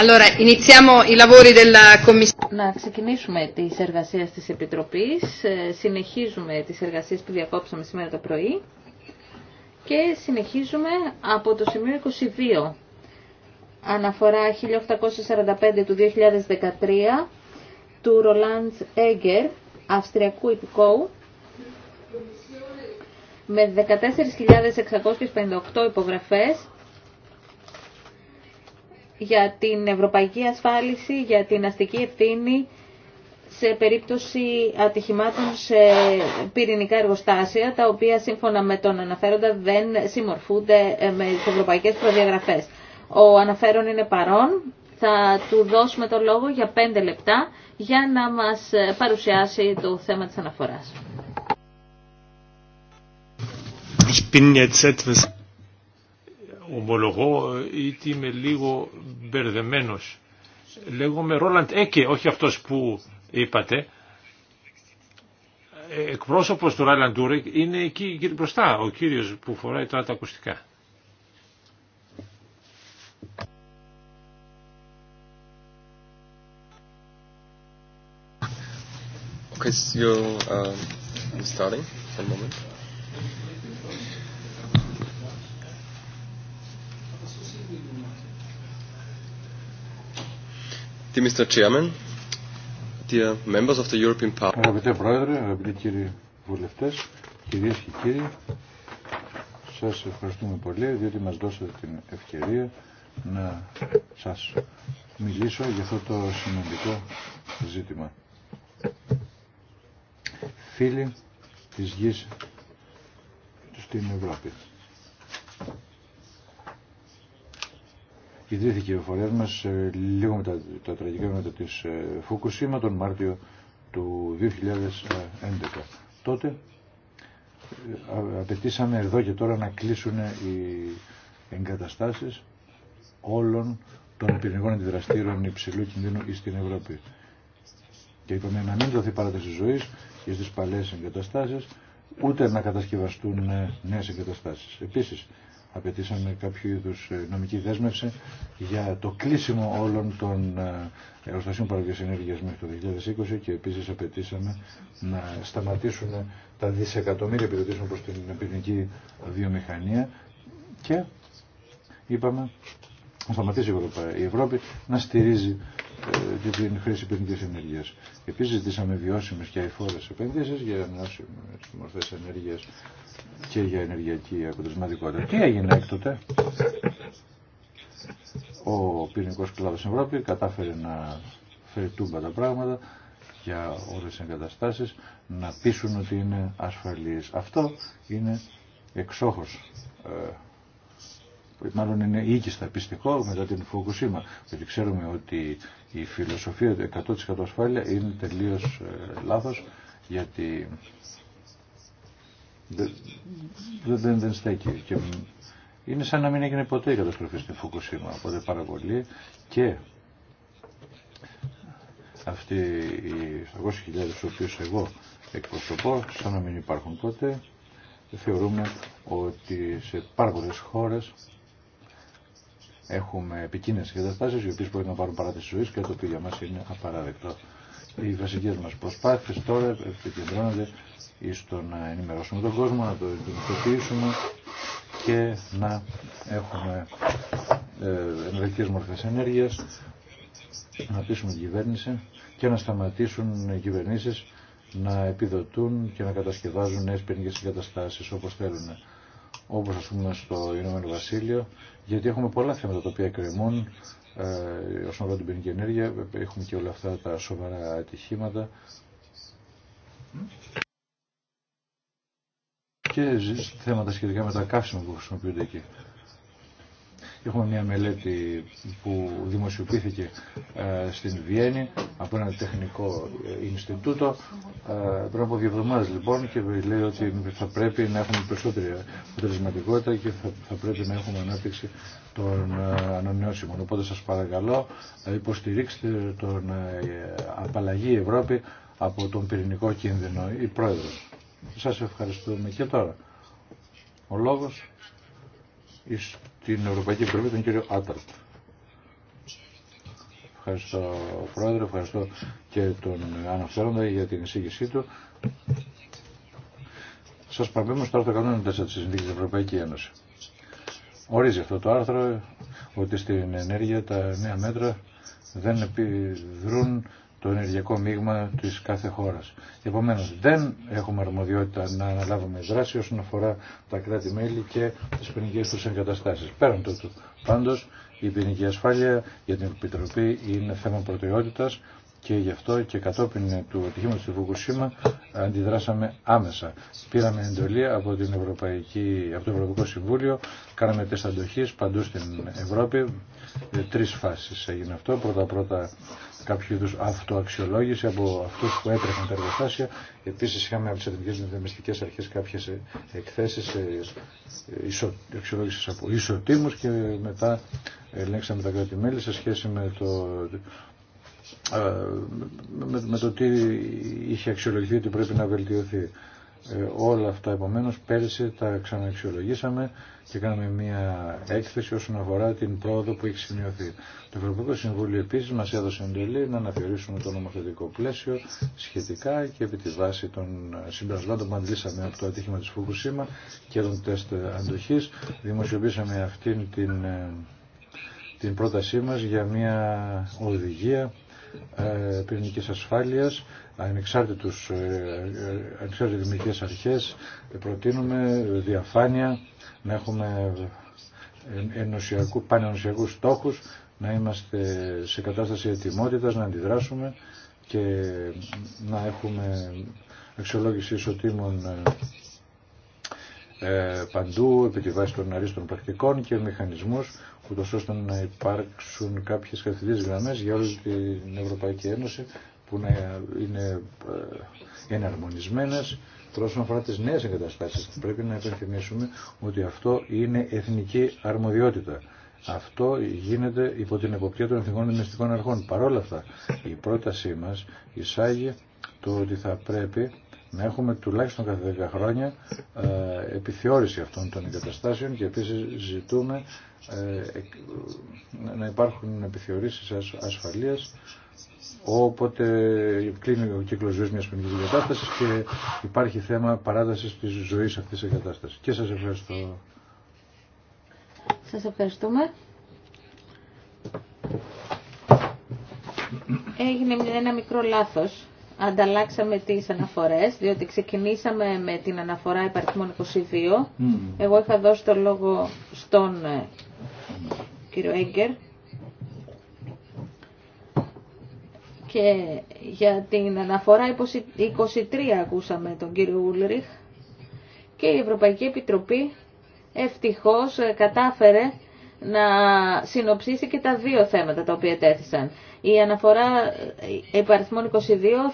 Allora, iniziamo i lavori della Commissione. Να ξεκινήσουμε τι εργασίε τη Επιτροπή. Ε, συνεχίζουμε τι εργασίε που διακόψαμε σήμερα το πρωί και συνεχίζουμε από το σημείο 22. Αναφορά 1845 του 2013 του Ρολάντ Έγκερ, Αυστριακού υπηκόου, με 14.658 υπογραφές για την ευρωπαϊκή ασφάλιση, για την αστική ευθύνη σε περίπτωση ατυχημάτων σε πυρηνικά εργοστάσια, τα οποία σύμφωνα με τον αναφέροντα δεν συμμορφούνται ε, με τις ευρωπαϊκές προδιαγραφές. Ο αναφέρον είναι παρόν, θα του δώσουμε το λόγο για πέντε λεπτά για να μας ε, παρουσιάσει το θέμα της αναφοράς ομολογώ ότι ε, είμαι λίγο μπερδεμένος. Λέγομαι Ρόλαντ Έκε, όχι αυτός που είπατε. Ε, εκπρόσωπος του Ράιλαντ Τούρεκ είναι εκεί μπροστά, ο κύριος που φοράει τώρα τα ακουστικά. Okay, so, um, Αγαπητέ Πρόεδρε, αγαπητοί κύριοι βουλευτές, κυρίες και κύριοι, σας ευχαριστούμε πολύ διότι μας δώσατε την ευκαιρία να σας μιλήσω για αυτό το σημαντικό ζήτημα. Φίλοι της γης στην Ευρώπη ιδρύθηκε ο φορέας μας ε, λίγο μετά τα τραγικά μετά της ε, Φουκουσίμα τον Μάρτιο του 2011. Τότε ε, απαιτήσαμε εδώ και τώρα να κλείσουν οι εγκαταστάσεις όλων των πυρηνικών αντιδραστήρων υψηλού κινδύνου στην Ευρώπη. Και είπαμε να μην δοθεί παράταση ζωή και στις παλαιές εγκαταστάσεις, ούτε να κατασκευαστούν νέες εγκαταστάσεις. Επίσης, απαιτήσαμε κάποιο είδου ε, νομική δέσμευση για το κλείσιμο όλων των ε, εργοστασίων παραγωγής ενέργειας μέχρι το 2020 και επίσης απαιτήσαμε να σταματήσουν τα δισεκατομμύρια επιδοτήσεων προς την πυρηνική βιομηχανία και είπαμε να σταματήσει η Ευρώπη να στηρίζει ε, και την χρήση πυρηνική ενέργεια. Επίση, ζητήσαμε βιώσιμε και αηφόρε επενδύσει για ανανεώσιμε μορφέ ενέργεια και για ενεργειακή αποτελεσματικότητα. Τι έγινε έκτοτε. Ο πυρηνικό κλάδο στην Ευρώπη κατάφερε να φέρει τούμπα τα πράγματα για όλε τι εγκαταστάσεις να πείσουν ότι είναι ασφαλεί. Αυτό είναι εξόχω. Ε, μάλλον είναι οίκιστα πιστικό μετά την Φουκουσίμα, γιατί ξέρουμε ότι η φιλοσοφία του 100% ασφάλεια είναι τελείως ε, λάθος, γιατί δεν, δεν, στέκει. Και είναι σαν να μην έγινε ποτέ η καταστροφή στην Φουκουσίμα, οπότε πάρα και αυτοί οι 800.000 του οποίους εγώ εκπροσωπώ, σαν να μην υπάρχουν ποτέ, θεωρούμε ότι σε πάρα πολλές χώρες έχουμε επικίνδυνε εγκαταστάσει οι οποίε μπορεί να πάρουν παρά τη ζωή και το οποίο για μα είναι απαράδεκτο. Οι βασικέ μα προσπάθειε τώρα επικεντρώνονται στο να ενημερώσουμε τον κόσμο, να το ειδικοποιήσουμε και να έχουμε ε, ενεργειακέ μορφέ ενέργεια, να πείσουμε την κυβέρνηση και να σταματήσουν οι κυβερνήσει να επιδοτούν και να κατασκευάζουν νέε πυρηνικέ εγκαταστάσει όπω θέλουν όπως ας πούμε στο Ηνωμένο Βασίλειο, γιατί έχουμε πολλά θέματα τα οποία κρεμούν ε, όσον αφορά την ποινική ενέργεια, έχουμε και όλα αυτά τα σοβαρά ατυχήματα. Και θέματα σχετικά με τα καύσιμα που χρησιμοποιούνται εκεί. Έχουμε μια μελέτη που δημοσιοποιήθηκε ε, στην Βιέννη από ένα τεχνικό ε, Ινστιτούτο ε, πριν από δύο εβδομάδες λοιπόν και λέει ότι θα πρέπει να έχουμε περισσότερη αποτελεσματικότητα και θα, πρέπει να έχουμε ανάπτυξη των ανανεώσιμων. Οπότε σας παρακαλώ υποστηρίξτε τον απαλλαγή Ευρώπη από τον πυρηνικό κίνδυνο η Πρόεδρος. Σας ευχαριστούμε και τώρα. Ο λόγος την Ευρωπαϊκή Επιτροπή, τον κύριο Άταλτ. Ευχαριστώ Πρόεδρε, ευχαριστώ και τον αναφέροντα για την εισήγησή του. Σας παραπέμπω στο άρθρο 194 της Συνθήκης της Ευρωπαϊκής Ένωσης. Ορίζει αυτό το άρθρο ότι στην ενέργεια τα νέα μέτρα δεν επιδρούν το ενεργειακό μείγμα της κάθε χώρας. Επομένως δεν έχουμε αρμοδιότητα να αναλάβουμε δράση όσον αφορά τα κράτη-μέλη και τις ποινικές τους εγκαταστάσεις. Πέραν τούτου, πάντως η ποινική ασφάλεια για την Επιτροπή είναι θέμα προτεραιότητα και γι' αυτό και κατόπιν του ατυχήματος του Φουκουσίμα αντιδράσαμε άμεσα. Πήραμε εντολή από, την Ευρωπαϊκή, από το Ευρωπαϊκό Συμβούλιο, κάναμε τεστ αντοχής παντού στην Ευρώπη, ε, Τρει φάσεις έγινε αυτό. Πρώτα-πρώτα κάποιο είδου αυτοαξιολόγηση από αυτού που έτρεχαν τα εργοστάσια. Επίση, είχαμε από τι εθνικέ κάποιες αρχέ κάποιε εκθέσει ε, αξιολόγηση από ισοτήμου και μετά ελέγξαμε τα κράτη-μέλη σε σχέση με το, ε, με, με το τι είχε αξιολογηθεί ότι πρέπει να βελτιωθεί. Ε, όλα αυτά επομένως πέρσι τα ξαναεξιολογήσαμε και κάναμε μια έκθεση όσον αφορά την πρόοδο που έχει σημειωθεί. Το Ευρωπαϊκό Συμβούλιο επίσης μας έδωσε εντελή να αναθεωρήσουμε το νομοθετικό πλαίσιο σχετικά και επί τη βάση των συμπερασμάτων που αντλήσαμε από το ατύχημα της Φουκουσίμα και των τεστ αντοχής δημοσιοποιήσαμε αυτήν την, ε, την πρότασή μας για μια οδηγία ε, πυρηνικής ασφάλειας ανεξάρτητους, ε, ε, ανεξάρτητες δημιουργικές αρχές, ε, προτείνουμε διαφάνεια, να έχουμε ενωσιακού, πανενωσιακούς στόχους, να είμαστε σε κατάσταση ετοιμότητας, να αντιδράσουμε και να έχουμε αξιολόγηση ισοτήμων παντού, επί τη βάση των αρίστων πρακτικών και μηχανισμούς, ούτως ώστε να υπάρξουν κάποιες καθηγητές γραμμές για όλη την Ευρωπαϊκή Ένωση που να είναι ε, εναρμονισμένες Τώρα όσον αφορά τις νέες εγκαταστάσεις πρέπει να επενθυμίσουμε ότι αυτό είναι εθνική αρμοδιότητα. Αυτό γίνεται υπό την εποπτεία των εθνικών δημιουργικών αρχών. Παρόλα αυτά η πρότασή μας εισάγει το ότι θα πρέπει να έχουμε τουλάχιστον κάθε 10 χρόνια ε, επιθεώρηση αυτών των εγκαταστάσεων και επίσης ζητούμε ε, να υπάρχουν επιθεωρήσεις ασφαλείας όποτε κλείνει ο κύκλος ζωής μιας ποινικής εγκατάστασης και υπάρχει θέμα παράτασης της ζωής αυτής της εγκατάστασης. Και σας ευχαριστώ. Σας ευχαριστούμε. Έγινε ένα μικρό λάθος ανταλλάξαμε τις αναφορές, διότι ξεκινήσαμε με την αναφορά υπαρχημών 22. Mm. Εγώ είχα δώσει το λόγο στον ε, κύριο Έγκερ. Και για την αναφορά 23 ακούσαμε τον κύριο Ούλριχ και η Ευρωπαϊκή Επιτροπή ευτυχώς ε, κατάφερε να συνοψίσει και τα δύο θέματα τα οποία τέθησαν. Η αναφορά υπαριθμών 22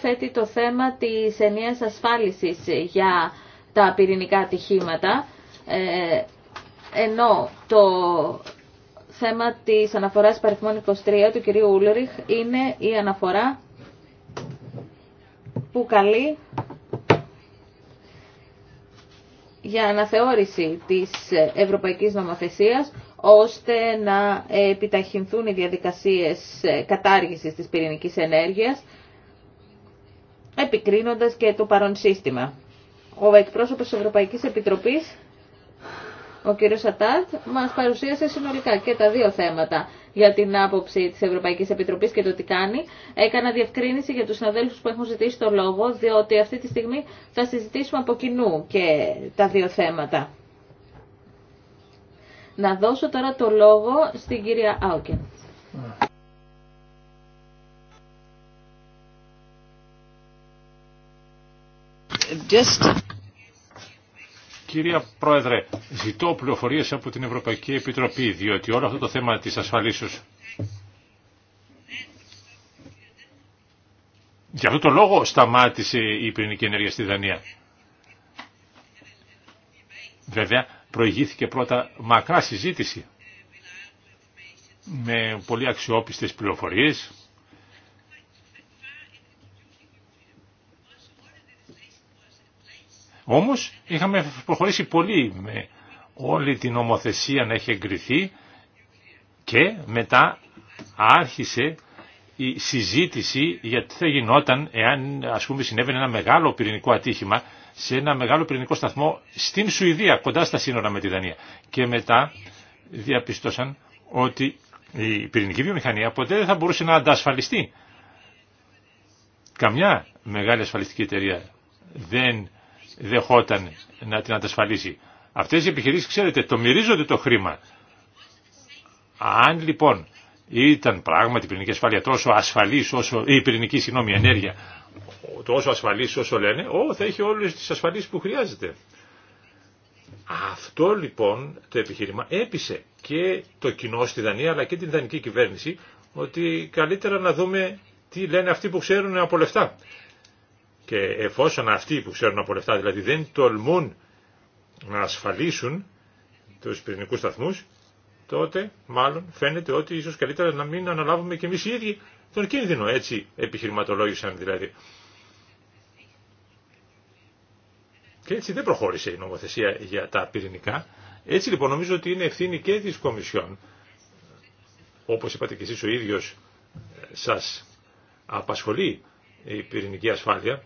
θέτει το θέμα της ενιαίας ασφάλισης για τα πυρηνικά ατυχήματα, ε, ενώ το θέμα της αναφοράς παριθμών 23 του κυρίου Ούλριχ είναι η αναφορά που καλεί για αναθεώρηση της Ευρωπαϊκής Νομοθεσίας ώστε να επιταχυνθούν οι διαδικασίες ε, κατάργησης της πυρηνικής ενέργειας, επικρίνοντας και το παρόν σύστημα. Ο εκπρόσωπος της Ευρωπαϊκής Επιτροπής, ο κ. Σατάρτ, μας παρουσίασε συνολικά και τα δύο θέματα για την άποψη της Ευρωπαϊκής Επιτροπής και το τι κάνει. Έκανα διευκρίνηση για τους συναδέλφους που έχουν ζητήσει το λόγο, διότι αυτή τη στιγμή θα συζητήσουμε από κοινού και τα δύο θέματα. Να δώσω τώρα το λόγο στην κυρία Άουκεν. Just... Κυρία Πρόεδρε, ζητώ πληροφορίες από την Ευρωπαϊκή Επιτροπή, διότι όλο αυτό το θέμα της ασφαλίσεως για αυτό το λόγο σταμάτησε η πυρηνική ενέργεια στη Δανία. Βέβαια, προηγήθηκε πρώτα μακρά συζήτηση με πολύ αξιόπιστες πληροφορίες Όμως είχαμε προχωρήσει πολύ με όλη την ομοθεσία να έχει εγκριθεί και μετά άρχισε η συζήτηση γιατί θα γινόταν εάν ας πούμε συνέβαινε ένα μεγάλο πυρηνικό ατύχημα σε ένα μεγάλο πυρηνικό σταθμό στην Σουηδία, κοντά στα σύνορα με τη Δανία. Και μετά διαπιστώσαν ότι η πυρηνική βιομηχανία ποτέ δεν θα μπορούσε να αντασφαλιστεί. Καμιά μεγάλη ασφαλιστική εταιρεία δεν δεχόταν να την αντασφαλίσει. Αυτές οι επιχειρήσεις, ξέρετε, το μυρίζονται το χρήμα. Αν λοιπόν ήταν πράγματι η πυρηνική ασφάλεια τόσο ασφαλής, όσο, η πυρηνική συγγνώμη, ενέργεια, τόσο ασφαλής όσο λένε, ό, θα έχει όλες τις ασφαλείς που χρειάζεται. Αυτό λοιπόν το επιχείρημα έπεισε και το κοινό στη Δανία αλλά και την δανική κυβέρνηση ότι καλύτερα να δούμε τι λένε αυτοί που ξέρουν από λεφτά. Και εφόσον αυτοί που ξέρουν από λεφτά δηλαδή δεν τολμούν να ασφαλίσουν τους πυρηνικούς σταθμούς, τότε μάλλον φαίνεται ότι ίσως καλύτερα να μην αναλάβουμε και εμείς οι ίδιοι τον κίνδυνο. Έτσι επιχειρηματολόγησαν δηλαδή. Και έτσι δεν προχώρησε η νομοθεσία για τα πυρηνικά. Έτσι λοιπόν νομίζω ότι είναι ευθύνη και τη Κομισιόν. Όπως είπατε και εσεί ο ίδιο ε, σας απασχολεί η πυρηνική ασφάλεια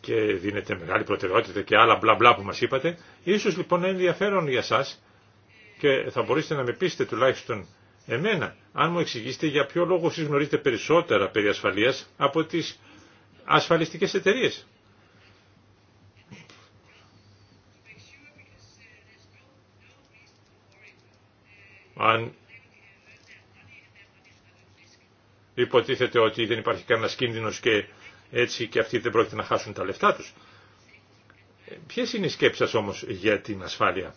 και δίνεται μεγάλη προτεραιότητα και άλλα μπλα μπλα που μας είπατε. Ίσως λοιπόν ενδιαφέρον για σας και θα μπορέσετε να με πείσετε τουλάχιστον εμένα, αν μου εξηγήσετε για ποιο λόγο εσείς γνωρίζετε περισσότερα περί ασφαλείας από τις ασφαλιστικές εταιρείες. Αν υποτίθεται ότι δεν υπάρχει κανένα κίνδυνος και έτσι και αυτοί δεν πρόκειται να χάσουν τα λεφτά τους. Ε, ποιες είναι οι σκέψεις σας όμως για την ασφάλεια.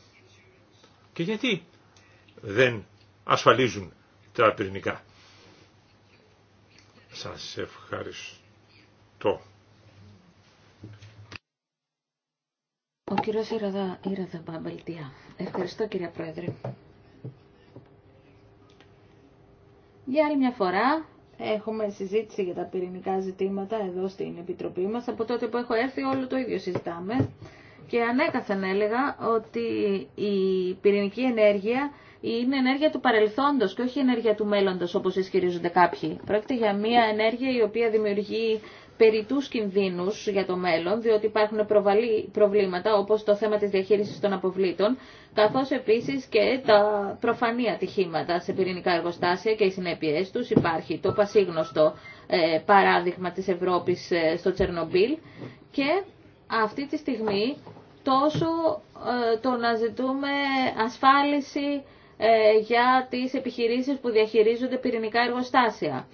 Και γιατί δεν ασφαλίζουν τα πυρηνικά. Σας ευχαριστώ. Ο κύριος Ιραδα, Ιραδα Μπαμπαλτιά. Ευχαριστώ κύριε Πρόεδρε. Για άλλη μια φορά έχουμε συζήτηση για τα πυρηνικά ζητήματα εδώ στην Επιτροπή μας. Από τότε που έχω έρθει όλο το ίδιο συζητάμε και ανέκαθεν έλεγα ότι η πυρηνική ενέργεια είναι ενέργεια του παρελθόντος και όχι ενέργεια του μέλλοντος όπως ισχυρίζονται κάποιοι. Πρόκειται για μια ενέργεια η οποία δημιουργεί περιτούς κινδύνους για το μέλλον, διότι υπάρχουν προβαλή, προβλήματα όπως το θέμα της διαχείρισης των αποβλήτων, καθώς επίσης και τα προφανή ατυχήματα σε πυρηνικά εργοστάσια και οι συνέπειές τους. Υπάρχει το πασίγνωστο ε, παράδειγμα της Ευρώπης ε, στο Τσερνομπίλ και αυτή τη στιγμή τόσο ε, το να ζητούμε ασφάλιση ε, για τις επιχειρήσεις που διαχειρίζονται πυρηνικά εργοστάσια.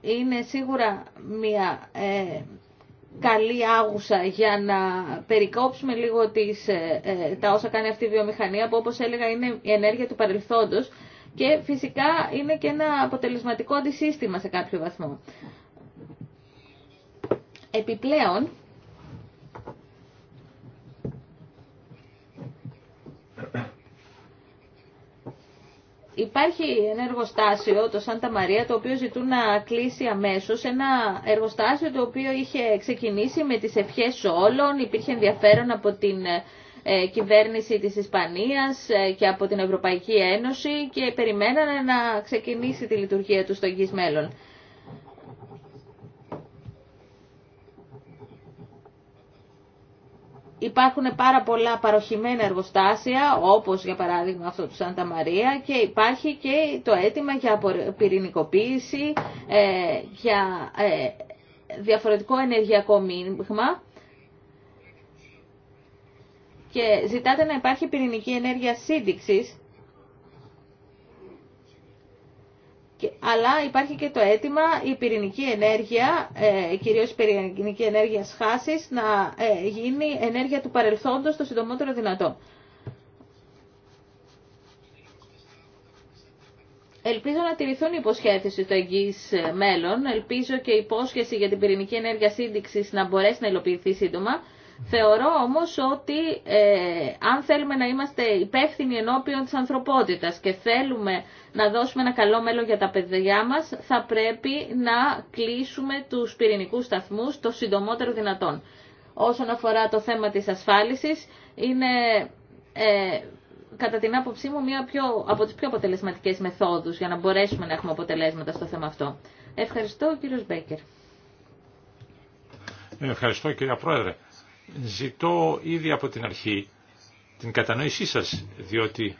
Είναι σίγουρα μια ε, καλή άγουσα για να περικόψουμε λίγο τις, τα όσα κάνει αυτή η βιομηχανία που όπως έλεγα είναι η ενέργεια του παρελθόντος και φυσικά είναι και ένα αποτελεσματικό αντισύστημα σε κάποιο βαθμό. Επιπλέον, Υπάρχει ένα εργοστάσιο, το Σάντα Μαρία, το οποίο ζητούν να κλείσει αμέσω. Ένα εργοστάσιο το οποίο είχε ξεκινήσει με τι ευχέ όλων, υπήρχε ενδιαφέρον από την ε, κυβέρνηση της Ισπανίας ε, και από την Ευρωπαϊκή Ένωση και περιμένανε να ξεκινήσει τη λειτουργία του στο εγγύς μέλλον. υπάρχουν πάρα πολλά παροχημένα εργοστάσια, όπως για παράδειγμα αυτό του Σάντα Μαρία και υπάρχει και το αίτημα για πυρηνικοποίηση, ε, για ε, διαφορετικό ενεργειακό μείγμα και ζητάτε να υπάρχει πυρηνική ενέργεια σύνδεξης αλλά υπάρχει και το αίτημα η πυρηνική ενέργεια, ε, κυρίως η πυρηνική ενέργεια σχάσης, να ε, γίνει ενέργεια του παρελθόντος το συντομότερο δυνατό. Ελπίζω να τηρηθούν οι υποσχέσεις του εγγύης ε, μέλλον. Ελπίζω και η υπόσχεση για την πυρηνική ενέργεια σύνδεξης να μπορέσει να υλοποιηθεί σύντομα. Θεωρώ όμως ότι ε, αν θέλουμε να είμαστε υπεύθυνοι ενώπιον της ανθρωπότητας και θέλουμε να δώσουμε ένα καλό μέλλον για τα παιδιά μας, θα πρέπει να κλείσουμε τους πυρηνικούς σταθμούς το συντομότερο δυνατόν. Όσον αφορά το θέμα της ασφάλισης, είναι ε, κατά την άποψή μου μία από τις πιο αποτελεσματικές μεθόδους για να μπορέσουμε να έχουμε αποτελέσματα στο θέμα αυτό. Ευχαριστώ, κύριος Μπέκερ. Ευχαριστώ, κυρία Πρόεδρε ζητώ ήδη από την αρχή την κατανόησή σας, διότι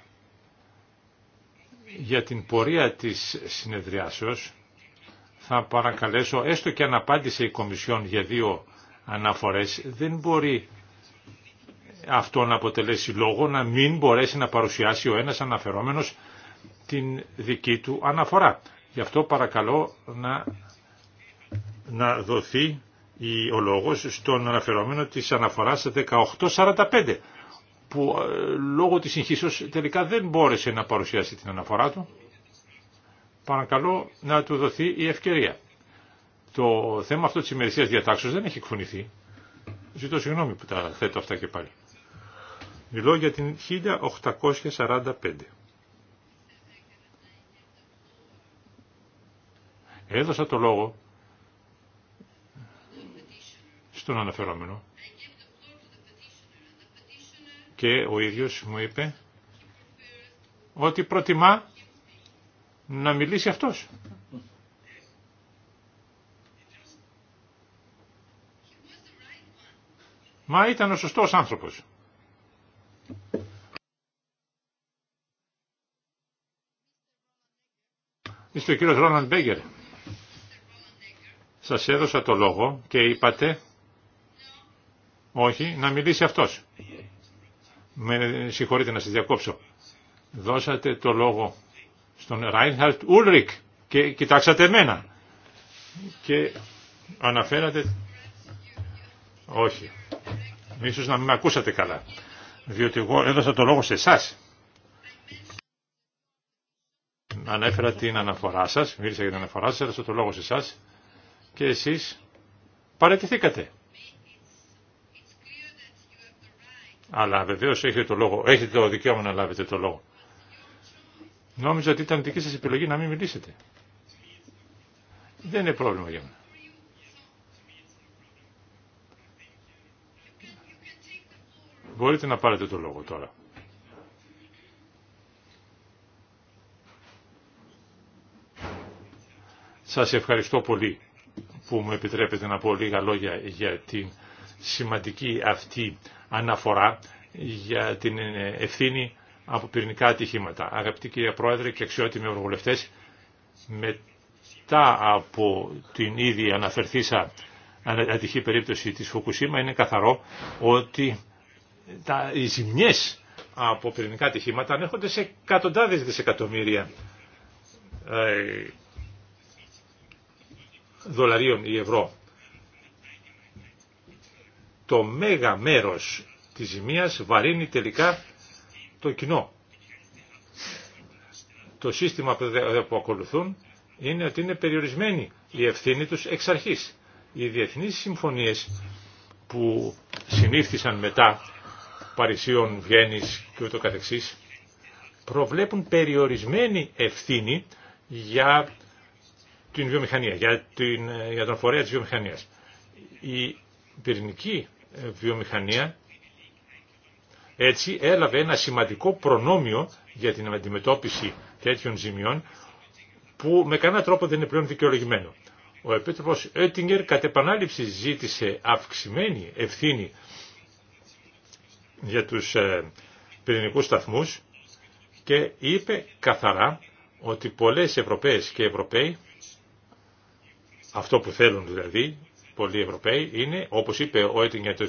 για την πορεία της συνεδριάσεως θα παρακαλέσω, έστω και αν απάντησε η Κομισιόν για δύο αναφορές, δεν μπορεί αυτό να αποτελέσει λόγο να μην μπορέσει να παρουσιάσει ο ένας αναφερόμενος την δική του αναφορά. Γι' αυτό παρακαλώ να, να δοθεί ο λόγος στον αναφερόμενο της αναφοράς 1845 που ε, λόγω της συγχύσεως τελικά δεν μπόρεσε να παρουσιάσει την αναφορά του. Παρακαλώ να του δοθεί η ευκαιρία. Το θέμα αυτό της ημερησίας διατάξεως δεν έχει εκφωνηθεί. Ζητώ συγγνώμη που τα θέτω αυτά και πάλι. Μιλώ για την 1845. Έδωσα το λόγο στον αναφερόμενο. Και ο ίδιος μου είπε ότι προτιμά να μιλήσει αυτός. Μα ήταν ο σωστός άνθρωπος. Είστε ο κύριος Ρόναντ Μπέγκερ. Σας έδωσα το λόγο και είπατε όχι, να μιλήσει αυτός. Με συγχωρείτε να σα διακόψω. Δώσατε το λόγο στον Ράινχαρτ Ούλρικ και κοιτάξατε εμένα. Και αναφέρατε... Όχι. Ίσως να μην με ακούσατε καλά. Διότι εγώ έδωσα το λόγο σε εσά. Ανέφερα την αναφορά σας, μίλησα για την αναφορά σας, έδωσα το λόγο σε εσά και εσείς παρετηθήκατε. Αλλά βεβαίως έχετε το λόγο, έχετε το δικαίωμα να λάβετε το λόγο. Νόμιζα ότι ήταν δική σα επιλογή να μην μιλήσετε. Δεν είναι πρόβλημα για μένα. Μπορείτε να πάρετε το λόγο τώρα. Σας ευχαριστώ πολύ που μου επιτρέπετε να πω λίγα λόγια για την σημαντική αυτή αναφορά για την ευθύνη από πυρηνικά ατυχήματα. Αγαπητοί κύριε Πρόεδρε και αξιότιμοι ευρωβουλευτές, μετά από την ήδη αναφερθήσα ατυχή περίπτωση της Φουκουσίμα είναι καθαρό ότι τα, οι ζημιές από πυρηνικά ατυχήματα ανέχονται σε εκατοντάδες δισεκατομμύρια ε, δολαρίων ή ευρώ το μέγα μέρος της ζημίας βαρύνει τελικά το κοινό. Το σύστημα που ακολουθούν είναι ότι είναι περιορισμένη η ευθύνη τους εξ αρχής. Οι διεθνείς συμφωνίες που συνήφθησαν μετά Παρισίων, Βιέννης και ούτω καθεξής προβλέπουν περιορισμένη ευθύνη για την βιομηχανία, για, την, για τον φορέα της βιομηχανίας. Η πυρηνική ε, βιομηχανία έτσι έλαβε ένα σημαντικό προνόμιο για την αντιμετώπιση τέτοιων ζημιών που με κανένα τρόπο δεν είναι πλέον δικαιολογημένο. Ο Επίτροπος Έτιγκερ κατ' επανάληψη ζήτησε αυξημένη ευθύνη για τους ε, πυρηνικούς σταθμούς και είπε καθαρά ότι πολλές Ευρωπαίες και Ευρωπαίοι αυτό που θέλουν δηλαδή πολλοί Ευρωπαίοι είναι, όπως είπε ο για το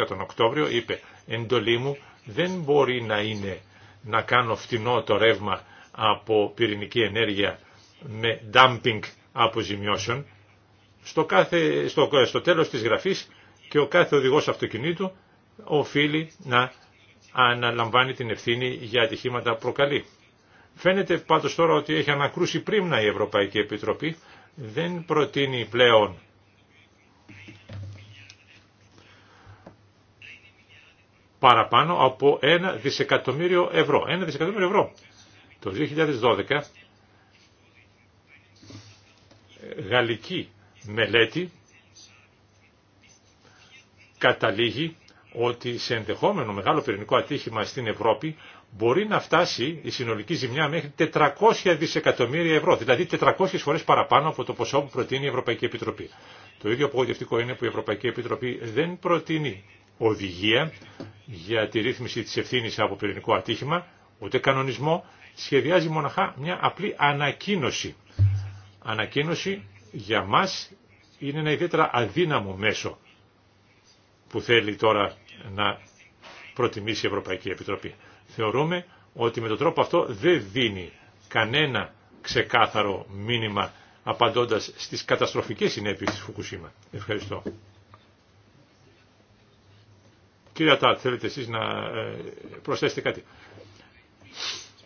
2012 τον Οκτώβριο, είπε εντολή μου δεν μπορεί να είναι να κάνω φτηνό το ρεύμα από πυρηνική ενέργεια με dumping αποζημιώσεων. Στο, κάθε, στο, στο τέλος της γραφής και ο κάθε οδηγός αυτοκινήτου οφείλει να αναλαμβάνει την ευθύνη για ατυχήματα προκαλεί. Φαίνεται πάντως τώρα ότι έχει ανακρούσει πρίμνα η Ευρωπαϊκή Επιτροπή, δεν προτείνει πλέον παραπάνω από ένα δισεκατομμύριο ευρώ. 1 δισεκατομμύριο ευρώ. Το 2012 γαλλική μελέτη καταλήγει ότι σε ενδεχόμενο μεγάλο πυρηνικό ατύχημα στην Ευρώπη μπορεί να φτάσει η συνολική ζημιά μέχρι 400 δισεκατομμύρια ευρώ, δηλαδή 400 φορές παραπάνω από το ποσό που προτείνει η Ευρωπαϊκή Επιτροπή. Το ίδιο απογοητευτικό είναι που η Ευρωπαϊκή Επιτροπή δεν προτείνει οδηγία για τη ρύθμιση της ευθύνης από πυρηνικό ατύχημα, ούτε κανονισμό, σχεδιάζει μοναχά μια απλή ανακοίνωση. Ανακοίνωση για μας είναι ένα ιδιαίτερα αδύναμο μέσο που θέλει τώρα να προτιμήσει η Ευρωπαϊκή Επιτροπή. Θεωρούμε ότι με τον τρόπο αυτό δεν δίνει κανένα ξεκάθαρο μήνυμα απαντώντας στις καταστροφικές συνέπειες της Φουκουσίμα. Ευχαριστώ. Κύριε Τάτ, θέλετε εσείς να ε, προσθέσετε κάτι.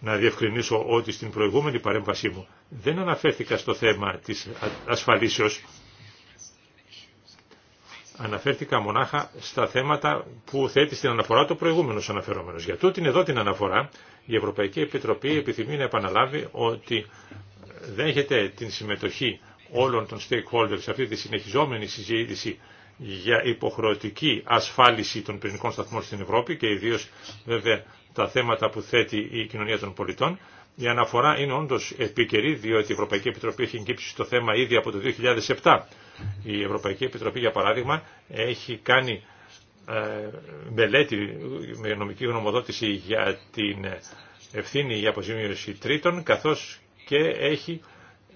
Να διευκρινίσω ότι στην προηγούμενη παρέμβασή μου δεν αναφέρθηκα στο θέμα της ασφαλίσεως. Αναφέρθηκα μονάχα στα θέματα που θέτει στην αναφορά το προηγούμενο αναφερόμενο. Για τούτην εδώ την αναφορά, η Ευρωπαϊκή Επιτροπή επιθυμεί να επαναλάβει ότι δέχεται την συμμετοχή όλων των stakeholders σε αυτή τη συνεχιζόμενη συζήτηση για υποχρεωτική ασφάλιση των πυρηνικών σταθμών στην Ευρώπη και ιδίως βέβαια τα θέματα που θέτει η κοινωνία των πολιτών. Η αναφορά είναι όντω επίκαιρη, διότι η Ευρωπαϊκή Επιτροπή έχει εγκύψει το θέμα ήδη από το 2007. Η Ευρωπαϊκή Επιτροπή, για παράδειγμα, έχει κάνει ε, μελέτη με νομική γνωμοδότηση για την ευθύνη για αποζημίωση τρίτων, καθώς και έχει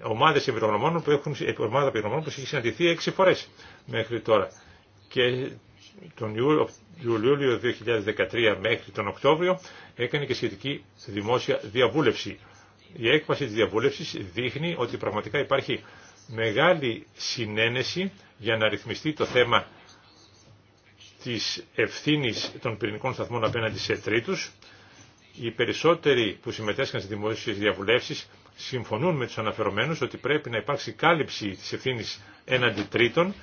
ομάδες εμπειρογνωμόνων που έχουν, ομάδα εμπειρογνωμόνων που έχει συναντηθεί έξι φορές μέχρι τώρα. Και τον Ιούλιο 2013 μέχρι τον Οκτώβριο έκανε και σχετική δημόσια διαβούλευση. Η έκβαση της διαβούλευσης δείχνει ότι πραγματικά υπάρχει μεγάλη συνένεση για να ρυθμιστεί το θέμα της ευθύνης των πυρηνικών σταθμών απέναντι σε τρίτους. Οι περισσότεροι που συμμετέσχαν στις δημόσιες διαβουλεύσεις συμφωνούν με τους αναφερομένους ότι πρέπει να υπάρξει κάλυψη της ευθύνη έναντι τρίτων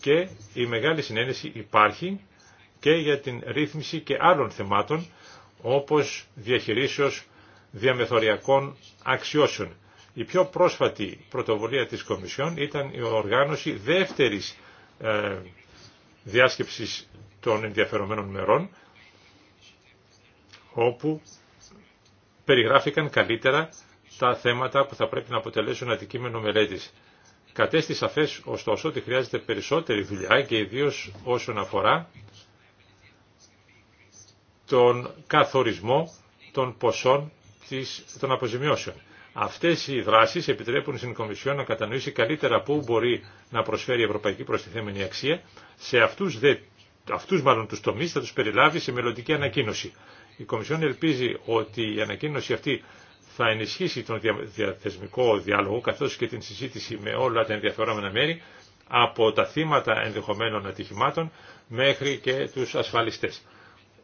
και η μεγάλη συνένεση υπάρχει και για την ρύθμιση και άλλων θεμάτων όπως διαχειρίσεως διαμεθοριακών αξιώσεων. Η πιο πρόσφατη πρωτοβουλία της Κομισιόν ήταν η οργάνωση δεύτερης ε, διάσκεψης των ενδιαφερομένων μερών, όπου περιγράφηκαν καλύτερα τα θέματα που θα πρέπει να αποτελέσουν αντικείμενο μελέτη. Κατέστη σαφές ωστόσο ότι χρειάζεται περισσότερη δουλειά και ιδίω όσον αφορά τον καθορισμό των ποσών της, των αποζημιώσεων. Αυτές οι δράσεις επιτρέπουν στην Κομισιόν να κατανοήσει καλύτερα πού μπορεί να προσφέρει η ευρωπαϊκή προστιθέμενη αξία. Σε αυτούς, μάλλον τους τομείς θα τους περιλάβει σε μελλοντική ανακοίνωση. Η Κομισιόν ελπίζει ότι η ανακοίνωση αυτή θα ενισχύσει τον διαθεσμικό διάλογο καθώς και την συζήτηση με όλα τα ενδιαφερόμενα μέρη από τα θύματα ενδεχομένων ατυχημάτων μέχρι και τους ασφαλιστές.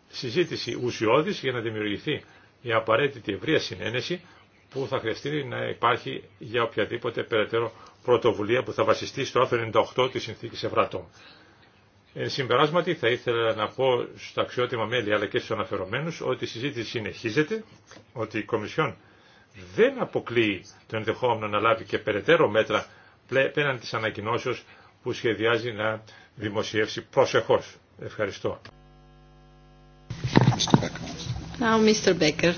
Συζήτηση ουσιώδης για να δημιουργηθεί η απαραίτητη ευρεία συνένεση που θα χρειαστεί να υπάρχει για οποιαδήποτε περαιτέρω πρωτοβουλία που θα βασιστεί στο άρθρο 98 της Συνθήκης Ευρατών. Εν συμπεράσματι θα ήθελα να πω στα αξιότιμα μέλη αλλά και στους αναφερομένους ότι η συζήτηση συνεχίζεται, ότι η Κομισιόν δεν αποκλείει το ενδεχόμενο να λάβει και περαιτέρω μέτρα πέραν της ανακοινώσεως που σχεδιάζει να δημοσιεύσει προσεχώς. Ευχαριστώ. Now, Mr. Becker.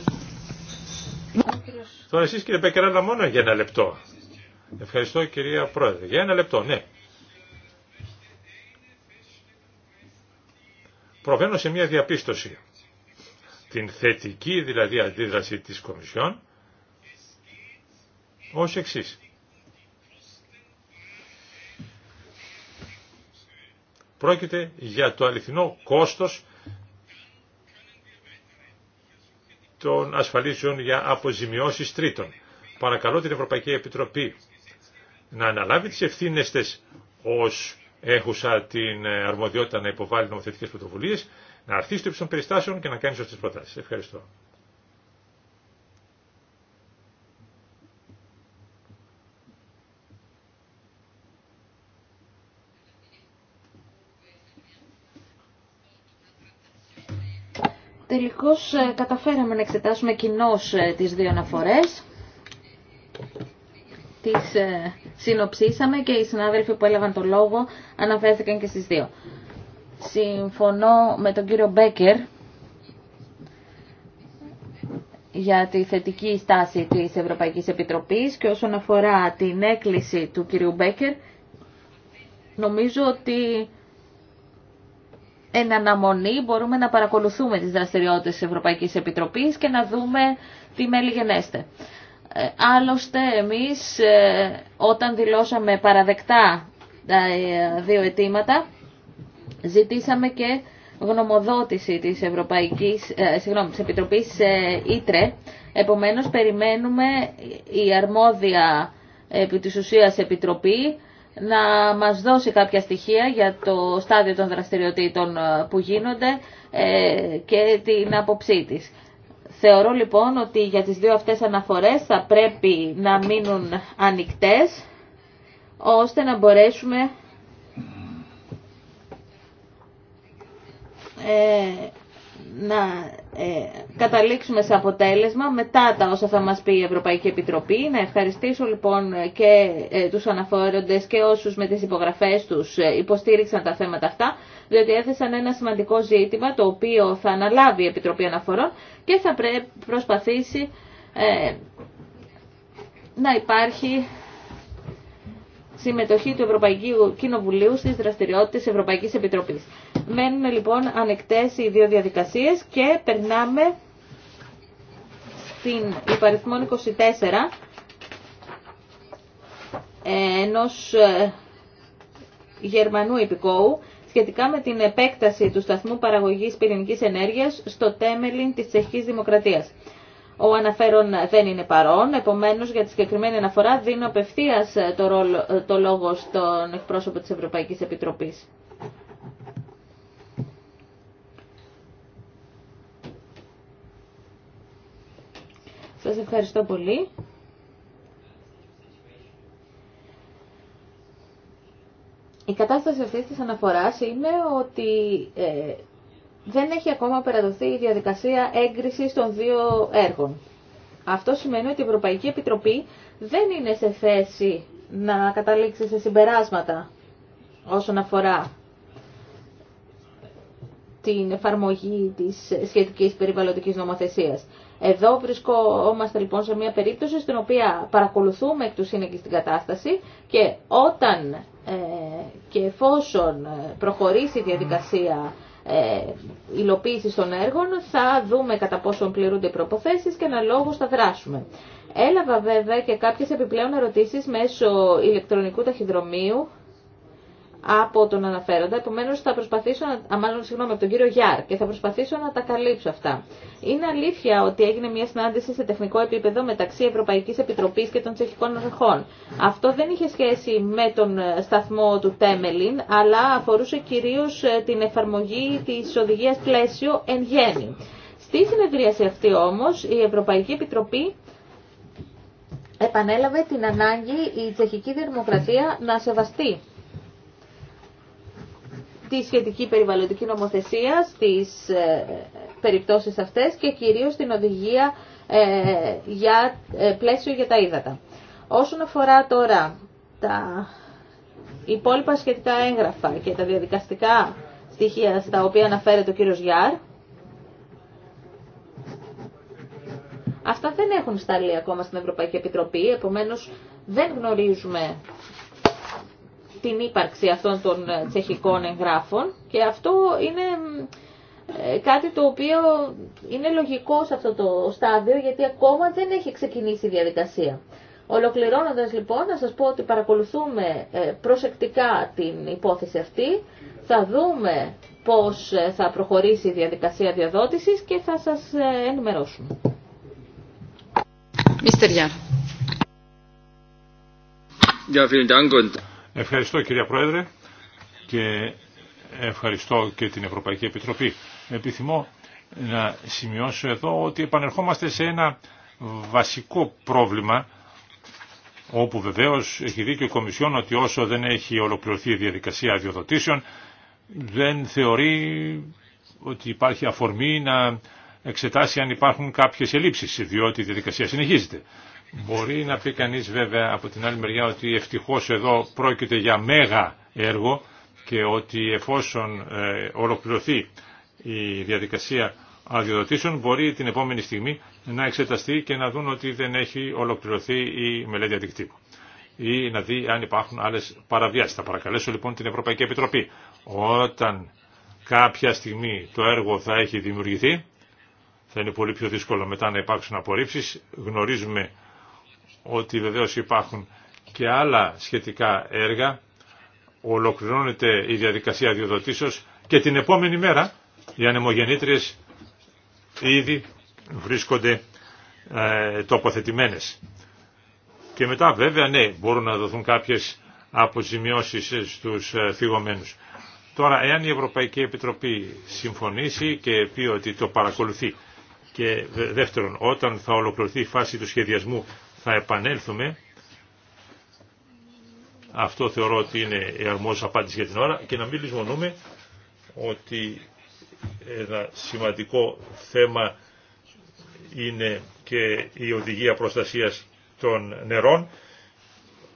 Τώρα εσείς κύριε Μπέκερ, αλλά μόνο για ένα λεπτό. Ευχαριστώ κυρία Πρόεδρε. Για ένα λεπτό, ναι. Προβαίνω σε μια διαπίστωση. Την θετική δηλαδή αντίδραση της Κομισιόν ως εξής. Πρόκειται για το αληθινό κόστος των ασφαλίσεων για αποζημιώσεις τρίτων. Παρακαλώ την Ευρωπαϊκή Επιτροπή να αναλάβει τις ευθύνες της ως έχουσα την ε, αρμοδιότητα να υποβάλει νομοθετικές πρωτοβουλίες, να αρθεί στο των περιστάσεων και να κάνει σωστές προτάσεις. Ευχαριστώ. Τελικώς ε, καταφέραμε να εξετάσουμε κοινώ ε, τις δύο αναφορές. Τις ε, συνοψίσαμε και οι συνάδελφοι που έλαβαν το λόγο αναφέρθηκαν και στις δύο. Συμφωνώ με τον κύριο Μπέκερ για τη θετική στάση της Ευρωπαϊκής Επιτροπής και όσον αφορά την έκκληση του κυρίου Μπέκερ, νομίζω ότι εν αναμονή μπορούμε να παρακολουθούμε τις δραστηριότητες της Ευρωπαϊκής Επιτροπής και να δούμε τι μέλη γενέστε. Ε, άλλωστε, εμείς ε, όταν δηλώσαμε παραδεκτά τα ε, δύο αιτήματα, ζητήσαμε και γνωμοδότηση της, Ευρωπαϊκής, συγγνώμη, της Επιτροπής Ήτρε. Επομένως, περιμένουμε η αρμόδια επί της ουσίας Επιτροπή να μας δώσει κάποια στοιχεία για το στάδιο των δραστηριοτήτων ε, που γίνονται ε, και την άποψή της. Θεωρώ λοιπόν ότι για τις δύο αυτές αναφορές θα πρέπει να μείνουν ανοιχτές ώστε να μπορέσουμε ε, να ε, καταλήξουμε σε αποτέλεσμα μετά τα όσα θα μας πει η Ευρωπαϊκή Επιτροπή. Να ευχαριστήσω λοιπόν και ε, τους αναφόροντες και όσους με τις υπογραφές τους ε, υποστήριξαν τα θέματα αυτά, διότι έθεσαν ένα σημαντικό ζήτημα το οποίο θα αναλάβει η Επιτροπή Αναφορών και θα προσπαθήσει ε, να υπάρχει συμμετοχή του Ευρωπαϊκού Κοινοβουλίου στις δραστηριότητες Ευρωπαϊκής Επιτροπής. Μένουν λοιπόν ανεκτές οι δύο διαδικασίες και περνάμε στην υπαριθμό 24 ε, ενός ε, Γερμανού υπηκόου σχετικά με την επέκταση του σταθμού παραγωγής πυρηνικής ενέργειας στο Τέμελιν της Τσεχικής Δημοκρατίας. Ο αναφέρον δεν είναι παρόν, επομένως για τη συγκεκριμένη αναφορά δίνω απευθείας το, ρόλο, το λόγο στον εκπρόσωπο της Ευρωπαϊκής Επιτροπής. Σας ευχαριστώ πολύ. Η κατάσταση αυτής της αναφοράς είναι ότι ε, δεν έχει ακόμα περατωθεί η διαδικασία έγκρισης των δύο έργων. Αυτό σημαίνει ότι η Ευρωπαϊκή Επιτροπή δεν είναι σε θέση να καταλήξει σε συμπεράσματα όσον αφορά την εφαρμογή της σχετικής περιβαλλοντικής νομοθεσίας. Εδώ βρισκόμαστε λοιπόν σε μια περίπτωση στην οποία παρακολουθούμε εκ του σύνεγγυς την κατάσταση και όταν ε, και εφόσον ε, προχωρήσει η διαδικασία ε, υλοποίησης των έργων, θα δούμε κατά πόσον πληρούνται οι προποθέσεις και αναλόγω θα δράσουμε. Έλαβα βέβαια και κάποιες επιπλέον ερωτήσεις μέσω ηλεκτρονικού ταχυδρομείου από τον αναφέροντα, επομένω θα προσπαθήσω να. Α, μάλλον, συγγνώμη, από τον κύριο Γιάρ και θα προσπαθήσω να τα καλύψω αυτά. Είναι αλήθεια ότι έγινε μια συνάντηση σε τεχνικό επίπεδο μεταξύ Ευρωπαϊκή Επιτροπή και των Τσεχικών Αρχών. Αυτό δεν είχε σχέση με τον ε, σταθμό του Τέμελιν, αλλά αφορούσε κυρίω ε, την εφαρμογή τη οδηγία πλαίσιο εν γέννη. Στη συνεδρίαση αυτή όμω, η Ευρωπαϊκή Επιτροπή επανέλαβε την ανάγκη η τσεχική δημοκρατία να σεβαστεί τη σχετική περιβαλλοντική νομοθεσία στις ε, περιπτώσεις αυτές και κυρίως την οδηγία ε, για ε, πλαίσιο για τα ύδατα. Όσον αφορά τώρα τα υπόλοιπα σχετικά έγγραφα και τα διαδικαστικά στοιχεία στα οποία αναφέρεται ο κύριος Γιάρ, αυτά δεν έχουν σταλεί ακόμα στην Ευρωπαϊκή Επιτροπή, επομένως δεν γνωρίζουμε την ύπαρξη αυτών των ε, τσεχικών εγγράφων και αυτό είναι ε, κάτι το οποίο είναι λογικό σε αυτό το στάδιο γιατί ακόμα δεν έχει ξεκινήσει η διαδικασία. Ολοκληρώνοντας λοιπόν να σας πω ότι παρακολουθούμε ε, προσεκτικά την υπόθεση αυτή, θα δούμε πώς θα προχωρήσει η διαδικασία διαδότησης και θα σας ενημερώσουμε. vielen Ευχαριστώ κυρία Πρόεδρε και ευχαριστώ και την Ευρωπαϊκή Επιτροπή. Επιθυμώ να σημειώσω εδώ ότι επανερχόμαστε σε ένα βασικό πρόβλημα όπου βεβαίως έχει δίκιο η Κομισιόν ότι όσο δεν έχει ολοκληρωθεί η διαδικασία αδειοδοτήσεων δεν θεωρεί ότι υπάρχει αφορμή να εξετάσει αν υπάρχουν κάποιες ελλείψεις διότι η διαδικασία συνεχίζεται. Μπορεί να πει κανείς βέβαια από την άλλη μεριά ότι ευτυχώς εδώ πρόκειται για μέγα έργο και ότι εφόσον ε, ολοκληρωθεί η διαδικασία αδειοδοτήσεων μπορεί την επόμενη στιγμή να εξεταστεί και να δουν ότι δεν έχει ολοκληρωθεί η μελέτη αντικτύπου ή να δει αν υπάρχουν άλλες παραβιάσεις. Θα παρακαλέσω λοιπόν την Ευρωπαϊκή Επιτροπή όταν κάποια στιγμή το έργο θα έχει δημιουργηθεί θα είναι πολύ πιο δύσκολο μετά να υπάρξουν απορρίψεις. Γνωρίζουμε ότι βεβαίως υπάρχουν και άλλα σχετικά έργα. Ολοκληρώνεται η διαδικασία διοδοτήσεως και την επόμενη μέρα οι ανεμογεννήτριες ήδη βρίσκονται ε, τοποθετημένες. Και μετά βέβαια ναι μπορούν να δοθούν κάποιες αποζημιώσεις στους ε, θυγωμένους. Τώρα εάν η Ευρωπαϊκή Επιτροπή συμφωνήσει και πει ότι το παρακολουθεί και δεύτερον όταν θα ολοκληρωθεί η φάση του σχεδιασμού θα επανέλθουμε. Αυτό θεωρώ ότι είναι η αρμόζουσα απάντηση για την ώρα και να μην λησμονούμε ότι ένα σημαντικό θέμα είναι και η οδηγία προστασίας των νερών.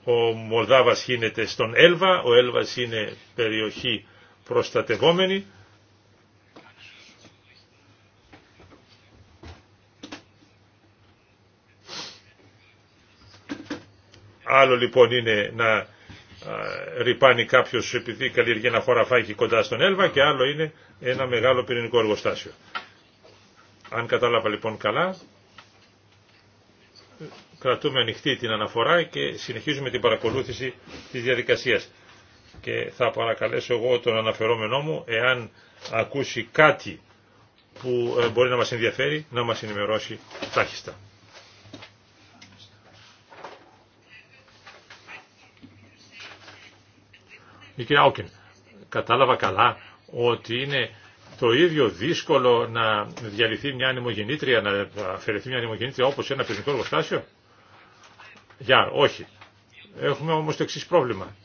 Ο Μολδάβας γίνεται στον Έλβα, ο Έλβας είναι περιοχή προστατευόμενη Άλλο λοιπόν είναι να ρηπάνει κάποιο επειδή καλλιεργεί ένα χωραφάκι κοντά στον Έλβα και άλλο είναι ένα μεγάλο πυρηνικό εργοστάσιο. Αν κατάλαβα λοιπόν καλά, κρατούμε ανοιχτή την αναφορά και συνεχίζουμε την παρακολούθηση της διαδικασίας. Και θα παρακαλέσω εγώ τον αναφερόμενό μου, εάν ακούσει κάτι που ε, μπορεί να μας ενδιαφέρει, να μας ενημερώσει τάχιστα. Η κυρία Όκεν, κατάλαβα καλά ότι είναι το ίδιο δύσκολο να διαλυθεί μια ανεμογεννήτρια, να αφαιρεθεί μια ανεμογεννήτρια όπως ένα πυρηνικό εργοστάσιο. Γεια, όχι. Έχουμε όμως το εξή πρόβλημα.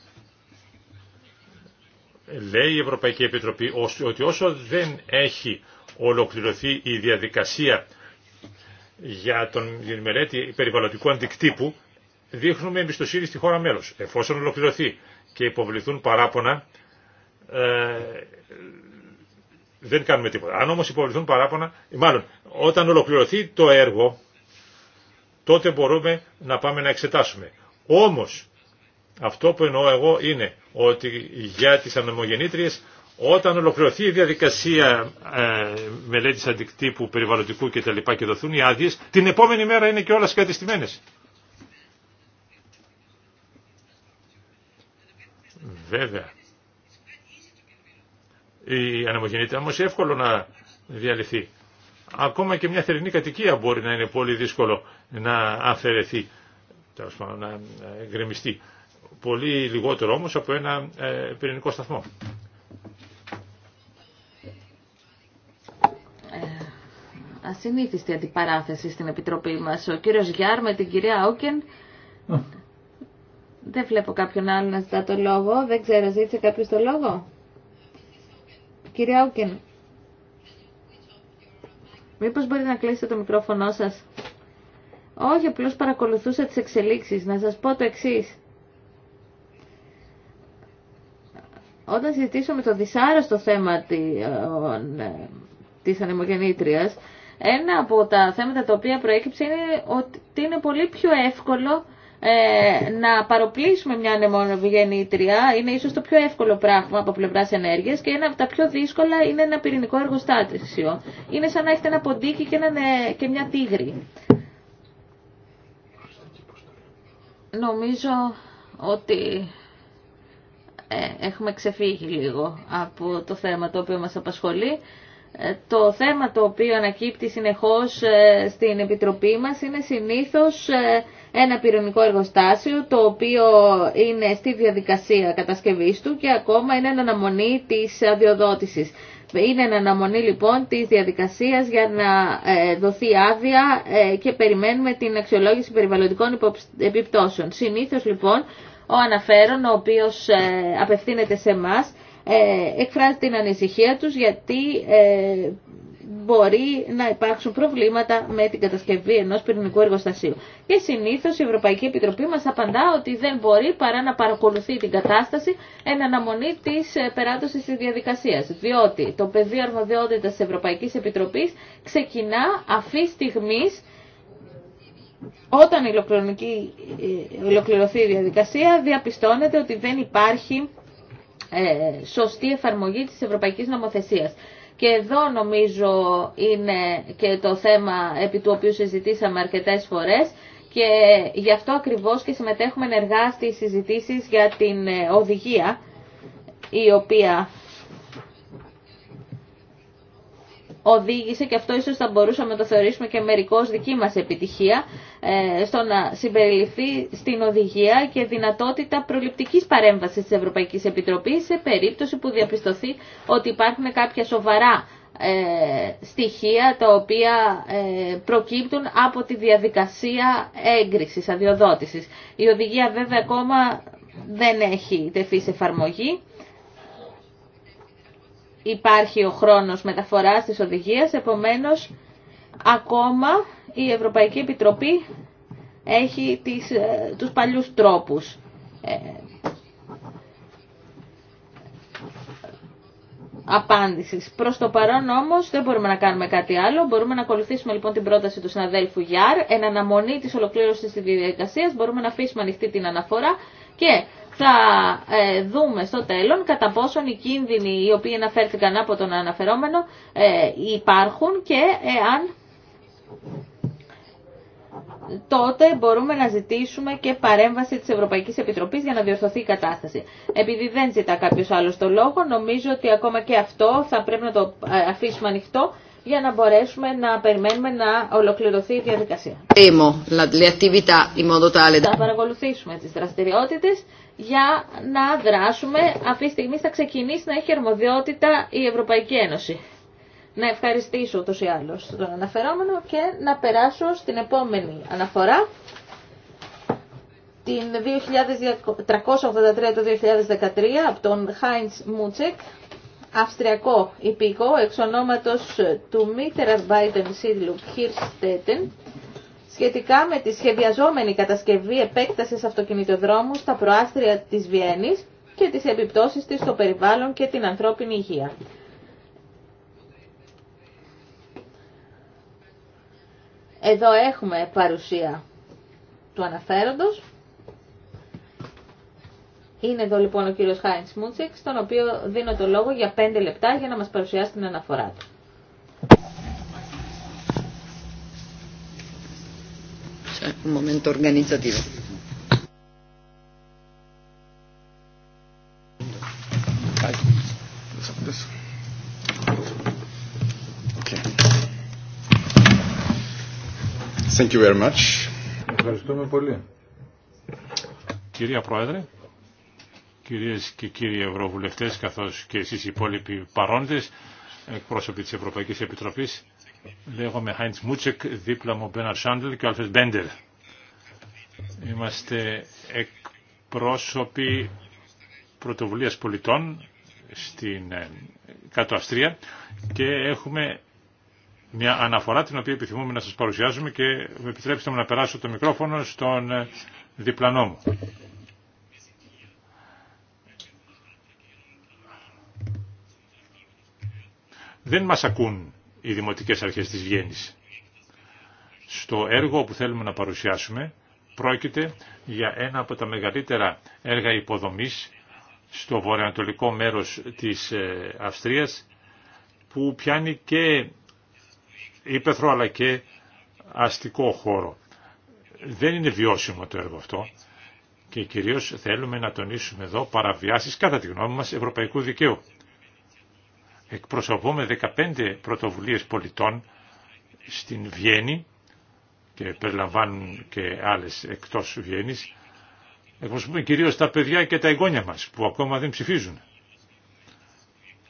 Λέει η Ευρωπαϊκή Επιτροπή ότι όσο δεν έχει ολοκληρωθεί η διαδικασία για, τον, μελέτη περιβαλλοντικού αντικτύπου, δείχνουμε εμπιστοσύνη στη χώρα μέλος. Εφόσον ολοκληρωθεί και υποβληθούν παράπονα, ε, δεν κάνουμε τίποτα. Αν όμως υποβληθούν παράπονα, μάλλον όταν ολοκληρωθεί το έργο, τότε μπορούμε να πάμε να εξετάσουμε. Όμως, αυτό που εννοώ εγώ είναι ότι για τις ανεμογεννήτριες όταν ολοκληρωθεί η διαδικασία ε, μελέτης αντικτύπου περιβαλλοντικού και τα και δοθούν οι άδειες, την επόμενη μέρα είναι και όλα κατεστημένες. Βέβαια, η ανεμογεννήτρια όμως εύκολο να διαλυθεί. Ακόμα και μια θερινή κατοικία μπορεί να είναι πολύ δύσκολο να αφαιρεθεί, να γκρεμιστεί. Πολύ λιγότερο όμως από ένα ε, πυρηνικό σταθμό. Ε, ασυνήθιστη αντιπαράθεση στην Επιτροπή μας. Ο κύριος Γιάρ με την κυρία Όκεν δεν βλέπω κάποιον άλλο να ζητά το λόγο. Δεν ξέρω, ζήτησε κάποιο το λόγο. Κυρία Όκεν, μήπως μπορείτε να κλείσετε το μικρόφωνο σας. Όχι, απλώς παρακολουθούσα τις εξελίξεις. Να σας πω το εξής. Όταν συζητήσουμε το δυσάρεστο θέμα ε, ε, της ανεμογεννήτριας, ένα από τα θέματα τα οποία προέκυψε είναι ότι είναι πολύ πιο εύκολο ε, να παροπλήσουμε μια ανεμόνοβη γεννήτρια είναι ίσως το πιο εύκολο πράγμα από πλευράς ενέργειας και ένα από τα πιο δύσκολα είναι ένα πυρηνικό εργοστάσιο. Είναι σαν να έχετε ένα ποντίκι και, ε, και μια τίγρη. Νομίζω ότι ε, έχουμε ξεφύγει λίγο από το θέμα το οποίο μας απασχολεί. Ε, το θέμα το οποίο ανακύπτει συνεχώς στην Επιτροπή μας είναι συνήθως ένα πυρηνικό εργοστάσιο το οποίο είναι στη διαδικασία κατασκευής του και ακόμα είναι ένα αναμονή της αδειοδότησης. Είναι ένα αναμονή λοιπόν της διαδικασίας για να ε, δοθεί άδεια ε, και περιμένουμε την αξιολόγηση περιβαλλοντικών επιπτώσεων. Συνήθως λοιπόν ο αναφέρον ο οποίος ε, απευθύνεται σε εμά εκφράζει την ανησυχία τους γιατί μπορεί να υπάρξουν προβλήματα με την κατασκευή ενός πυρηνικού εργοστασίου. Και συνήθως η Ευρωπαϊκή Επιτροπή μας απαντά ότι δεν μπορεί παρά να παρακολουθεί την κατάσταση εν αναμονή της ε, περάτωσης της διαδικασίας. Διότι το πεδίο αρμοδιότητας της Ευρωπαϊκής Επιτροπής ξεκινά αυτή στιγμή όταν ε, ολοκληρωθεί η διαδικασία διαπιστώνεται ότι δεν υπάρχει ε, σωστή εφαρμογή της ευρωπαϊκής νομοθεσίας. Και εδώ νομίζω είναι και το θέμα επί του οποίου συζητήσαμε αρκετές φορές και γι' αυτό ακριβώς και συμμετέχουμε ενεργά στις συζητήσεις για την ε, οδηγία η οποία οδήγησε, και αυτό ίσως θα μπορούσαμε να το θεωρήσουμε και μερικώς δική μας επιτυχία, ε, στο να συμπεριληφθεί στην οδηγία και δυνατότητα προληπτικής παρέμβασης της Ευρωπαϊκής Επιτροπής σε περίπτωση που διαπιστωθεί ότι υπάρχουν κάποια σοβαρά ε, στοιχεία τα οποία ε, προκύπτουν από τη διαδικασία έγκρισης, αδειοδότησης. Η οδηγία βέβαια ακόμα δεν έχει τεθεί σε εφαρμογή υπάρχει ο χρόνος μεταφοράς της οδηγίας, επομένως ακόμα η Ευρωπαϊκή Επιτροπή έχει τις, ε, τους παλιούς τρόπους. Ε, απάντησης. Προς το παρόν όμως δεν μπορούμε να κάνουμε κάτι άλλο. Μπορούμε να ακολουθήσουμε λοιπόν την πρόταση του συναδέλφου Γιάρ, εν αναμονή της ολοκλήρωσης της διαδικασίας, μπορούμε να αφήσουμε ανοιχτή την αναφορά και θα ε, δούμε στο τέλος κατά πόσον οι κίνδυνοι οι οποίοι αναφέρθηκαν από τον αναφερόμενο ε, υπάρχουν και εάν τότε μπορούμε να ζητήσουμε και παρέμβαση της Ευρωπαϊκής Επιτροπής για να διορθωθεί η κατάσταση. Επειδή δεν ζητά κάποιος άλλος το λόγο, νομίζω ότι ακόμα και αυτό θα πρέπει να το ε, αφήσουμε ανοιχτό για να μπορέσουμε να περιμένουμε να ολοκληρωθεί η διαδικασία. Θα παρακολουθήσουμε τις δραστηριότητες για να δράσουμε. Αυτή τη στιγμή θα ξεκινήσει να έχει αρμοδιότητα η Ευρωπαϊκή Ένωση. Να ευχαριστήσω ούτως ή άλλως τον αναφερόμενο και να περάσω στην επόμενη αναφορά την 2383 το 2013 από τον Heinz Μούτσεκ, αυστριακό υπηκό εξ ονόματος του Μίτερα Βάιντεν Σίδλου Χίρστέτεν, σχετικά με τη σχεδιαζόμενη κατασκευή επέκτασης αυτοκινητοδρόμου στα προάστρια της Βιέννης και τις επιπτώσεις της στο περιβάλλον και την ανθρώπινη υγεία. Εδώ έχουμε παρουσία του αναφέροντος. Είναι εδώ λοιπόν ο κύριος Χάιντς Μούντσεκ, στον οποίο δίνω το λόγο για 5 λεπτά για να μας παρουσιάσει την αναφορά του. un momento organizzativo. Thank you very much. Ευχαριστούμε πολύ. Κυρία Πρόεδρε, κυρίες και κύριοι Ευρωβουλευτές, καθώς και εσείς οι υπόλοιποι παρόντες, εκπρόσωποι της Ευρωπαϊκής Επιτροπής, Λέγομαι Χάιντς Μούτσεκ, δίπλα μου Μπέναρ Σάντλ και ο Αλφες Μπέντερ. Είμαστε εκπρόσωποι πρωτοβουλίας πολιτών στην ε, Κάτω Αυστρία και έχουμε μια αναφορά την οποία επιθυμούμε να σας παρουσιάζουμε και με επιτρέψτε μου να περάσω το μικρόφωνο στον ε, διπλανό μου. Δεν μας ακούν οι δημοτικές αρχές της Βιέννης. Στο έργο που θέλουμε να παρουσιάσουμε πρόκειται για ένα από τα μεγαλύτερα έργα υποδομής στο βορειοανατολικό μέρος της ε, Αυστρίας που πιάνει και ύπεθρο αλλά και αστικό χώρο. Δεν είναι βιώσιμο το έργο αυτό και κυρίως θέλουμε να τονίσουμε εδώ παραβιάσεις κατά τη γνώμη μας ευρωπαϊκού δικαίου εκπροσωπούμε 15 πρωτοβουλίες πολιτών στην Βιέννη και περιλαμβάνουν και άλλες εκτός Βιέννης. Εκπροσωπούμε κυρίως τα παιδιά και τα εγγόνια μας που ακόμα δεν ψηφίζουν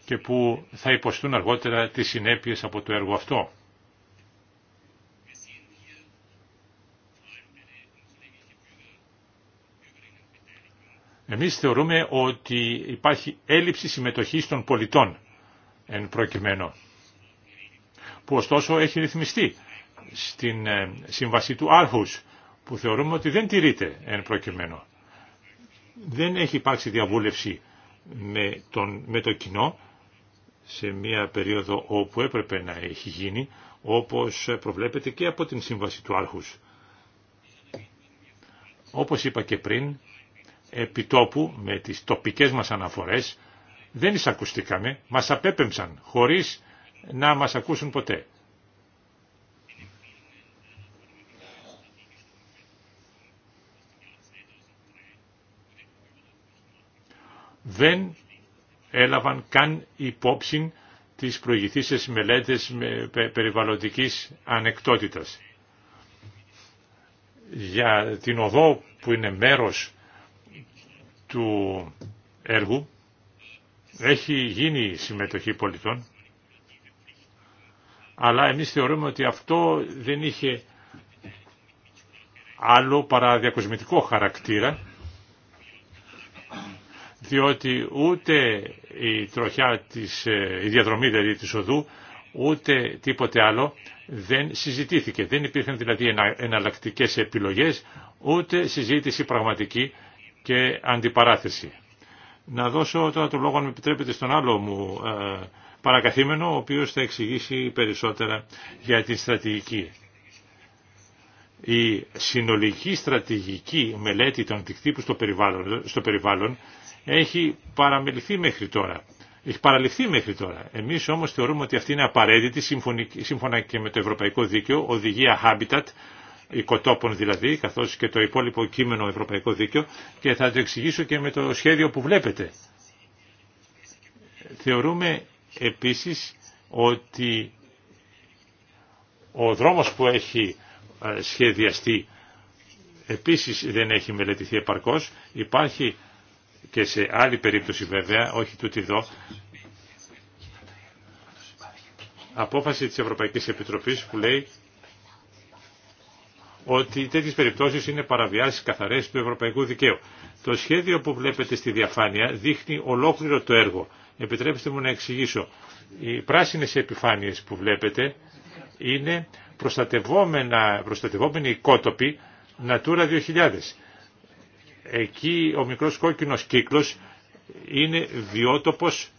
και που θα υποστούν αργότερα τις συνέπειες από το έργο αυτό. Εμείς θεωρούμε ότι υπάρχει έλλειψη συμμετοχής των πολιτών εν προκειμένου, που ωστόσο έχει ρυθμιστεί στην ε, σύμβαση του Άρχους, που θεωρούμε ότι δεν τηρείται εν προκειμένου. Δεν έχει υπάρξει διαβούλευση με, τον, με το κοινό σε μια περίοδο όπου έπρεπε να έχει γίνει, όπως προβλέπεται και από την σύμβαση του Άρχους. Όπως είπα και πριν, επιτόπου με τις τοπικές μας αναφορές δεν εισακουστήκαμε, μας απέπεμψαν χωρίς να μας ακούσουν ποτέ. Δεν έλαβαν καν υπόψη τις προηγηθήσεις μελέτες περιβαλλοντικής ανεκτότητας. Για την οδό που είναι μέρος του έργου έχει γίνει συμμετοχή πολιτών, αλλά εμείς θεωρούμε ότι αυτό δεν είχε άλλο παρά διακοσμητικό χαρακτήρα, διότι ούτε η τροχιά της, ε, η διαδρομή δηλαδή της οδού, ούτε τίποτε άλλο δεν συζητήθηκε. Δεν υπήρχαν δηλαδή εναλλακτικές επιλογές, ούτε συζήτηση πραγματική και αντιπαράθεση. Να δώσω τώρα το λόγο, αν με επιτρέπετε, στον άλλο μου ε, παρακαθήμενο, ο οποίος θα εξηγήσει περισσότερα για την στρατηγική. Η συνολική στρατηγική μελέτη των αντικτύπου στο περιβάλλον, στο περιβάλλον έχει παραμεληθεί μέχρι τώρα. Έχει παραληφθεί μέχρι τώρα. Εμείς όμως θεωρούμε ότι αυτή είναι απαραίτητη σύμφωνα και με το Ευρωπαϊκό Δίκαιο, οδηγία Habitat, οικοτόπων δηλαδή, καθώς και το υπόλοιπο κείμενο Ευρωπαϊκό Δίκαιο και θα το εξηγήσω και με το σχέδιο που βλέπετε. Θεωρούμε επίσης ότι ο δρόμος που έχει ε, σχεδιαστεί επίσης δεν έχει μελετηθεί επαρκώς. Υπάρχει και σε άλλη περίπτωση βέβαια, όχι τούτη εδώ, απόφαση της Ευρωπαϊκής Επιτροπής που λέει ότι τέτοιε περιπτώσεις είναι παραβιάσει καθαρέ του ευρωπαϊκού δικαίου. Το σχέδιο που βλέπετε στη διαφάνεια δείχνει ολόκληρο το έργο. Επιτρέψτε μου να εξηγήσω. Οι πράσινες επιφάνειες που βλέπετε είναι προστατευόμενα, προστατευόμενοι οικότοποι Natura 2000. Εκεί ο μικρός κόκκινος κύκλος είναι βιότοπος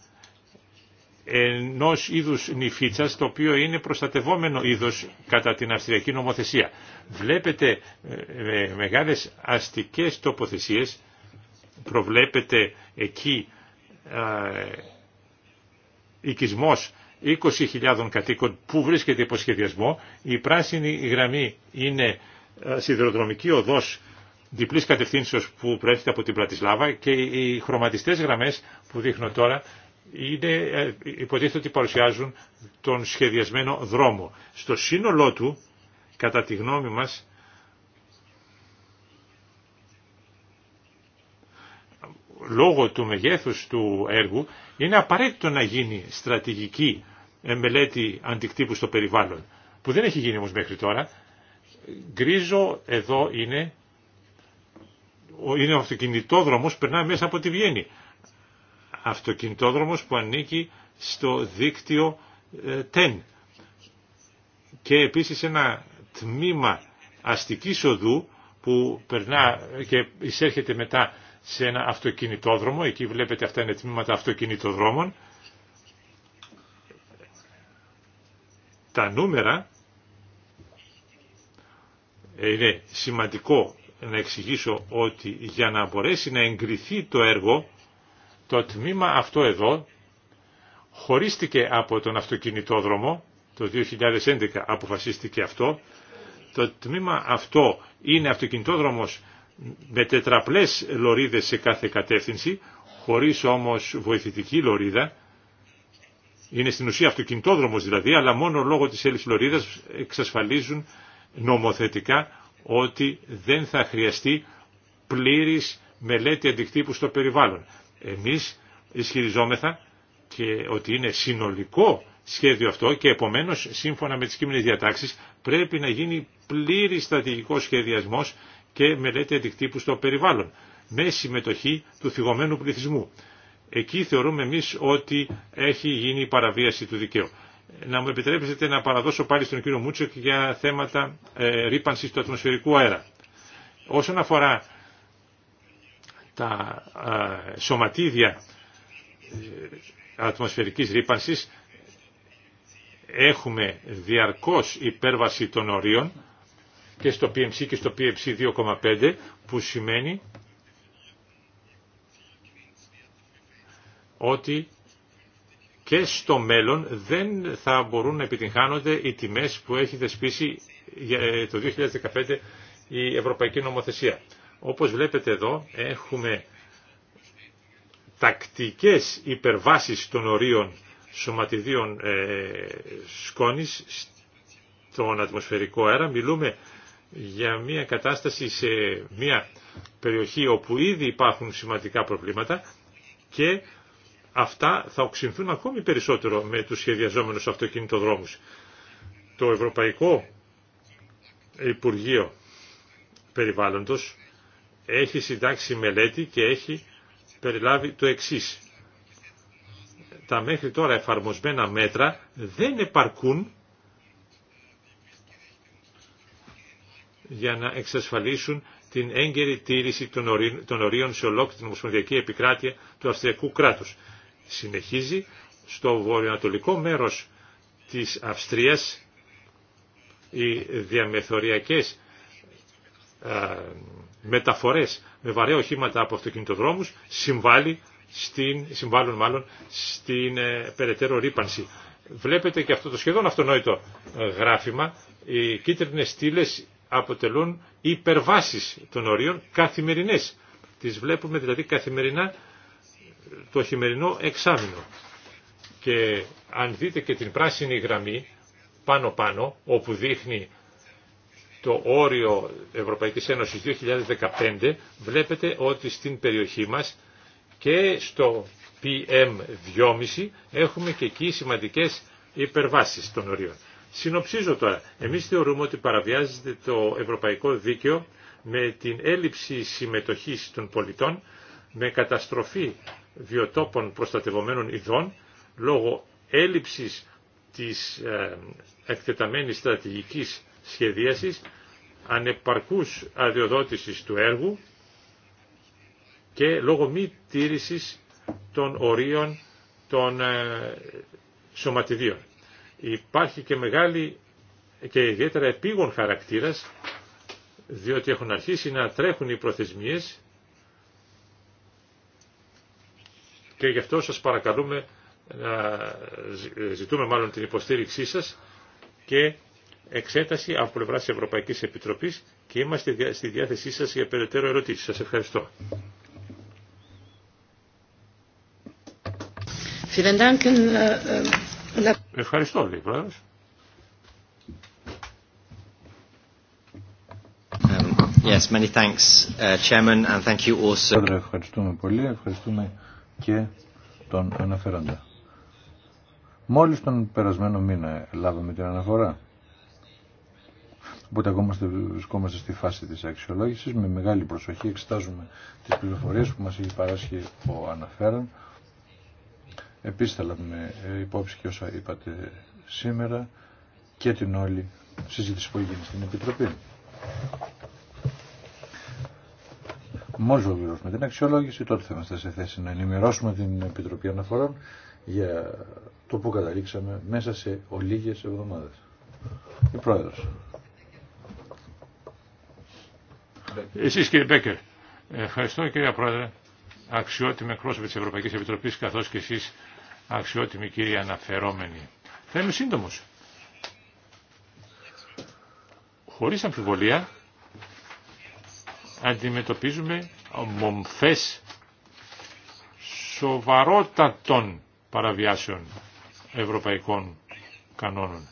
ενός είδους νηφίτσας το οποίο είναι προστατευόμενο είδος κατά την αυστριακή νομοθεσία. Βλέπετε ε, μεγάλες αστικές τοποθεσίες, προβλέπετε εκεί ε, οικισμός 20.000 κατοίκων που βρίσκεται υπό σχεδιασμό. Η πράσινη γραμμή είναι ε, σιδηροδρομική οδός διπλής κατευθύνσεως που προέρχεται από την Πρατισλάβα και οι χρωματιστές γραμμές που δείχνω τώρα είναι, ε, υποτίθεται ότι παρουσιάζουν τον σχεδιασμένο δρόμο. Στο σύνολό του, κατά τη γνώμη μας, λόγω του μεγέθους του έργου, είναι απαραίτητο να γίνει στρατηγική ε, μελέτη αντικτύπου στο περιβάλλον, που δεν έχει γίνει όμως μέχρι τώρα. Γκρίζο εδώ είναι, είναι ο αυτοκινητόδρομος που περνάει μέσα από τη Βιέννη αυτοκινητόδρομος που ανήκει στο δίκτυο TEN. Ε, και επίσης ένα τμήμα αστικής οδού που περνά και εισέρχεται μετά σε ένα αυτοκινητόδρομο, εκεί βλέπετε αυτά είναι τμήματα αυτοκινητοδρόμων. Τα νούμερα ε, είναι σημαντικό να εξηγήσω ότι για να μπορέσει να εγκριθεί το έργο το τμήμα αυτό εδώ χωρίστηκε από τον αυτοκινητόδρομο, το 2011 αποφασίστηκε αυτό. Το τμήμα αυτό είναι αυτοκινητόδρομος με τετραπλές λωρίδες σε κάθε κατεύθυνση, χωρίς όμως βοηθητική λωρίδα. Είναι στην ουσία αυτοκινητόδρομος δηλαδή, αλλά μόνο λόγω της έλλειψης λωρίδας εξασφαλίζουν νομοθετικά ότι δεν θα χρειαστεί πλήρης μελέτη αντικτύπου στο περιβάλλον. Εμείς ισχυριζόμεθα και ότι είναι συνολικό σχέδιο αυτό και επομένως σύμφωνα με τις κείμενες διατάξεις πρέπει να γίνει πλήρη στρατηγικό σχεδιασμός και μελέτη αντικτύπου στο περιβάλλον με συμμετοχή του θυγωμένου πληθυσμού. Εκεί θεωρούμε εμείς ότι έχει γίνει η παραβίαση του δικαίου. Να μου επιτρέψετε να παραδώσω πάλι στον κύριο Μούτσοκ για θέματα ε, του ατμοσφαιρικού αέρα. Όσον αφορά τα σωματίδια ε, ατμοσφαιρικής ρήπανσης έχουμε διαρκώς υπέρβαση των ορίων και στο PMC και στο PMC 2,5 που σημαίνει ότι και στο μέλλον δεν θα μπορούν να επιτυγχάνονται οι τιμές που έχει δεσπίσει ε, το 2015 η Ευρωπαϊκή Νομοθεσία. Όπως βλέπετε εδώ έχουμε τακτικές υπερβάσεις των ορίων σωματιδίων ε, σκόνης στον ατμοσφαιρικό αέρα. Μιλούμε για μια κατάσταση σε μια περιοχή όπου ήδη υπάρχουν σημαντικά προβλήματα και αυτά θα οξυνθούν ακόμη περισσότερο με τους σχεδιαζόμενους αυτοκινητοδρόμους. Το Ευρωπαϊκό Υπουργείο Περιβάλλοντος έχει συντάξει μελέτη και έχει περιλάβει το εξής. Τα μέχρι τώρα εφαρμοσμένα μέτρα δεν επαρκούν για να εξασφαλίσουν την έγκαιρη τήρηση των ορίων σε ολόκληρη την Ομοσπονδιακή Επικράτεια του Αυστριακού κράτους. Συνεχίζει στο βορειοανατολικό μέρος της Αυστρίας οι διαμεθοριακές μεταφορές με βαρέα οχήματα από αυτοκινητοδρόμους στην, συμβάλλουν μάλλον στην ε, περαιτέρω ρήπανση. Βλέπετε και αυτό το σχεδόν αυτονόητο ε, γράφημα. Οι κίτρινες στήλε αποτελούν υπερβάσεις των ορίων καθημερινές. Τις βλέπουμε δηλαδή καθημερινά το χειμερινό εξάμεινο. Και αν δείτε και την πράσινη γραμμή πάνω-πάνω, όπου δείχνει το όριο Ευρωπαϊκής Ένωσης 2015 βλέπετε ότι στην περιοχή μας και στο PM2,5 έχουμε και εκεί σημαντικές υπερβάσεις των ορίων. Συνοψίζω τώρα, εμείς θεωρούμε ότι παραβιάζεται το ευρωπαϊκό δίκαιο με την έλλειψη συμμετοχής των πολιτών, με καταστροφή βιοτόπων προστατευομένων ειδών, λόγω έλλειψης της ε, εκτεταμένης στρατηγικής σχεδίασης, ανεπαρκούς αδειοδότησης του έργου και λόγω μη τήρησης των ορίων των ε, σωματιδίων. Υπάρχει και μεγάλη και ιδιαίτερα επίγον χαρακτήρας, διότι έχουν αρχίσει να τρέχουν οι προθεσμίες και γι' αυτό σας παρακαλούμε να ζητούμε μάλλον την υποστήριξή σας και εξέταση από πλευρά τη Ευρωπαϊκή Επιτροπή και είμαστε στη διάθεσή σας για περαιτέρω ερωτήσεις. Σα ευχαριστώ. Äh, äh, ευχαριστώ, λέει um, Yes, many thanks, uh, Chairman, and thank you also. Ευχαριστούμε πολύ, ευχαριστούμε και τον αναφέροντα. Μόλις τον περασμένο μήνα λάβαμε την αναφορά. Οπότε ακόμα βρισκόμαστε στη φάση της αξιολόγησης. Με μεγάλη προσοχή εξετάζουμε τις πληροφορίες που μας έχει παράσχει ο αναφέραν. Επίσης θα λάβουμε ε, υπόψη και όσα είπατε σήμερα και την όλη συζήτηση που έγινε στην Επιτροπή. Μόλις ολοκληρώσουμε την αξιολόγηση, τότε θα είμαστε σε θέση να ενημερώσουμε την Επιτροπή Αναφορών για το που καταλήξαμε μέσα σε ολίγες εβδομάδες. Η Πρόεδρος. Εσείς κύριε Μπέκερ. Ευχαριστώ κύριε Πρόεδρε. Αξιότιμη εκπρόσωπη της Ευρωπαϊκής Επιτροπής καθώς και εσείς αξιότιμη κύριε αναφερόμενη. Θα είμαι σύντομος. Χωρίς αμφιβολία αντιμετωπίζουμε μομφές σοβαρότατων παραβιάσεων ευρωπαϊκών κανόνων.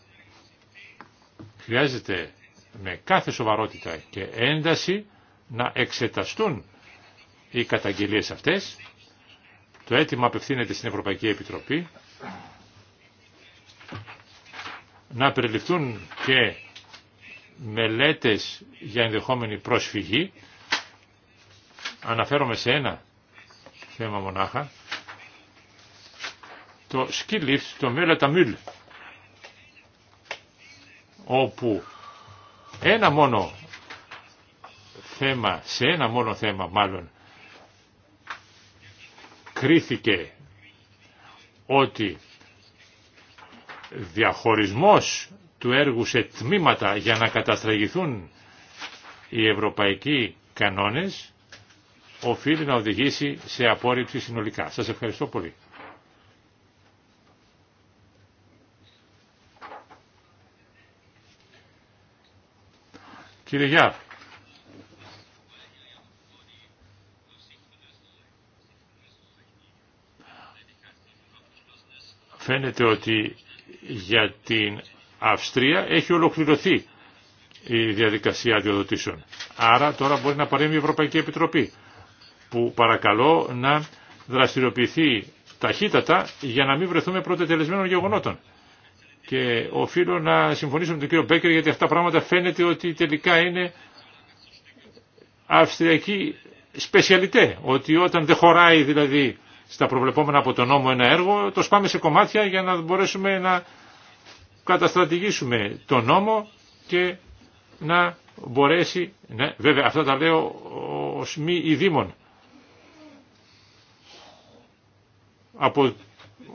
Χρειάζεται με κάθε σοβαρότητα και ένταση να εξεταστούν οι καταγγελίες αυτές. Το αίτημα απευθύνεται στην Ευρωπαϊκή Επιτροπή να περιληφθούν και μελέτες για ενδεχόμενη προσφυγή. Αναφέρομαι σε ένα θέμα μονάχα. Το ski το Μέλα όπου ένα μόνο θέμα, σε ένα μόνο θέμα μάλλον, κρίθηκε ότι διαχωρισμός του έργου σε τμήματα για να καταστραγηθούν οι ευρωπαϊκοί κανόνες οφείλει να οδηγήσει σε απόρριψη συνολικά. Σας ευχαριστώ πολύ. Κύριε Γιάρ. Φαίνεται ότι για την Αυστρία έχει ολοκληρωθεί η διαδικασία αδειοδοτήσεων. Άρα τώρα μπορεί να παρέμει η Ευρωπαϊκή Επιτροπή που παρακαλώ να δραστηριοποιηθεί ταχύτατα για να μην βρεθούμε πρώτε τελεσμένων γεγονότων. Και οφείλω να συμφωνήσω με τον κύριο Μπέκερ γιατί αυτά τα πράγματα φαίνεται ότι τελικά είναι αυστριακή σπεσιαλιτέ. Ότι όταν δεν χωράει δηλαδή στα προβλεπόμενα από τον νόμο ένα έργο, το σπάμε σε κομμάτια για να μπορέσουμε να καταστρατηγήσουμε τον νόμο και να μπορέσει, ναι, βέβαια αυτά τα λέω ως μη ειδήμων, από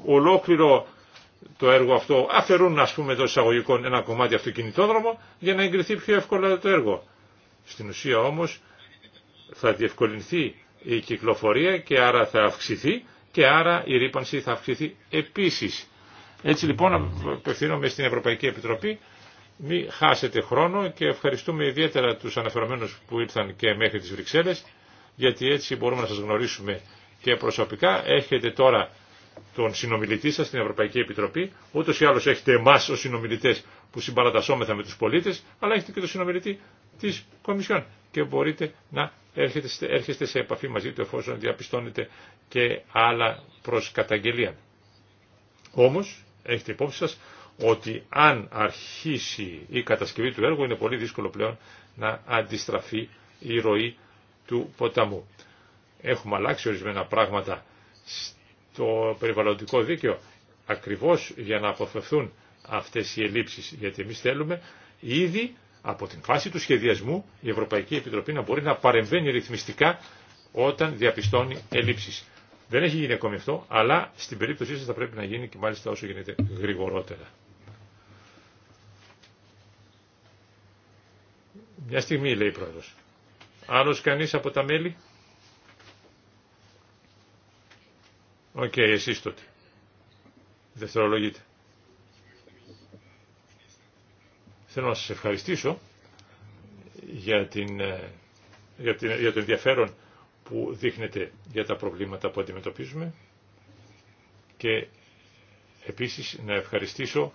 ολόκληρο το έργο αυτό, αφαιρούν α πούμε το εισαγωγικών ένα κομμάτι αυτοκινητόδρομο για να εγκριθεί πιο εύκολα το έργο. Στην ουσία όμως θα διευκολυνθεί η κυκλοφορία και άρα θα αυξηθεί και άρα η ρήπανση θα αυξηθεί επίσης. Έτσι λοιπόν απευθύνομαι στην Ευρωπαϊκή Επιτροπή. Μην χάσετε χρόνο και ευχαριστούμε ιδιαίτερα τους αναφερομένους που ήρθαν και μέχρι τις Βρυξέλλες γιατί έτσι μπορούμε να σας γνωρίσουμε και προσωπικά. Έχετε τώρα τον συνομιλητή σας στην Ευρωπαϊκή Επιτροπή. Ούτως ή άλλως έχετε εμάς ως συνομιλητές που συμπαρατασσόμεθα με τους πολίτες, αλλά έχετε και τον συνομιλητή της Κομισιόν και μπορείτε να έρχεστε, έρχεστε σε επαφή μαζί του εφόσον διαπιστώνετε και άλλα προς καταγγελία. Όμως, έχετε υπόψη σας ότι αν αρχίσει η κατασκευή του έργου είναι πολύ δύσκολο πλέον να αντιστραφεί η ροή του ποταμού. Έχουμε αλλάξει ορισμένα πράγματα το περιβαλλοντικό δίκαιο ακριβώς για να αποφευθούν αυτές οι ελλείψεις γιατί εμείς θέλουμε ήδη από την φάση του σχεδιασμού η Ευρωπαϊκή Επιτροπή να μπορεί να παρεμβαίνει ρυθμιστικά όταν διαπιστώνει ελλείψεις. Δεν έχει γίνει ακόμη αυτό, αλλά στην περίπτωσή σας θα πρέπει να γίνει και μάλιστα όσο γίνεται γρηγορότερα. Μια στιγμή λέει η πρόεδρος. Άλλος κανείς από τα μέλη. Οκ, okay, εσείς τότε. Δευτερολογείτε. Θέλω να σας ευχαριστήσω για, την, ε, για, την, για το ενδιαφέρον που δείχνετε για τα προβλήματα που αντιμετωπίζουμε και επίσης να ευχαριστήσω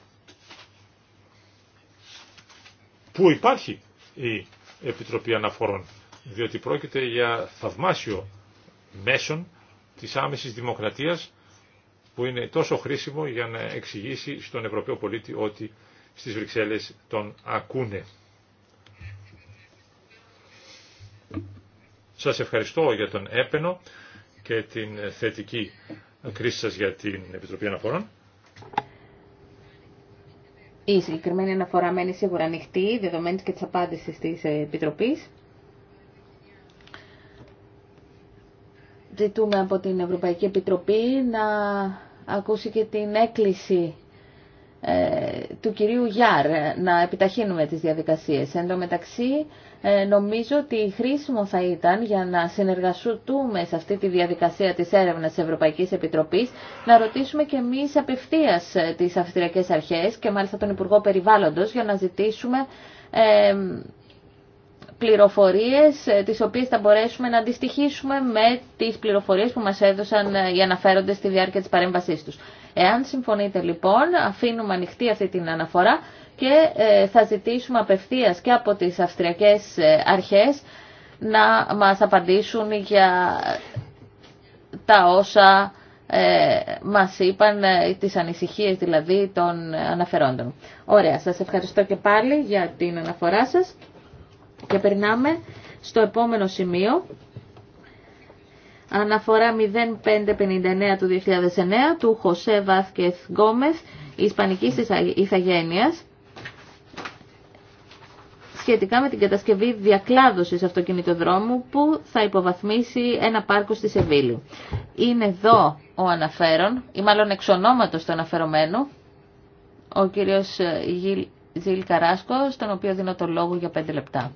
που υπάρχει η Επιτροπή Αναφορών διότι πρόκειται για θαυμάσιο μέσον της άμεσης δημοκρατίας που είναι τόσο χρήσιμο για να εξηγήσει στον Ευρωπαίο πολίτη ότι στις Βρυξέλλες τον ακούνε. Σας ευχαριστώ για τον έπαινο και την θετική κρίση σας για την Επιτροπή Αναφορών. Η συγκεκριμένη αναφορά μένει σίγουρα ανοιχτή, δεδομένη και της απάντησης της Επιτροπής. ζητούμε από την Ευρωπαϊκή Επιτροπή να ακούσει και την έκκληση ε, του κυρίου Γιάρ ε, να επιταχύνουμε τις διαδικασίες. Εν τω μεταξύ ε, νομίζω ότι χρήσιμο θα ήταν για να συνεργαστούμε σε αυτή τη διαδικασία της έρευνας της Ευρωπαϊκής Επιτροπής να ρωτήσουμε και εμείς απευθείας τις αυστριακές αρχές και μάλιστα τον Υπουργό Περιβάλλοντος για να ζητήσουμε πληροφορίες ε, τις οποίες θα μπορέσουμε να αντιστοιχίσουμε με τις πληροφορίες που μας έδωσαν ε, οι αναφέροντες στη διάρκεια της παρέμβασής τους. Εάν συμφωνείτε λοιπόν, αφήνουμε ανοιχτή αυτή την αναφορά και ε, θα ζητήσουμε απευθείας και από τις αυστριακές αρχές να μας απαντήσουν για τα όσα ε, μας είπαν ε, τις ανησυχίες δηλαδή των αναφερόντων. Ωραία, σας ευχαριστώ και πάλι για την αναφορά σας. Και περνάμε στο επόμενο σημείο. Αναφορά 0559 του 2009 του Χωσέ Βάθκεθ Γκόμεθ, Ισπανικής Ιθαγένειας, σχετικά με την κατασκευή διακλάδωσης αυτοκινητοδρόμου που θα υποβαθμίσει ένα πάρκο στη Σεβίλη. Είναι εδώ ο αναφέρον, ή μάλλον εξ ονόματος του αναφερομένου, ο κύριος Ζήλ Καράσκο, στον οποίο δίνω το λόγο για 5 λεπτά.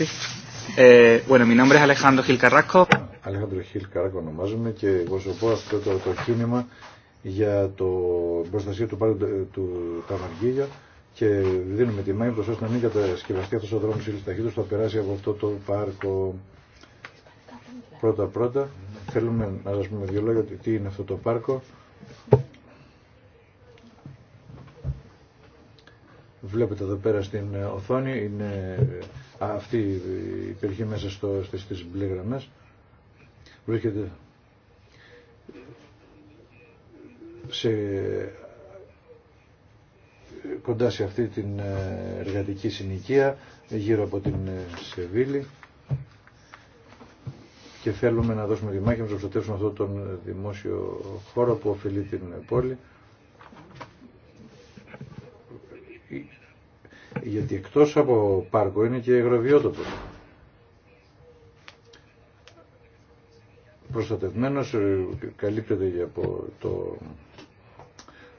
Sí. Ε, bueno, mi nombre es Alejandro Gil Carrasco. Alejandro Gil Carrasco ονομάζομαι και εκπροσωπώ αυτό το, το κίνημα για το προστασία του πάρου του, Ταμαργίλια και δίνουμε τη μάχη ώστε να μην κατασκευαστεί αυτό ο δρόμο ύλης ταχύτητας θα περάσει από αυτό το πάρκο πρώτα πρώτα θέλουμε να σας πούμε δύο λόγια τι είναι αυτό το πάρκο βλέπετε εδώ πέρα στην οθόνη είναι αυτή η μέσα στο, στις μπλε γραμμές βρίσκεται σε, κοντά σε αυτή την ε, εργατική συνοικία γύρω από την ε, Σεβίλη και θέλουμε να δώσουμε τη μάχη να προστατεύσουμε αυτόν τον δημόσιο χώρο που ωφελεί την πόλη. γιατί εκτός από πάρκο είναι και αγροβιότοπο. Προστατευμένος ε, καλύπτεται από το,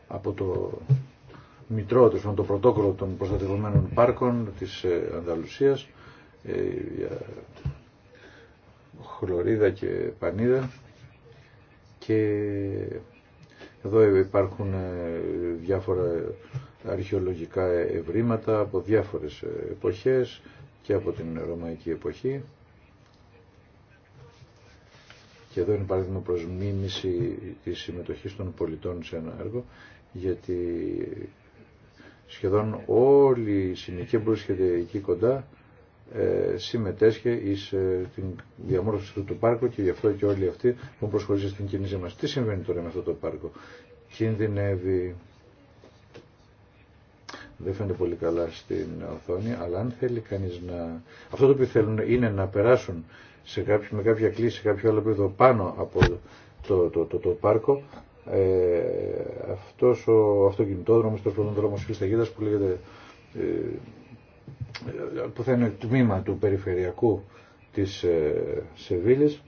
από το μητρό του, το πρωτόκολλο των προστατευμένων πάρκων της ε, Ανταλουσίας ε, για χλωρίδα και πανίδα και εδώ υπάρχουν διάφορα αρχαιολογικά ευρήματα από διάφορες εποχές και από την Ρωμαϊκή εποχή. Και εδώ είναι παράδειγμα προς μίμηση της συμμετοχής των πολιτών σε ένα έργο, γιατί σχεδόν όλοι οι που και εκεί κοντά ε, συμμετέσχε εις ε, την διαμόρφωση του, του πάρκου και γι' αυτό και όλοι αυτοί που προσχωρήσαν στην κίνηση μας. Τι συμβαίνει τώρα με αυτό το πάρκο. Κινδυνεύει δεν φαίνεται πολύ καλά στην οθόνη, αλλά αν θέλει κανείς να... Αυτό το οποίο θέλουν είναι να περάσουν σε κάποιο, με κάποια κλίση, σε κάποιο άλλο επίπεδο πάνω από το, το, το, το πάρκο, ε, αυτός ο αυτοκινητόδρομος, το πρώτο της που λέγεται, ε, που θα είναι τμήμα του περιφερειακού της ε, Σεβίλης,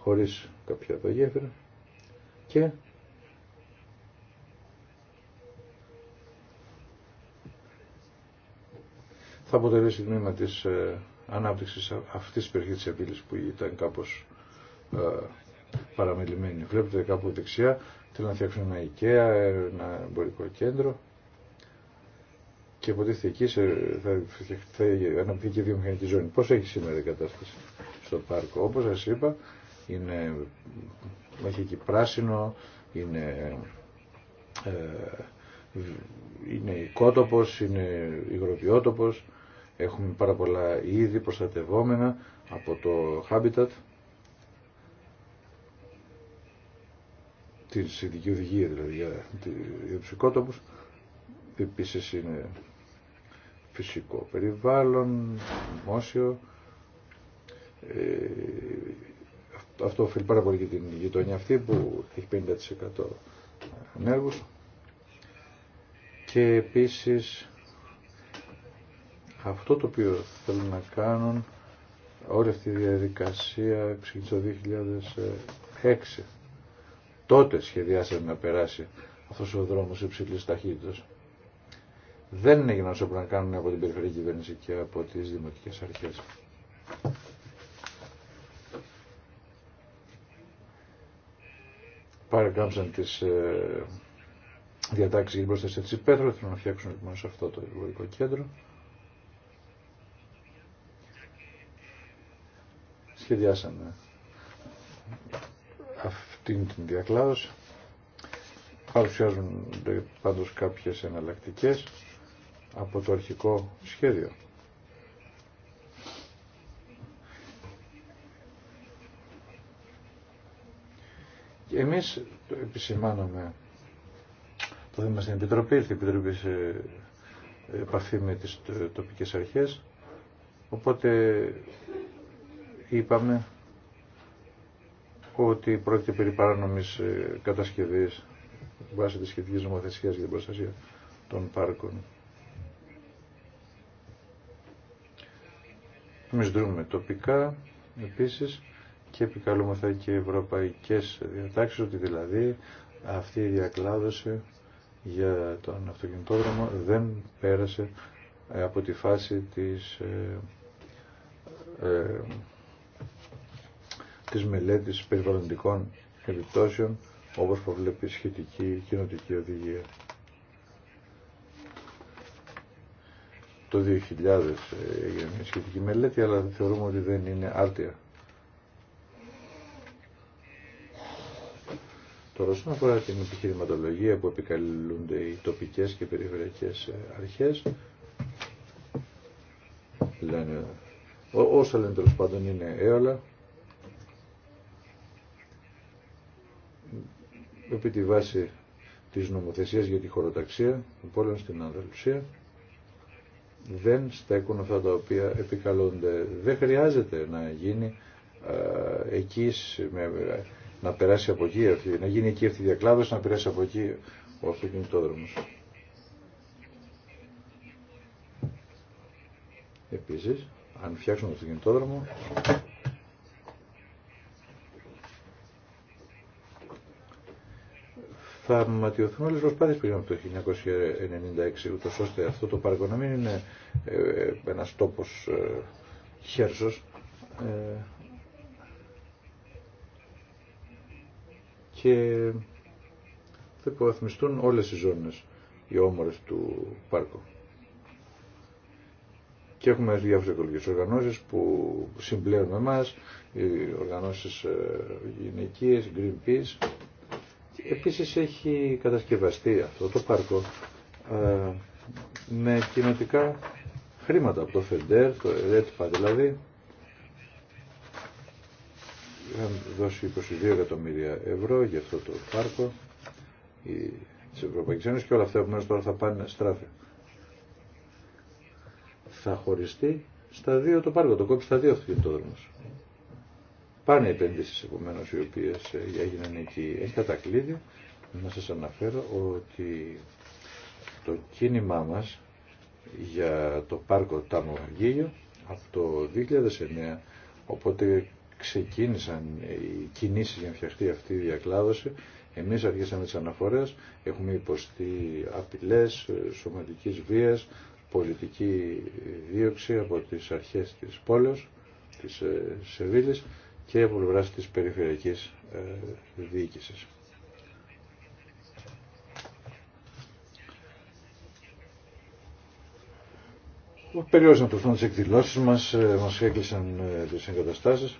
χωρίς κάποια απογέφερα, και θα αποτελέσει τμήμα της ε, ανάπτυξης αυτής της περιοχής της απειλής που ήταν κάπως ε, παραμελημένη. Βλέπετε κάπου δεξιά, θέλουν να φτιάξουν ένα IKEA, ένα εμπορικό κέντρο και τη εκεί θα, θα και και βιομηχανική ζώνη. Πώς έχει σήμερα η κατάσταση στο πάρκο. Όπως σας είπα, είναι, έχει εκεί πράσινο, είναι, ε, είναι οικότοπος, είναι υγροβιότοπος, Έχουμε πάρα πολλά είδη προστατευόμενα από το Habitat, τη ειδική οδηγία δηλαδή για ψυχότοπους. Επίσης είναι φυσικό περιβάλλον, δημόσιο. Ε, αυτό οφείλει πάρα πολύ και την γειτονιά αυτή που έχει 50% ανέργους. Και επίσης αυτό το οποίο θέλουν να κάνουν όλη αυτή η διαδικασία ξεκίνησε το 2006. Τότε σχεδιάσαμε να περάσει αυτός ο δρόμος υψηλής ταχύτητας. Δεν είναι όσο πρέπει να κάνουν από την περιφερειακή κυβέρνηση και από τις δημοτικές αρχές. Παρακάμψαν τις ε, διατάξεις για την προστασία της υπέθρου, θέλουν να φτιάξουν λοιπόν σε αυτό το εμπορικό κέντρο. σχεδιάσαμε αυτήν την διακλάδωση. Παρουσιάζονται πάντως κάποιες εναλλακτικές από το αρχικό σχέδιο. Και εμείς το το θέμα στην Επιτροπή, ήρθε η Επιτροπή σε επαφή με τις τοπικές αρχές, οπότε είπαμε ότι πρόκειται περί παράνομης ε, κατασκευής βάσει της σχετικής νομοθεσίας για την προστασία των πάρκων. Εμείς δρούμε τοπικά επίσης και επικαλούμεθα και ευρωπαϊκές διατάξεις ότι δηλαδή αυτή η διακλάδωση για τον αυτοκινητόδρομο δεν πέρασε ε, από τη φάση της ε, της μελέτης περιβαλλοντικών επιπτώσεων όπως προβλέπει σχετική κοινοτική οδηγία. Το 2000 έγινε μια σχετική μελέτη αλλά θεωρούμε ότι δεν είναι άρτια. Τώρα όσον αφορά την επιχειρηματολογία που επικαλούνται οι τοπικές και περιφερειακές αρχές λένε, ό, όσα λένε τέλο πάντων είναι έολα επί τη βάση της νομοθεσίας για τη χωροταξία, των πόλεων στην Ανδαλουσία, δεν στέκουν αυτά τα οποία επικαλούνται. Δεν χρειάζεται να γίνει ε, εκεί, ε, να περάσει από εκεί, να γίνει εκεί αυτή η διακλάδωση να περάσει από εκεί ο αυτοκινητόδρομος. Επίσης, αν φτιάξουμε το αυτοκινητόδρομο, θα ματιωθούν όλες τις προσπάθειες που γίνονται το 1996, ούτως ώστε αυτό το πάρκο να μην είναι ε, ε, ένας τόπος ε, χέρσος. και θα υποβαθμιστούν όλες οι ζώνες, οι όμορες του πάρκου. Και έχουμε διάφορε οικολογικέ οργανώσει που συμπλέουν με εμά, οι οργανώσει γυναικείε, Greenpeace, Επίσης έχει κατασκευαστεί αυτό το πάρκο ε, με κοινοτικά χρήματα από το ΦΕΝΤΕΡ, το ΕΡΕΤΠΑ δηλαδή. Είχαν δώσει 22 εκατομμύρια ευρώ για αυτό το πάρκο τη Ευρωπαϊκή Ένωση και όλα αυτά μέσα τώρα θα πάνε στράφη. Θα χωριστεί στα δύο το πάρκο, το κόψει στα δύο αυτοκινητόδρομος πάνε επενδύσεις επομένω οι οποίες ε, έγιναν εκεί. Έχει κατακλείδη να σας αναφέρω ότι το κίνημά μας για το πάρκο Ταμογγίγιο από το 2009 οπότε ξεκίνησαν οι κινήσεις για να φτιαχτεί αυτή η διακλάδωση εμείς αρχίσαμε τις αναφορές έχουμε υποστεί απειλές ε, σωματικής βίας πολιτική δίωξη από τις αρχές της πόλεως της ε, Σεβίλης και από πλευρά τη περιφερειακή ε, διοίκηση. Περιόρισαν το φθόν τι εκδηλώσει μα, ε, μα έκλεισαν ε, τι εγκαταστάσει.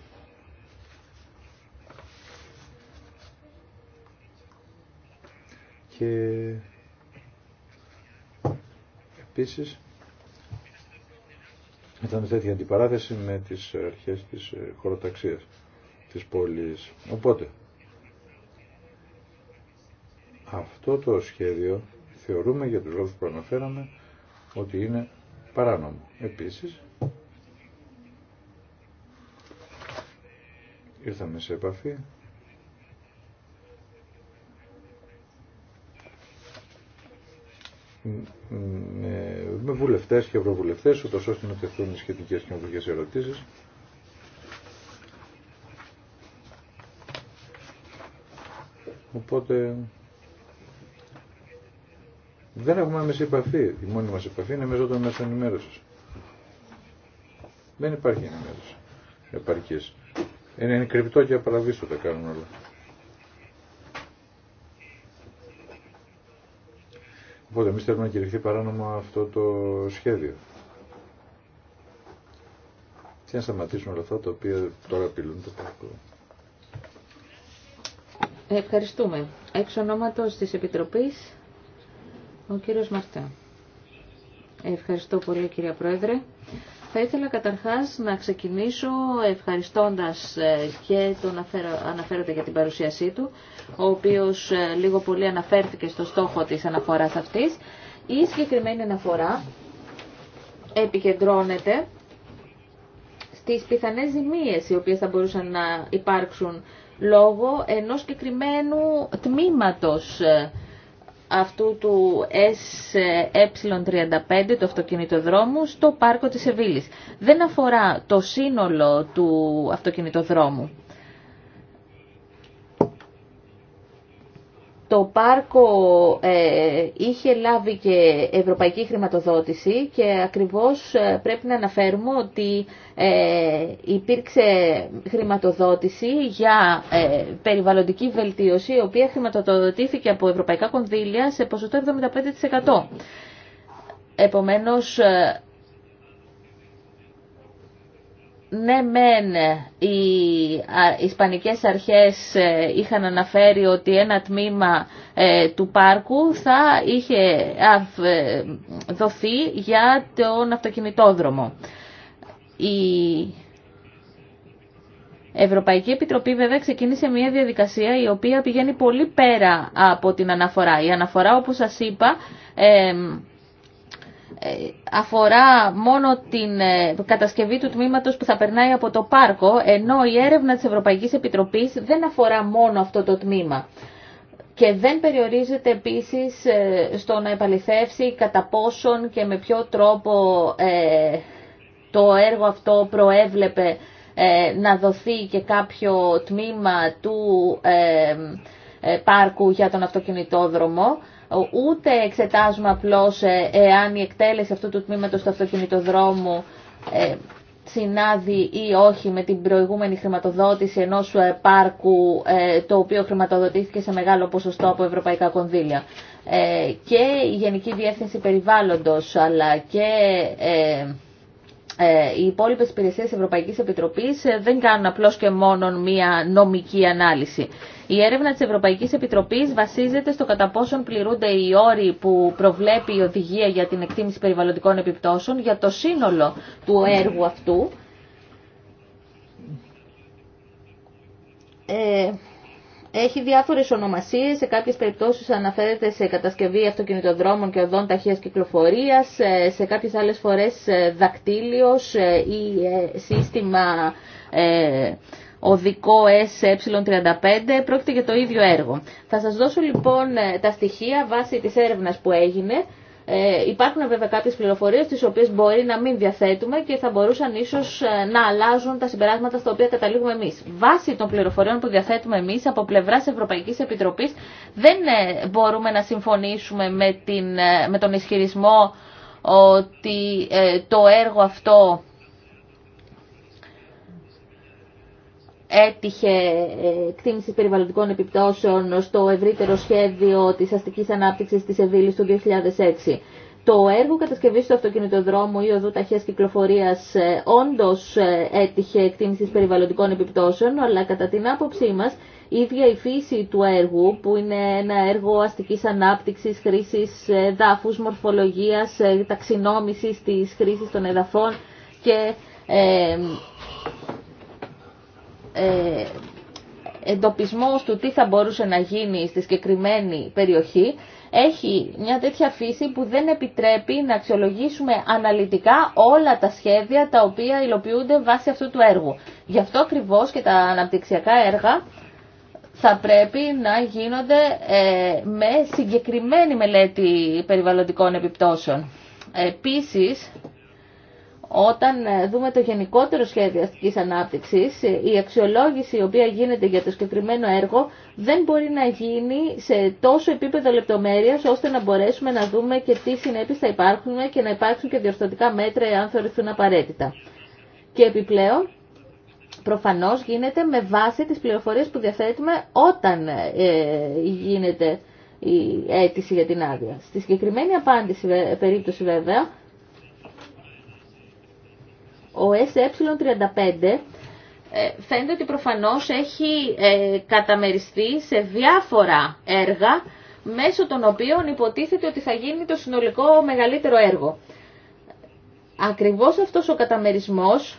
Και επίσης ήταν τέτοια αντιπαράθεση με τις αρχές της ε, χωροταξίας της πόλης. Οπότε, αυτό το σχέδιο θεωρούμε για τους λόγους που αναφέραμε ότι είναι παράνομο. Επίσης, ήρθαμε σε επαφή με βουλευτέ και ευρωβουλευτέ, ούτω ώστε να τεθούν οι σχετικές κοινωνικές ερωτήσεις. Οπότε δεν έχουμε άμεση επαφή. Η μόνη μα επαφή είναι μέσω των μέσων ενημέρωση. Δεν υπάρχει ενημέρωση επαρκή. Είναι, είναι κρυπτό και απαραβίστο τα κάνουν όλα. Οπότε εμεί θέλουμε να κηρυχθεί παράνομα αυτό το σχέδιο. Και να σταματήσουμε όλα αυτά τα οποία τώρα απειλούν το Ευχαριστούμε. Εξ ονόματος της Επιτροπής, ο κύριος Μαρτά. Ευχαριστώ πολύ κυρία Πρόεδρε. Θα ήθελα καταρχάς να ξεκινήσω ευχαριστώντας ε, και τον αναφέροντα για την παρουσίασή του, ο οποίος ε, λίγο πολύ αναφέρθηκε στο στόχο της αναφοράς αυτής. Η συγκεκριμένη αναφορά επικεντρώνεται στις πιθανές ζημίες οι οποίες θα μπορούσαν να υπάρξουν λόγω ενός συγκεκριμένου τμήματος ε, αυτού του SE35, ε του αυτοκινητοδρόμου, στο πάρκο της Σεβίλης. Δεν αφορά το σύνολο του αυτοκινητοδρόμου. το πάρκο ε, είχε λάβει και ευρωπαϊκή χρηματοδότηση και ακριβώς ε, πρέπει να αναφέρουμε ότι ε, υπήρξε χρηματοδότηση για ε, περιβαλλοντική βελτίωση η οποία χρηματοδοτήθηκε από ευρωπαϊκά κονδύλια σε ποσοστό 75%. Επομένως ναι μεν οι ισπανικές αρχές ε, είχαν αναφέρει ότι ένα τμήμα ε, του πάρκου θα είχε ε, δοθεί για τον αυτοκινητόδρομο. Η Ευρωπαϊκή Επιτροπή βέβαια ξεκίνησε μια διαδικασία η οποία πηγαίνει πολύ πέρα από την αναφορά. Η αναφορά όπως σας είπα ε, αφορά μόνο την ε, κατασκευή του τμήματος που θα περνάει από το πάρκο, ενώ η έρευνα της Ευρωπαϊκής Επιτροπής δεν αφορά μόνο αυτό το τμήμα. Και δεν περιορίζεται επίσης ε, στο να επαληθεύσει κατά πόσον και με ποιο τρόπο το έργο αυτό προέβλεπε να δοθεί και κάποιο τμήμα του πάρκου για τον αυτοκινητόδρομο ούτε εξετάζουμε απλώς ε, εάν η εκτέλεση αυτού του τμήματος του αυτοκινητοδρόμου ε, συνάδει ή όχι με την προηγούμενη χρηματοδότηση ενός ε, πάρκου το οποίο χρηματοδοτήθηκε σε μεγάλο ποσοστό από ευρωπαϊκά κονδύλια. Και η Γενική Διεύθυνση Περιβάλλοντος αλλά και οι υπόλοιπες υπηρεσίες Ευρωπαϊκής Επιτροπής δεν κάνουν απλώς και μόνο μία νομική ανάλυση. Η έρευνα της Ευρωπαϊκής Επιτροπής βασίζεται στο κατά πόσον πληρούνται οι όροι που προβλέπει η οδηγία για την εκτίμηση περιβαλλοντικών επιπτώσεων για το σύνολο του έργου αυτού. Ε, έχει διάφορες ονομασίες, σε κάποιες περιπτώσεις αναφέρεται σε κατασκευή αυτοκινητοδρόμων και οδών ταχείας κυκλοφορίας, ε, σε κάποιες άλλες φορές ε, δακτύλιος ή σύστημα οδικό SE35 ε πρόκειται για το ίδιο έργο. Θα σας δώσω λοιπόν ε, τα στοιχεία βάσει της έρευνας που έγινε. Ε, υπάρχουν βέβαια κάποιες πληροφορίες τις οποίες μπορεί να μην διαθέτουμε και θα μπορούσαν ίσως να αλλάζουν τα συμπεράσματα στα οποία καταλήγουμε εμείς. Βάσει των πληροφοριών που διαθέτουμε εμείς από πλευράς Ευρωπαϊκής Επιτροπής δεν μπορούμε να συμφωνήσουμε με, την, με τον ισχυρισμό ότι το έργο αυτό έτυχε ε, εκτίμηση περιβαλλοντικών επιπτώσεων στο ευρύτερο σχέδιο της αστικής ανάπτυξης της Εβίλης του 2006. Το έργο κατασκευής του αυτοκινητοδρόμου ή οδού ταχείας κυκλοφορίας ε, όντως ε, έτυχε εκτίμηση περιβαλλοντικών επιπτώσεων, αλλά κατά την άποψή μας η ίδια η φύση του έργου, που είναι ένα έργο αστικής ανάπτυξης, χρήσης δάφους, μορφολογίας, ταξινόμησης της χρήσης των εδαφών και ε, εντοπισμός του τι θα μπορούσε να γίνει στη συγκεκριμένη περιοχή έχει μια τέτοια φύση που δεν επιτρέπει να αξιολογήσουμε αναλυτικά όλα τα σχέδια τα οποία υλοποιούνται βάσει αυτού του έργου. Γι' αυτό ακριβώς και τα αναπτυξιακά έργα θα πρέπει να γίνονται ε, με συγκεκριμένη μελέτη περιβαλλοντικών επιπτώσεων. Επίσης, όταν ε, δούμε το γενικότερο σχέδιο αστικής ανάπτυξης, ε, η αξιολόγηση η οποία γίνεται για το συγκεκριμένο έργο δεν μπορεί να γίνει σε τόσο επίπεδο λεπτομέρειας ώστε να μπορέσουμε να δούμε και τι συνέπειες θα υπάρχουν και να υπάρξουν και διορθωτικά μέτρα εάν θεωρηθούν απαραίτητα. Και επιπλέον, προφανώς γίνεται με βάση τις πληροφορίες που διαθέτουμε όταν ε, γίνεται η αίτηση για την άδεια. Στη συγκεκριμένη απάντηση, περίπτωση βέβαια, ο SE35 ε ε, φαίνεται ότι προφανώς έχει ε, καταμεριστεί σε διάφορα έργα μέσω των οποίων υποτίθεται ότι θα γίνει το συνολικό μεγαλύτερο έργο. Ακριβώς αυτός ο καταμερισμός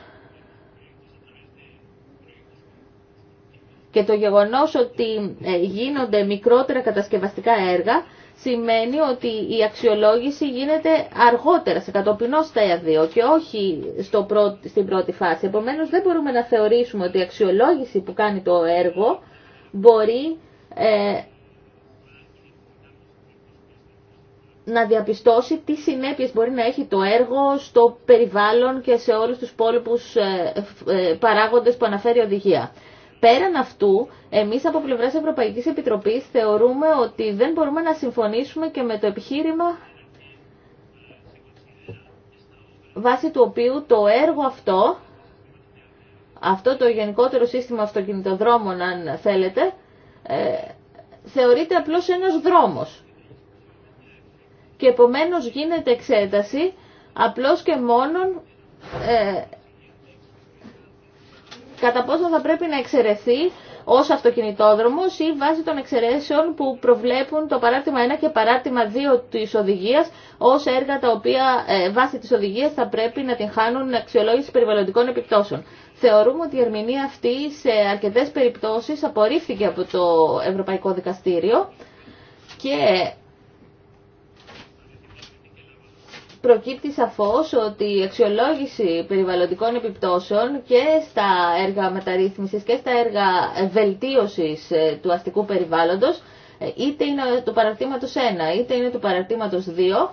και το γεγονός ότι γίνονται μικρότερα κατασκευαστικά έργα σημαίνει ότι η αξιολόγηση γίνεται αργότερα σε κατοπινό στάδιο και όχι στο πρώτη, στην πρώτη φάση. Επομένως δεν μπορούμε να θεωρήσουμε ότι η αξιολόγηση που κάνει το έργο μπορεί ε, να διαπιστώσει τι συνέπειες μπορεί να έχει το έργο στο περιβάλλον και σε όλους τους υπόλοιπους ε, ε, παράγοντες που αναφέρει η οδηγία. Πέραν αυτού, εμείς από πλευράς Ευρωπαϊκής Επιτροπής θεωρούμε ότι δεν μπορούμε να συμφωνήσουμε και με το επιχείρημα βάσει του οποίου το έργο αυτό, αυτό το γενικότερο σύστημα αυτοκινητοδρόμων αν θέλετε, ε, θεωρείται απλώς ένας δρόμος. Και επομένως γίνεται εξέταση απλώς και μόνον ε, κατά πόσο θα πρέπει να εξαιρεθεί ω αυτοκινητόδρομο ή βάσει των εξαιρέσεων που προβλέπουν το παράρτημα 1 και παράρτημα 2 τη οδηγία, ω έργα τα οποία ε, βάσει της οδηγία θα πρέπει να την χάνουν αξιολόγηση περιβαλλοντικών επιπτώσεων. Θεωρούμε ότι η ερμηνεία αυτή σε αρκετέ περιπτώσει απορρίφθηκε από το Ευρωπαϊκό Δικαστήριο και προκύπτει σαφώς ότι η αξιολόγηση περιβαλλοντικών επιπτώσεων και στα έργα μεταρρύθμισης και στα έργα βελτίωσης ε, του αστικού περιβάλλοντος ε, είτε είναι του παραρτήματος 1 είτε είναι του παραρτήματος 2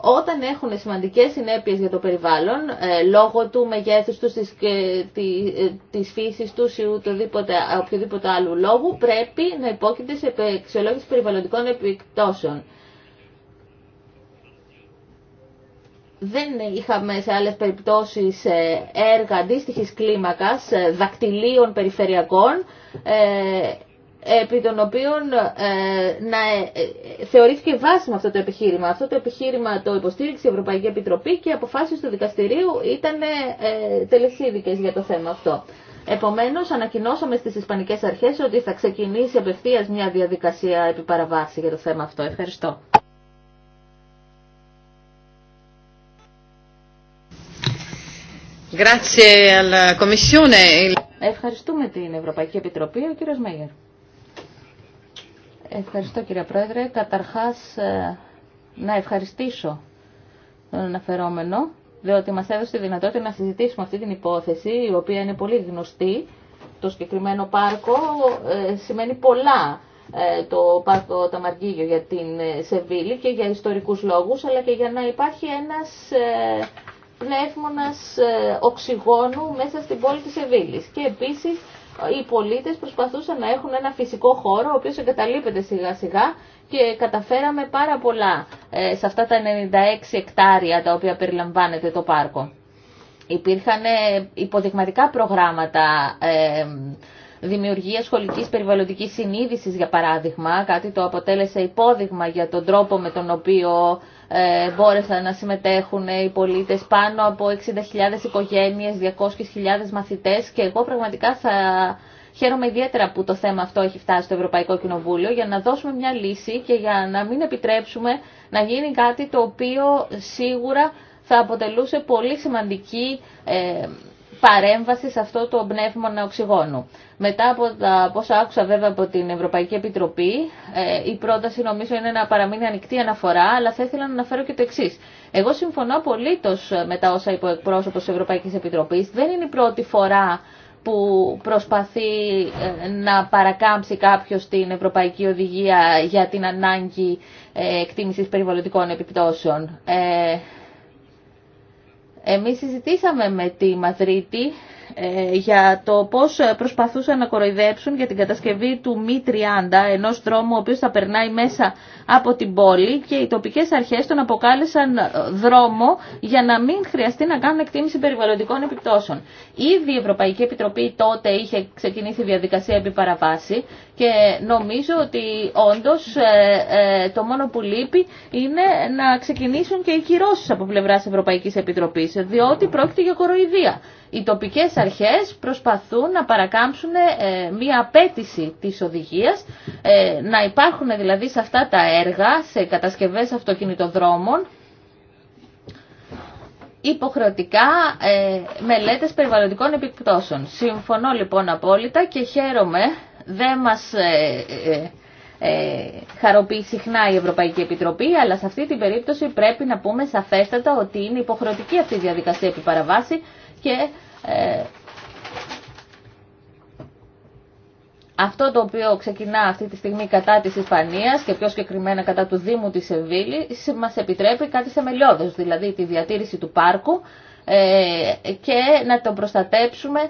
όταν έχουν σημαντικές συνέπειες για το περιβάλλον, ε, λόγω του μεγέθους του της, της φύσης τους ή οποιοδήποτε άλλου λόγου, πρέπει να υπόκειται σε αξιολόγηση περιβαλλοντικών επιπτώσεων. δεν είχαμε σε άλλες περιπτώσεις ε, έργα αντίστοιχη κλίμακας ε, δακτυλίων περιφερειακών ε, επί των οποίων να θεωρήθηκε βάσιμο αυτό το επιχείρημα. Αυτό το επιχείρημα το υποστήριξε η Ευρωπαϊκή Επιτροπή και οι αποφάσεις του δικαστηρίου ήταν τελεσίδικες για το θέμα αυτό. Επομένως, ανακοινώσαμε στις Ισπανικές Αρχές ότι θα ξεκινήσει απευθείας μια διαδικασία επιπαραβάση για το θέμα αυτό. Ευχαριστώ. Ευχαριστούμε την Ευρωπαϊκή Επιτροπή, ο κύριος Μέγερ. Ευχαριστώ κύριε Πρόεδρε. Καταρχάς ε, να ευχαριστήσω τον αναφερόμενο, διότι μας έδωσε τη δυνατότητα να συζητήσουμε αυτή την υπόθεση, η οποία είναι πολύ γνωστή. Το συγκεκριμένο πάρκο ε, σημαίνει πολλά ε, το πάρκο Ταμαργίγιο για την Σεβίλη και για ιστορικούς λόγους, αλλά και για να υπάρχει ένας πνεύμονας ε, οξυγόνου μέσα στην πόλη της Εβίλης. Και επίσης οι πολίτες προσπαθούσαν να έχουν ένα φυσικό χώρο, ο οποίος εγκαταλείπεται σιγά σιγά και καταφέραμε πάρα πολλά ε, σε αυτά τα 96 εκτάρια τα οποία περιλαμβάνεται το πάρκο. Υπήρχαν υποδειγματικά προγράμματα ε, δημιουργία σχολικής περιβαλλοντικής συνείδησης για παράδειγμα, κάτι το αποτέλεσε υπόδειγμα για τον τρόπο με τον οποίο ε, μπόρεσαν να συμμετέχουν οι πολίτες, πάνω από 60.000 οικογένειες, 200.000 μαθητές και εγώ πραγματικά θα χαίρομαι ιδιαίτερα που το θέμα αυτό έχει φτάσει στο Ευρωπαϊκό Κοινοβούλιο για να δώσουμε μια λύση και για να μην επιτρέψουμε να γίνει κάτι το οποίο σίγουρα θα αποτελούσε πολύ σημαντική ε, παρέμβαση σε αυτό το πνεύμα οξυγόνου. Μετά από τα πόσα άκουσα βέβαια από την Ευρωπαϊκή Επιτροπή, ε, η πρόταση νομίζω είναι να παραμείνει ανοιχτή αναφορά, αλλά θα ήθελα να αναφέρω και το εξή. Εγώ συμφωνώ απολύτω με τα όσα είπε ο εκπρόσωπο τη Ευρωπαϊκή Επιτροπή. Δεν είναι η πρώτη φορά που προσπαθεί ε, να παρακάμψει κάποιος την Ευρωπαϊκή Οδηγία για την ανάγκη ε, εκτίμησης περιβαλλοντικών επιπτώσεων. Εμείς συζητήσαμε με τη Μαδρίτη ε, για το πώς προσπαθούσαν να κοροϊδέψουν για την κατασκευή του Μη 30, ενός δρόμου ο οποίος θα περνάει μέσα από την πόλη και οι τοπικές αρχές τον αποκάλεσαν δρόμο για να μην χρειαστεί να κάνουν εκτίμηση περιβαλλοντικών επιπτώσεων. Ήδη η Ευρωπαϊκή Επιτροπή τότε είχε ξεκινήσει διαδικασία επί παραβάση και νομίζω ότι όντως ε, ε, το μόνο που λείπει είναι να ξεκινήσουν και οι κυρώσεις από πλευράς Ευρωπαϊκής Επιτροπής, διότι πρόκειται για κοροϊδία οι τοπικές αρχές προσπαθούν να παρακάμψουν ε, μία απέτηση της οδηγίας, ε, να υπάρχουν δηλαδή σε αυτά τα έργα, σε κατασκευές αυτοκινητοδρόμων, υποχρεωτικά ε, μελέτες περιβαλλοντικών επιπτώσεων. Συμφωνώ λοιπόν απόλυτα και χαίρομαι, δεν μας χαροποιεί συχνά η Ευρωπαϊκή Επιτροπή, αλλά σε αυτή την περίπτωση πρέπει να πούμε σαφέστατα ότι είναι υποχρεωτική αυτή η διαδικασία επιπαραβάση και ε, αυτό το οποίο ξεκινά αυτή τη στιγμή κατά της Ισπανίας και πιο συγκεκριμένα κατά του Δήμου της Σεβίλης μας επιτρέπει κάτι σε μελιώδες, δηλαδή τη διατήρηση του πάρκου ε, και να τον προστατέψουμε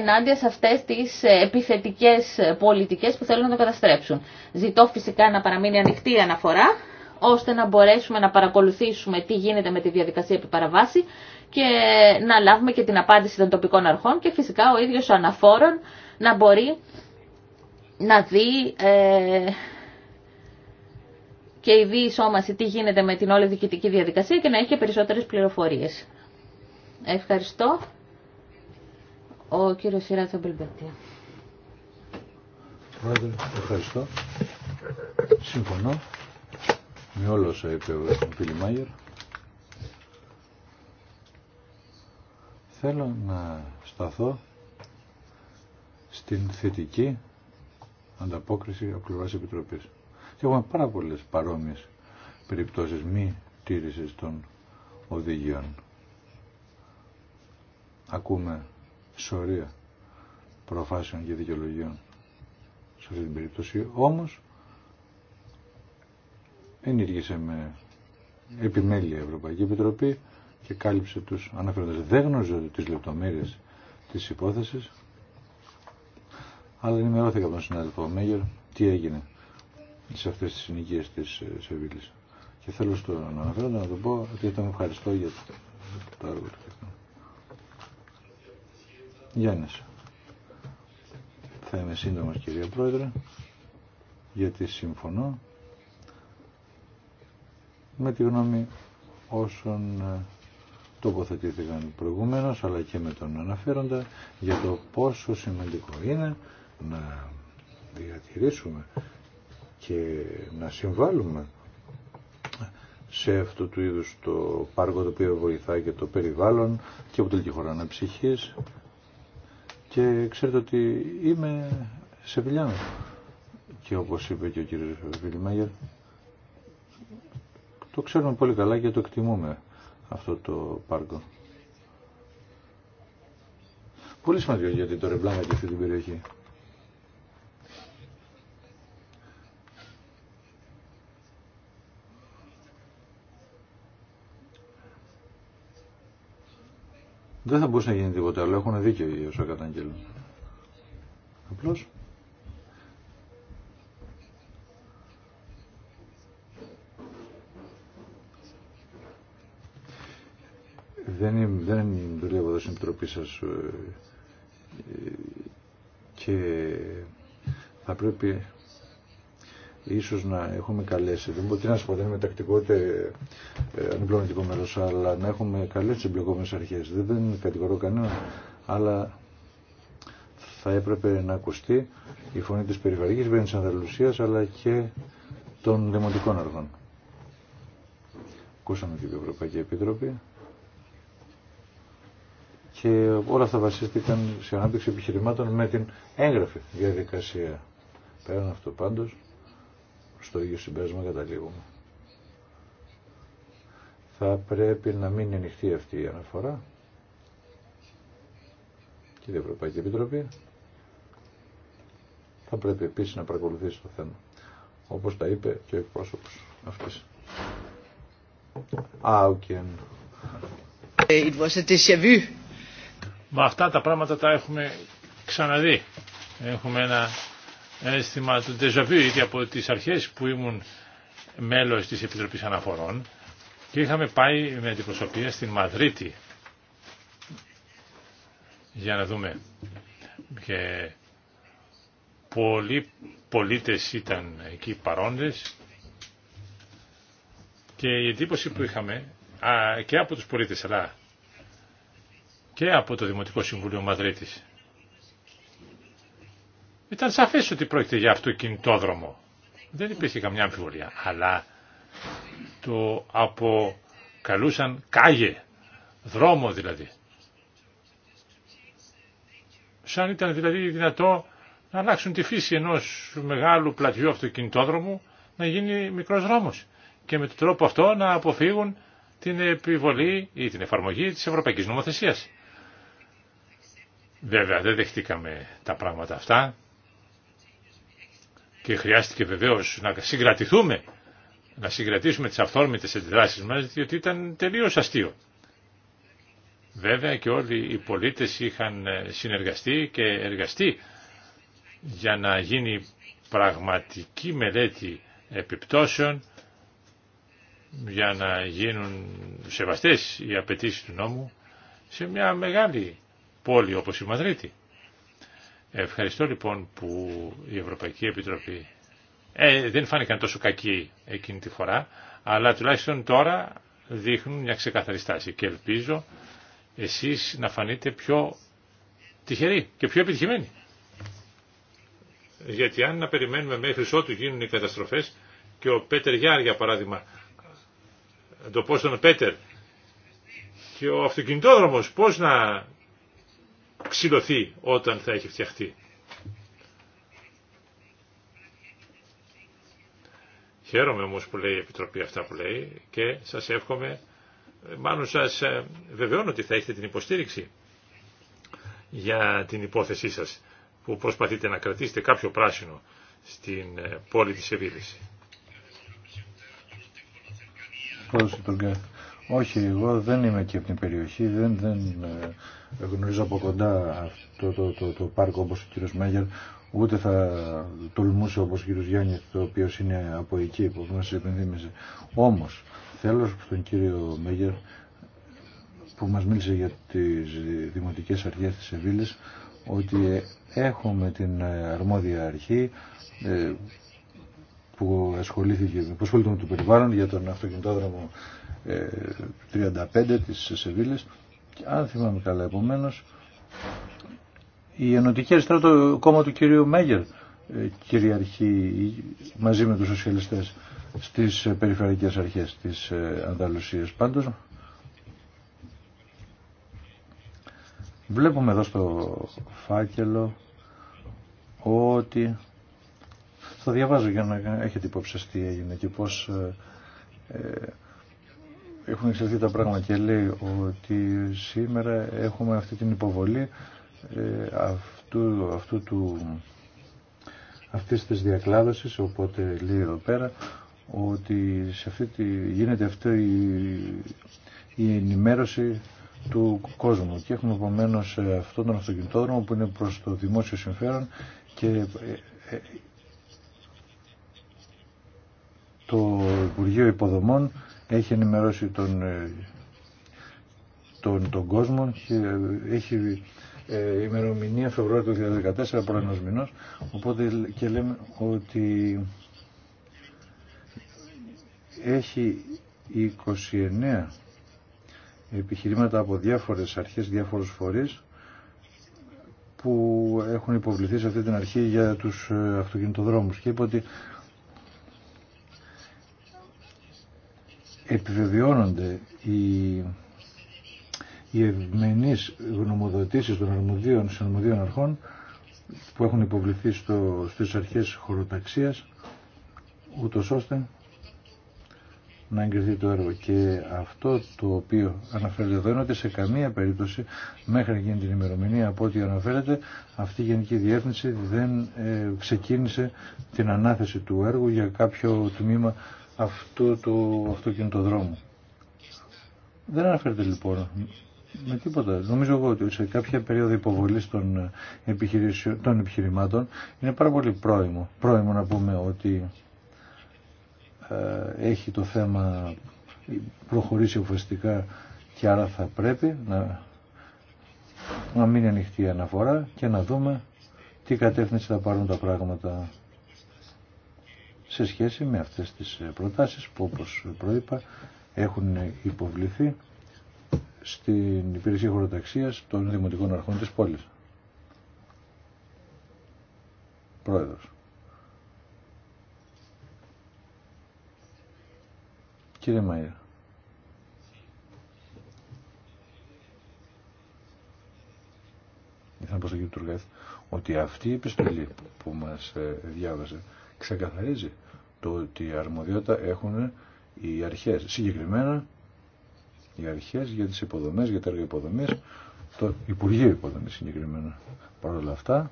ενάντια σε αυτές τις επιθετικές πολιτικές που θέλουν να το καταστρέψουν. Ζητώ φυσικά να παραμείνει ανοιχτή η αναφορά ώστε να μπορέσουμε να παρακολουθήσουμε τι γίνεται με τη διαδικασία επιπαραβάση και να λάβουμε και την απάντηση των τοπικών αρχών και φυσικά ο ίδιος ο αναφόρον να μπορεί να δει ε, και η διεισόμαση τι γίνεται με την όλη διοικητική διαδικασία και να έχει και περισσότερες πληροφορίες. Ευχαριστώ. Ο κύριος Σιράτσο ευχαριστώ. Συμφωνώ με όλο όσα είπε ο Πιλιμάγερ. Θέλω να σταθώ στην θετική ανταπόκριση από πλευρά Επιτροπή. έχουμε πάρα πολλέ παρόμοιε περιπτώσει μη τήρηση των οδηγιών. Ακούμε σωρία προφάσεων και δικαιολογιών σε αυτή την περίπτωση. όμω ενήργησε με επιμέλεια η Ευρωπαϊκή Επιτροπή και κάλυψε τους αναφέροντες. Δεν γνωρίζω τις λεπτομέρειες της υπόθεσης, αλλά ενημερώθηκα από τον συνάδελφο Μέγερ τι έγινε σε αυτές τις συνοικίες της ε, Σεβίλης. Και θέλω στον αναφέροντα να το πω ότι τον ευχαριστώ για το έργο του. Γιάννης. Θα είμαι σύντομος κυρία Πρόεδρε, γιατί συμφωνώ με τη γνώμη όσων ε, τοποθετήθηκαν προηγουμένως αλλά και με τον αναφέροντα για το πόσο σημαντικό είναι να διατηρήσουμε και να συμβάλλουμε σε αυτό του είδους το πάρκο το οποίο βοηθάει και το περιβάλλον και αποτελεί και χώρα αναψυχής και ξέρετε ότι είμαι σε Βιλιάνο και όπως είπε και ο κύριος Βιλιμάγερ το ξέρουμε πολύ καλά και το εκτιμούμε αυτό το πάρκο. Πολύ σημαντικό γιατί το ρεμπλάμε και αυτή την περιοχή. Δεν θα μπορούσε να γίνει τίποτα άλλο. Έχουν δίκιο οι όσο καταγγέλουν. Απλώς δεν, είμαι, δεν δουλεύω εδώ στην Επιτροπή σας ε, και θα πρέπει ίσως να έχουμε καλέσει, δεν μπορεί να σου πω, δεν είμαι τακτικότητα ε, ε, μέρος, αλλά να έχουμε καλέσει εμπλεκόμενες αρχές. Δεν, δεν κατηγορώ κανένα, αλλά θα έπρεπε να ακουστεί η φωνή της περιφερειακής κυβέρνησης Ανδαλουσίας, αλλά και των δημοτικών αρχών. Ακούσαμε και την Ευρωπαϊκή Επίτροπη και όλα αυτά βασίστηκαν σε ανάπτυξη επιχειρημάτων με την έγγραφη διαδικασία. Πέραν αυτό πάντως, στο ίδιο συμπέρασμα καταλήγουμε. Θα πρέπει να μην ανοιχτεί αυτή η αναφορά και η Ευρωπαϊκή Επιτροπή θα πρέπει επίσης να παρακολουθήσει το θέμα, όπως τα είπε και ο εκπρόσωπος αυτής. Α, ε, Μα αυτά τα πράγματα τα έχουμε ξαναδεί. Έχουμε ένα αίσθημα του ντεζοβίου ήδη από τις αρχές που ήμουν μέλος της Επιτροπής Αναφορών και είχαμε πάει με αντιπροσωπεία στην Μαδρίτη για να δούμε και πολλοί πολίτες ήταν εκεί παρόντες και η εντύπωση που είχαμε και από τους πολίτες αλλά και από το Δημοτικό Συμβουλίο Μαδρίτης. Ήταν σαφές ότι πρόκειται για αυτοκινητόδρομο. Δεν υπήρχε καμιά αμφιβολία. Αλλά το αποκαλούσαν κάγε, δρόμο δηλαδή. Σαν ήταν δηλαδή δυνατό να αλλάξουν τη φύση ενός μεγάλου πλατιού αυτοκινητόδρομου να γίνει μικρός δρόμος και με τον τρόπο αυτό να αποφύγουν την επιβολή ή την εφαρμογή της Ευρωπαϊκής Νομοθεσίας. Βέβαια δεν δεχτήκαμε τα πράγματα αυτά και χρειάστηκε βεβαίως να συγκρατηθούμε, να συγκρατήσουμε τις αυθόρμητες αντιδράσεις μας διότι ήταν τελείως αστείο. Βέβαια και όλοι οι πολίτες είχαν συνεργαστεί και εργαστεί για να γίνει πραγματική μελέτη επιπτώσεων για να γίνουν σεβαστές οι απαιτήσει του νόμου σε μια μεγάλη πόλη όπως η Μαδρίτη. Ευχαριστώ λοιπόν που η Ευρωπαϊκή Επιτροπή ε, δεν φάνηκαν τόσο κακοί εκείνη τη φορά, αλλά τουλάχιστον τώρα δείχνουν μια ξεκαθαρή και ελπίζω εσείς να φανείτε πιο τυχεροί και πιο επιτυχημένοι. Γιατί αν να περιμένουμε μέχρι ότου γίνουν οι καταστροφές και ο Πέτερ Γιάρ για παράδειγμα, το πώς τον Πέτερ και ο αυτοκινητόδρομος πώς να ξυλωθεί όταν θα έχει φτιαχτεί. Χαίρομαι όμως που λέει η Επιτροπή αυτά που λέει και σας εύχομαι, ε, μάλλον σας ε, βεβαιώνω ότι θα έχετε την υποστήριξη για την υπόθεσή σας που προσπαθείτε να κρατήσετε κάποιο πράσινο στην ε, πόλη της Σεβίλης. Όχι, εγώ δεν είμαι και από την περιοχή, δεν, δεν γνωρίζω από κοντά αυτό το, το, το, πάρκο όπως ο κύριος Μέγερ, ούτε θα τολμούσε όπως ο κύριος Γιάννη, ο οποίο είναι από εκεί που μας επενδύμησε. Όμως, θέλω στον κύριο Μέγερ, που μας μίλησε για τις δημοτικές αρχές της Σεβίλης, ότι ε, έχουμε την αρμόδια αρχή ε, που ασχολήθηκε, που ασχολήθηκε με το περιβάλλον για τον αυτοκινητόδρομο 35 ε, της Σεβίλης αν θυμάμαι καλά, επομένω, η ενωτική αριστερά, το κόμμα του κυρίου Μέγερ, ε, κυριαρχεί μαζί με τους σοσιαλιστές στις ε, περιφερειακές αρχές της ε, Ανταλουσίας. Πάντως, βλέπουμε εδώ στο φάκελο ότι θα διαβάζω για να έχετε υπόψη τι έγινε και πώς έχουν εξελθεί τα πράγματα και λέει ότι σήμερα έχουμε αυτή την υποβολή ε, αυτού, αυτού του, αυτής της διακλάδωσης, οπότε λέει εδώ πέρα ότι σε αυτή τη, γίνεται αυτή η, ενημέρωση του κόσμου και έχουμε επομένω ε, αυτόν τον αυτοκινητόδρομο που είναι προς το δημόσιο συμφέρον και ε, το Υπουργείο Υποδομών έχει ενημερώσει τον, ε, τον, τον κόσμο και έχει ε, ημερομηνία Φεβρουάριο του 2014 πρώην μηνός, οπότε και λέμε ότι έχει 29 επιχειρήματα από διάφορες αρχές, διάφορους φορείς που έχουν υποβληθεί σε αυτή την αρχή για τους ε, αυτοκινητοδρόμους και είπε ότι επιβεβαιώνονται οι, οι ευμενείς γνωμοδοτήσεις των αρμοδίων, συνομοδίων αρχών που έχουν υποβληθεί στο, στις αρχές χωροταξίας ούτως ώστε να εγκριθεί το έργο. Και αυτό το οποίο αναφέρεται εδώ είναι ότι σε καμία περίπτωση μέχρι εκείνη την ημερομηνία από ό,τι αναφέρεται αυτή η Γενική Διεύθυνση δεν ε, ξεκίνησε την ανάθεση του έργου για κάποιο τμήμα αυτού του δρόμο. Δεν αναφέρεται λοιπόν με τίποτα. Νομίζω εγώ ότι σε κάποια περίοδο υποβολή των, των επιχειρημάτων είναι πάρα πολύ πρόημο. Πρόημο να πούμε ότι ε, έχει το θέμα προχωρήσει ουσιαστικά και άρα θα πρέπει να, να μείνει ανοιχτή η αναφορά και να δούμε τι κατεύθυνση θα πάρουν τα πράγματα σε σχέση με αυτές τις ε, προτάσεις που όπως προείπα έχουν υποβληθεί στην υπηρεσία χωροταξίας των Δημοτικών Αρχών της πόλης. Πρόεδρος. Κύριε Μαϊρά. Ήθελα να πω στον κύριο ότι αυτή η επιστολή που μας ε, διάβασε ξεκαθαρίζει το ότι αρμοδιότητα έχουν οι αρχές. Συγκεκριμένα οι αρχές για τις υποδομές, για τα έργα το Υπουργείο Υποδομής συγκεκριμένα. Παρ' όλα αυτά,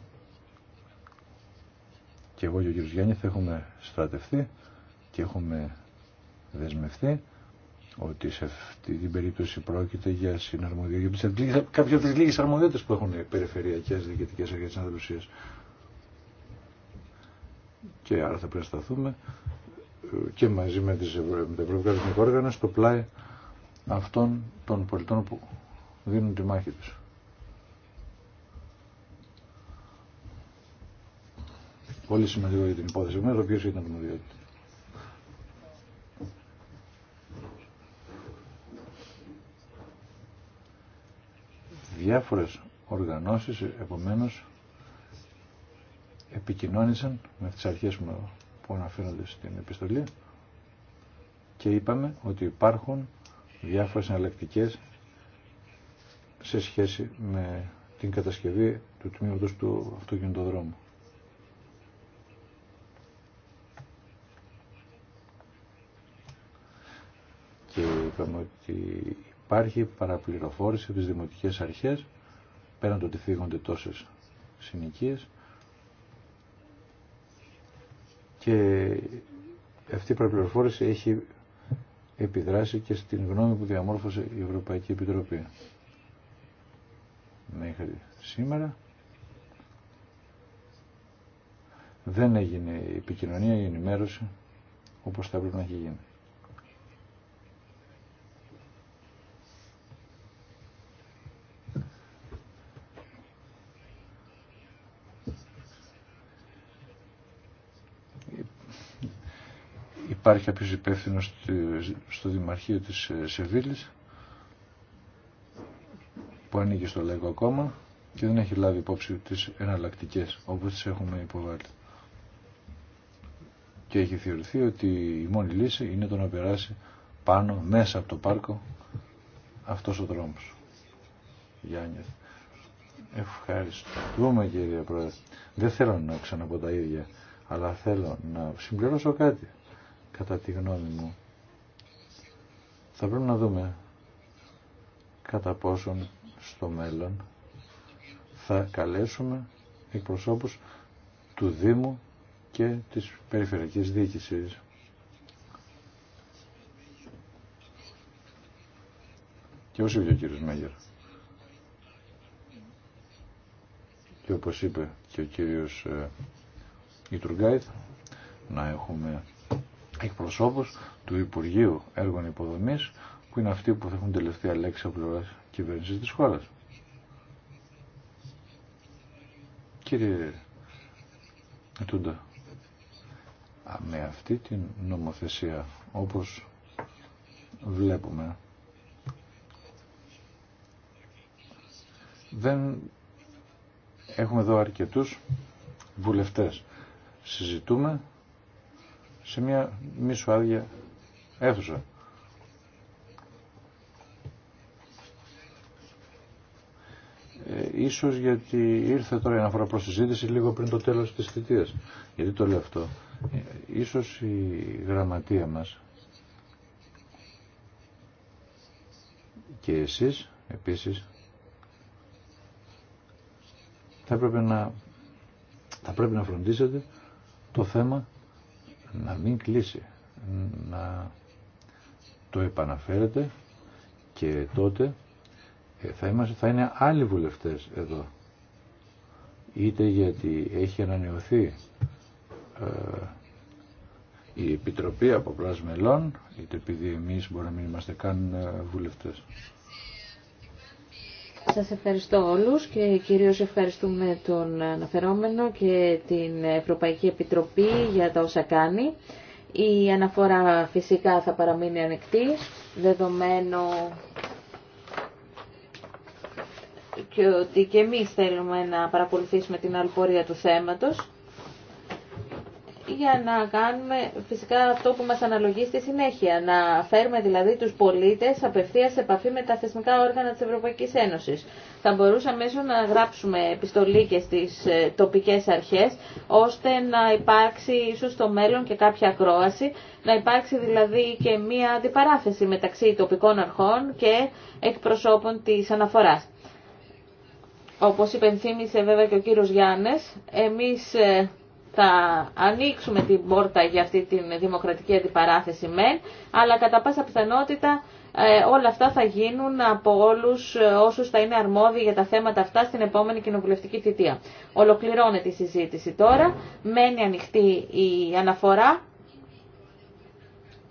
και εγώ και ο κ. Γιάννη θα έχουμε στρατευτεί και έχουμε δεσμευτεί ότι σε αυτή την περίπτωση πρόκειται για συναρμοδιότητα. Κάποιοι από τι λίγε αρμοδιότητε που έχουν οι περιφερειακέ διοικητικέ αρχέ τη και άρα θα πρέπει ε, και μαζί με, τις, με τα ευρωπαϊκά όργανα στο πλάι αυτών των πολιτών που δίνουν τη μάχη τους. Πολύ σημαντικό για την υπόθεση μου, το ποιος ήταν Διάφορες οργανώσεις, επομένως, επικοινώνησαν με τις αρχές που αναφέρονται στην επιστολή και είπαμε ότι υπάρχουν διάφορες εναλλακτικέ σε σχέση με την κατασκευή του τμήματος του αυτοκινητοδρόμου. Και είπαμε ότι υπάρχει παραπληροφόρηση από τις δημοτικές αρχές πέραν το ότι φύγονται τόσες συνοικίες και αυτή η παραπληροφόρηση έχει επιδράσει και στην γνώμη που διαμόρφωσε η Ευρωπαϊκή Επιτροπή. Μέχρι σήμερα δεν έγινε η επικοινωνία, η ενημέρωση όπως θα έπρεπε να έχει γίνει. υπάρχει κάποιος υπεύθυνος στο Δημαρχείο της ε, Σεβίλης που ανήκει στο Λαϊκό ακόμα και δεν έχει λάβει υπόψη τις εναλλακτικέ όπως τις έχουμε υποβάλει. Και έχει θεωρηθεί ότι η μόνη λύση είναι το να περάσει πάνω, μέσα από το πάρκο, αυτός ο δρόμος. Γιάννη. Ευχαριστούμε κύριε Πρόεδρε. Δεν θέλω να ξαναπώ τα ίδια, αλλά θέλω να συμπληρώσω κάτι κατά τη γνώμη μου. Θα πρέπει να δούμε κατά πόσον στο μέλλον θα καλέσουμε εκπροσώπους του Δήμου και της Περιφερειακής Διοίκησης. Και όσο είπε ο κύριος Μέγερ. Και όπως είπε και ο κύριος ε, Ιτουργκάιθ, να έχουμε εκπροσώπους του Υπουργείου Έργων Υποδομής που είναι αυτοί που θα έχουν τελευταία λέξη από πλευράς κυβέρνηση της χώρας. Κύριε Τούντα με αυτή την νομοθεσία όπως βλέπουμε δεν έχουμε εδώ αρκετούς βουλευτές. Συζητούμε σε μια μισοάδια αίθουσα. Ε, ίσως γιατί ήρθε τώρα η αναφορά προς συζήτηση λίγο πριν το τέλος της θητείας. Γιατί το λέω αυτό. Ε, ίσως η γραμματεία μας και εσείς επίσης θα πρέπει να, θα πρέπει να φροντίσετε το θέμα να μην κλείσει, να το επαναφέρετε και τότε ε, θα, είμαστε, θα είναι άλλοι βουλευτές εδώ. Είτε γιατί έχει ανανεωθεί ε, η Επιτροπή από Μελών, είτε επειδή εμείς μπορεί να μην είμαστε καν ε, βουλευτές. Σας ευχαριστώ όλους και κυρίως ευχαριστούμε τον αναφερόμενο και την Ευρωπαϊκή Επιτροπή για τα όσα κάνει. Η αναφορά φυσικά θα παραμείνει ανοιχτή, δεδομένου και ότι και εμείς θέλουμε να παρακολουθήσουμε την αλπορία του θέματος για να κάνουμε φυσικά αυτό που μας αναλογεί στη συνέχεια, να φέρουμε δηλαδή τους πολίτες απευθείας σε επαφή με τα θεσμικά όργανα της Ευρωπαϊκής Ένωσης. Θα μπορούσαμε μέσω να γράψουμε επιστολή και στις ε, τοπικές αρχές, ώστε να υπάρξει ίσως στο μέλλον και κάποια ακρόαση, να υπάρξει δηλαδή και μία αντιπαράθεση μεταξύ τοπικών αρχών και εκπροσώπων της αναφοράς. Όπως υπενθύμησε βέβαια και ο κύριος Γιάννες, εμείς ε, θα ανοίξουμε την πόρτα για αυτή τη δημοκρατική αντιπαράθεση μεν, αλλά κατά πάσα πιθανότητα ε, όλα αυτά θα γίνουν από όλους όσους θα είναι αρμόδιοι για τα θέματα αυτά στην επόμενη κοινοβουλευτική θητεία. Ολοκληρώνεται η συζήτηση τώρα, μένει ανοιχτή η αναφορά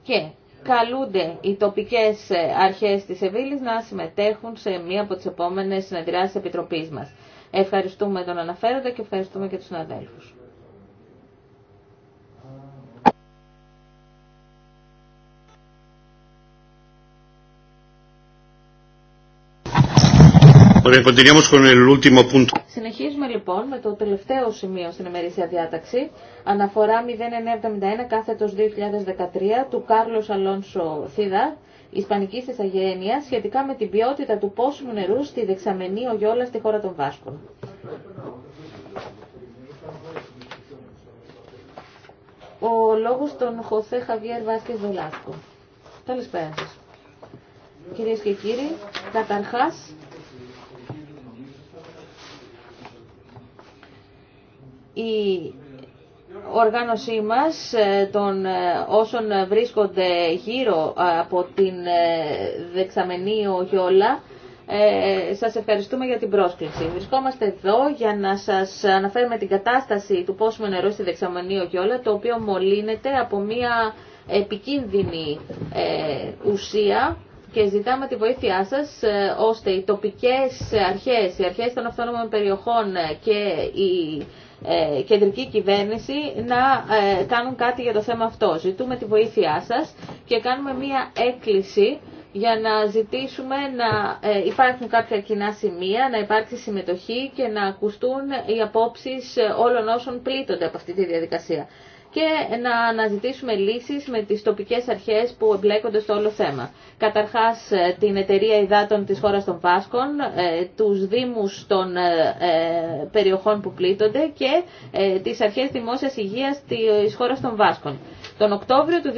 και καλούνται οι τοπικές αρχές της Σεβίλης να συμμετέχουν σε μία από τις επόμενες συνεδριάσεις της Επιτροπής μας. Ευχαριστούμε τον αναφέροντα και ευχαριστούμε και τους συναδέλφους. Συνεχίζουμε λοιπόν με το τελευταίο σημείο στην ημερήσια διάταξη, αναφορά 0971 κάθετο 2013 του Κάρλο Αλόνσο Θίδα, Ισπανικής Θεσσαγένεια, σχετικά με την ποιότητα του πόσιμου νερού στη δεξαμενή Ογιόλα στη χώρα των Βάσκων. Ο λόγος των Χωσέ Χαβιέρ Βάσκες Δολάσκο. Καλησπέρα σα. Κυρίε και κύριοι, καταρχά. η οργάνωσή μας ε, των ε, όσων βρίσκονται γύρω ε, από την δεξαμενή Ογιόλα ε, σας ευχαριστούμε για την πρόσκληση. Βρισκόμαστε εδώ για να σας αναφέρουμε την κατάσταση του πόσιμου νερού στη δεξαμενή Ογιόλα, το οποίο μολύνεται από μια επικίνδυνη ουσία και ζητάμε τη βοήθειά σας ώστε οι τοπικές αρχές, οι αρχές των αυτόνομων περιοχών και οι ε, κεντρική κυβέρνηση να ε, κάνουν κάτι για το θέμα αυτό. Ζητούμε τη βοήθειά σας και κάνουμε μία έκκληση για να ζητήσουμε να ε, υπάρχουν κάποια κοινά σημεία, να υπάρξει συμμετοχή και να ακουστούν οι απόψεις όλων όσων πλήττονται από αυτή τη διαδικασία και να αναζητήσουμε λύσεις με τις τοπικές αρχές που εμπλέκονται στο όλο θέμα. Καταρχάς ε, την εταιρεία υδάτων της χώρας των Βάσκων, ε, τους δήμους των ε, περιοχών που πλήττονται και τις αρχές δημόσιας υγείας της χώρας των Βάσκων. Τον Οκτώβριο του 2010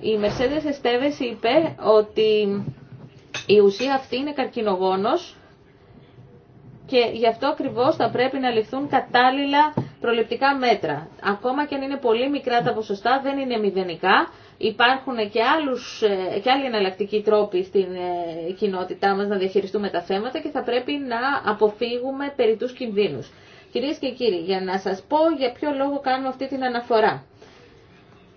η Mercedes Εστέβες είπε ότι η ουσία αυτή είναι καρκινογόνος και γι' αυτό ακριβώς θα πρέπει να ληφθούν κατάλληλα προληπτικά μέτρα. Ακόμα και αν είναι πολύ μικρά τα ποσοστά, δεν είναι μηδενικά. Υπάρχουν και, άλλους, ε, και άλλοι εναλλακτικοί τρόποι στην ε, κοινότητά μας να διαχειριστούμε τα θέματα και θα πρέπει να αποφύγουμε περί κινδύνους. Κυρίες και κύριοι, για να σας πω για ποιο λόγο κάνουμε αυτή την αναφορά.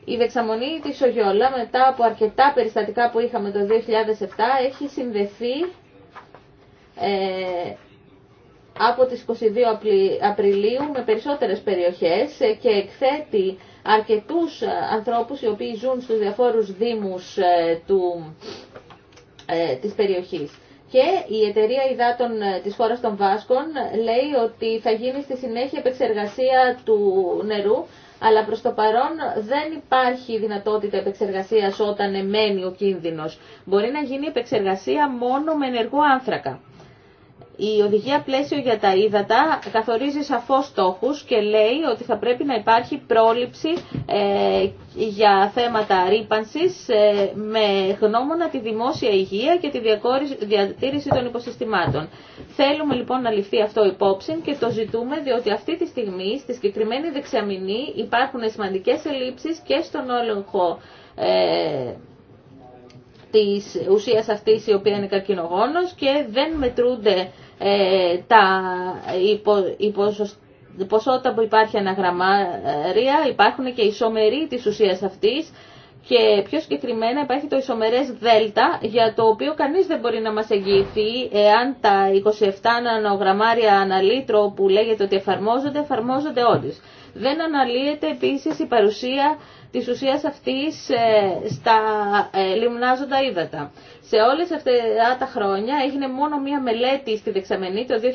Η δεξαμονή της Ογιόλα μετά από αρκετά περιστατικά που είχαμε το 2007 έχει συνδεθεί ε, από τις 22 Απριλίου με περισσότερες περιοχές ε, και εκθέτει αρκετούς ε, ανθρώπους οι οποίοι ζουν στους διαφόρους δήμους ε, του, της περιοχής. Και η εταιρεία υδάτων της χώρας των Βάσκων λέει ότι θα γίνει στη συνέχεια επεξεργασία του νερού, αλλά προς το παρόν δεν υπάρχει δυνατότητα επεξεργασίας όταν εμένει ο κίνδυνος. Μπορεί να γίνει επεξεργασία μόνο με ενεργό άνθρακα. Η οδηγία πλαίσιο για τα ύδατα καθορίζει σαφώς στόχους και λέει ότι θα πρέπει να υπάρχει πρόληψη ε, για θέματα ρήπανσης ε, με γνώμονα τη δημόσια υγεία και τη διατήρηση των υποσυστημάτων. Θέλουμε λοιπόν να ληφθεί αυτό υπόψη και το ζητούμε διότι αυτή τη στιγμή στη συγκεκριμένη δεξαμηνή υπάρχουν σημαντικές ελλείψεις και στον όλογο ε, της ουσίας αυτής η οποία είναι καρκινογόνος και δεν μετρούνται ε, τα, η, ποσότητα που υπάρχει αναγραμμάρια, υπάρχουν και οι της ουσίας αυτής και πιο συγκεκριμένα υπάρχει το ισομερές δέλτα για το οποίο κανείς δεν μπορεί να μας εγγυηθεί εάν τα 27 νανογραμμάρια αναλύτρο που λέγεται ότι εφαρμόζονται, εφαρμόζονται όντως. Δεν αναλύεται επίσης η παρουσία της ουσίας αυτής ε, στα ε, λιμνάζοντα ύδατα. Σε όλες αυτά τα χρόνια έγινε μόνο μία μελέτη στη Δεξαμενή το 2009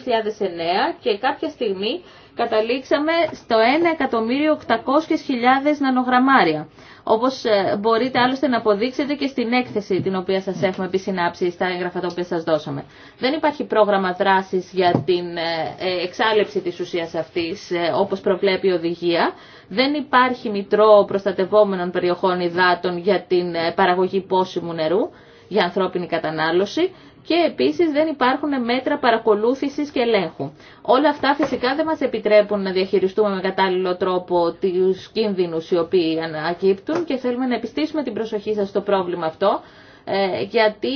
και κάποια στιγμή καταλήξαμε στο 1.800.000 νανογραμμάρια όπως ε, μπορείτε άλλωστε να αποδείξετε και στην έκθεση την οποία σας έχουμε επισυνάψει στα έγγραφα τα οποία σας δώσαμε. Δεν υπάρχει πρόγραμμα δράσης για την ε, ε, εξάλληψη της ουσίας αυτής όπως προβλέπει η οδηγία. Δεν υπάρχει μητρό προστατευόμενων περιοχών υδάτων για την παραγωγή πόσιμου νερού για ανθρώπινη κατανάλωση και επίσης δεν υπάρχουν μέτρα παρακολούθησης και ελέγχου. Όλα αυτά φυσικά δεν μας επιτρέπουν να διαχειριστούμε με κατάλληλο τρόπο του κίνδυνου οι οποίοι ανακύπτουν και θέλουμε να επιστήσουμε την προσοχή σας στο πρόβλημα αυτό ε, γιατί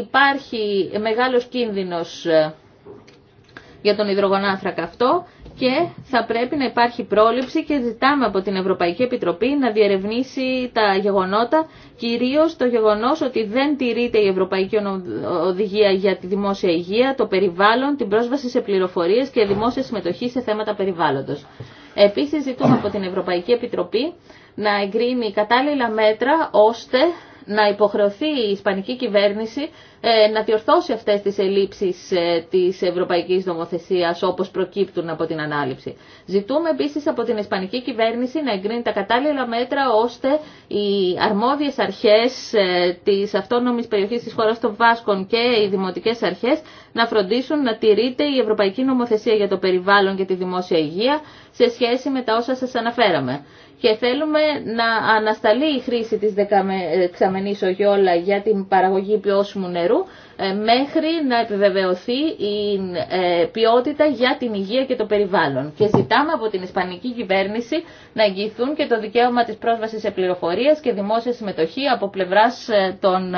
υπάρχει μεγάλος κίνδυνος ε, για τον υδρογονάνθρακα αυτό και θα πρέπει να υπάρχει πρόληψη και ζητάμε από την Ευρωπαϊκή Επιτροπή να διερευνήσει τα γεγονότα, κυρίως το γεγονός ότι δεν τηρείται η Ευρωπαϊκή Οδηγία για τη δημόσια υγεία, το περιβάλλον, την πρόσβαση σε πληροφορίες και δημόσια συμμετοχή σε θέματα περιβάλλοντος. Επίσης ζητούμε από την Ευρωπαϊκή Επιτροπή να εγκρίνει κατάλληλα μέτρα ώστε να υποχρεωθεί η Ισπανική κυβέρνηση ε, να διορθώσει αυτές τις ελλείψεις ε, της ευρωπαϊκής νομοθεσίας όπως προκύπτουν από την ανάληψη. Ζητούμε επίσης από την Ισπανική κυβέρνηση να εγκρίνει τα κατάλληλα μέτρα ώστε οι αρμόδιες αρχές ε, της αυτόνομης περιοχής της χώρας των Βάσκων και οι δημοτικές αρχές να φροντίσουν να τηρείται η ευρωπαϊκή νομοθεσία για το περιβάλλον και τη δημόσια υγεία σε σχέση με τα όσα σας αναφέραμε και θέλουμε να ανασταλεί η χρήση της δεξαμενής ε, ογιόλα για την παραγωγή ποιόσιμου νερού ε, μέχρι να επιβεβαιωθεί η ε, ποιότητα για την υγεία και το περιβάλλον. Και ζητάμε από την Ισπανική κυβέρνηση να εγγυηθούν και το δικαίωμα της πρόσβασης σε πληροφορίες και δημόσια συμμετοχή από πλευράς των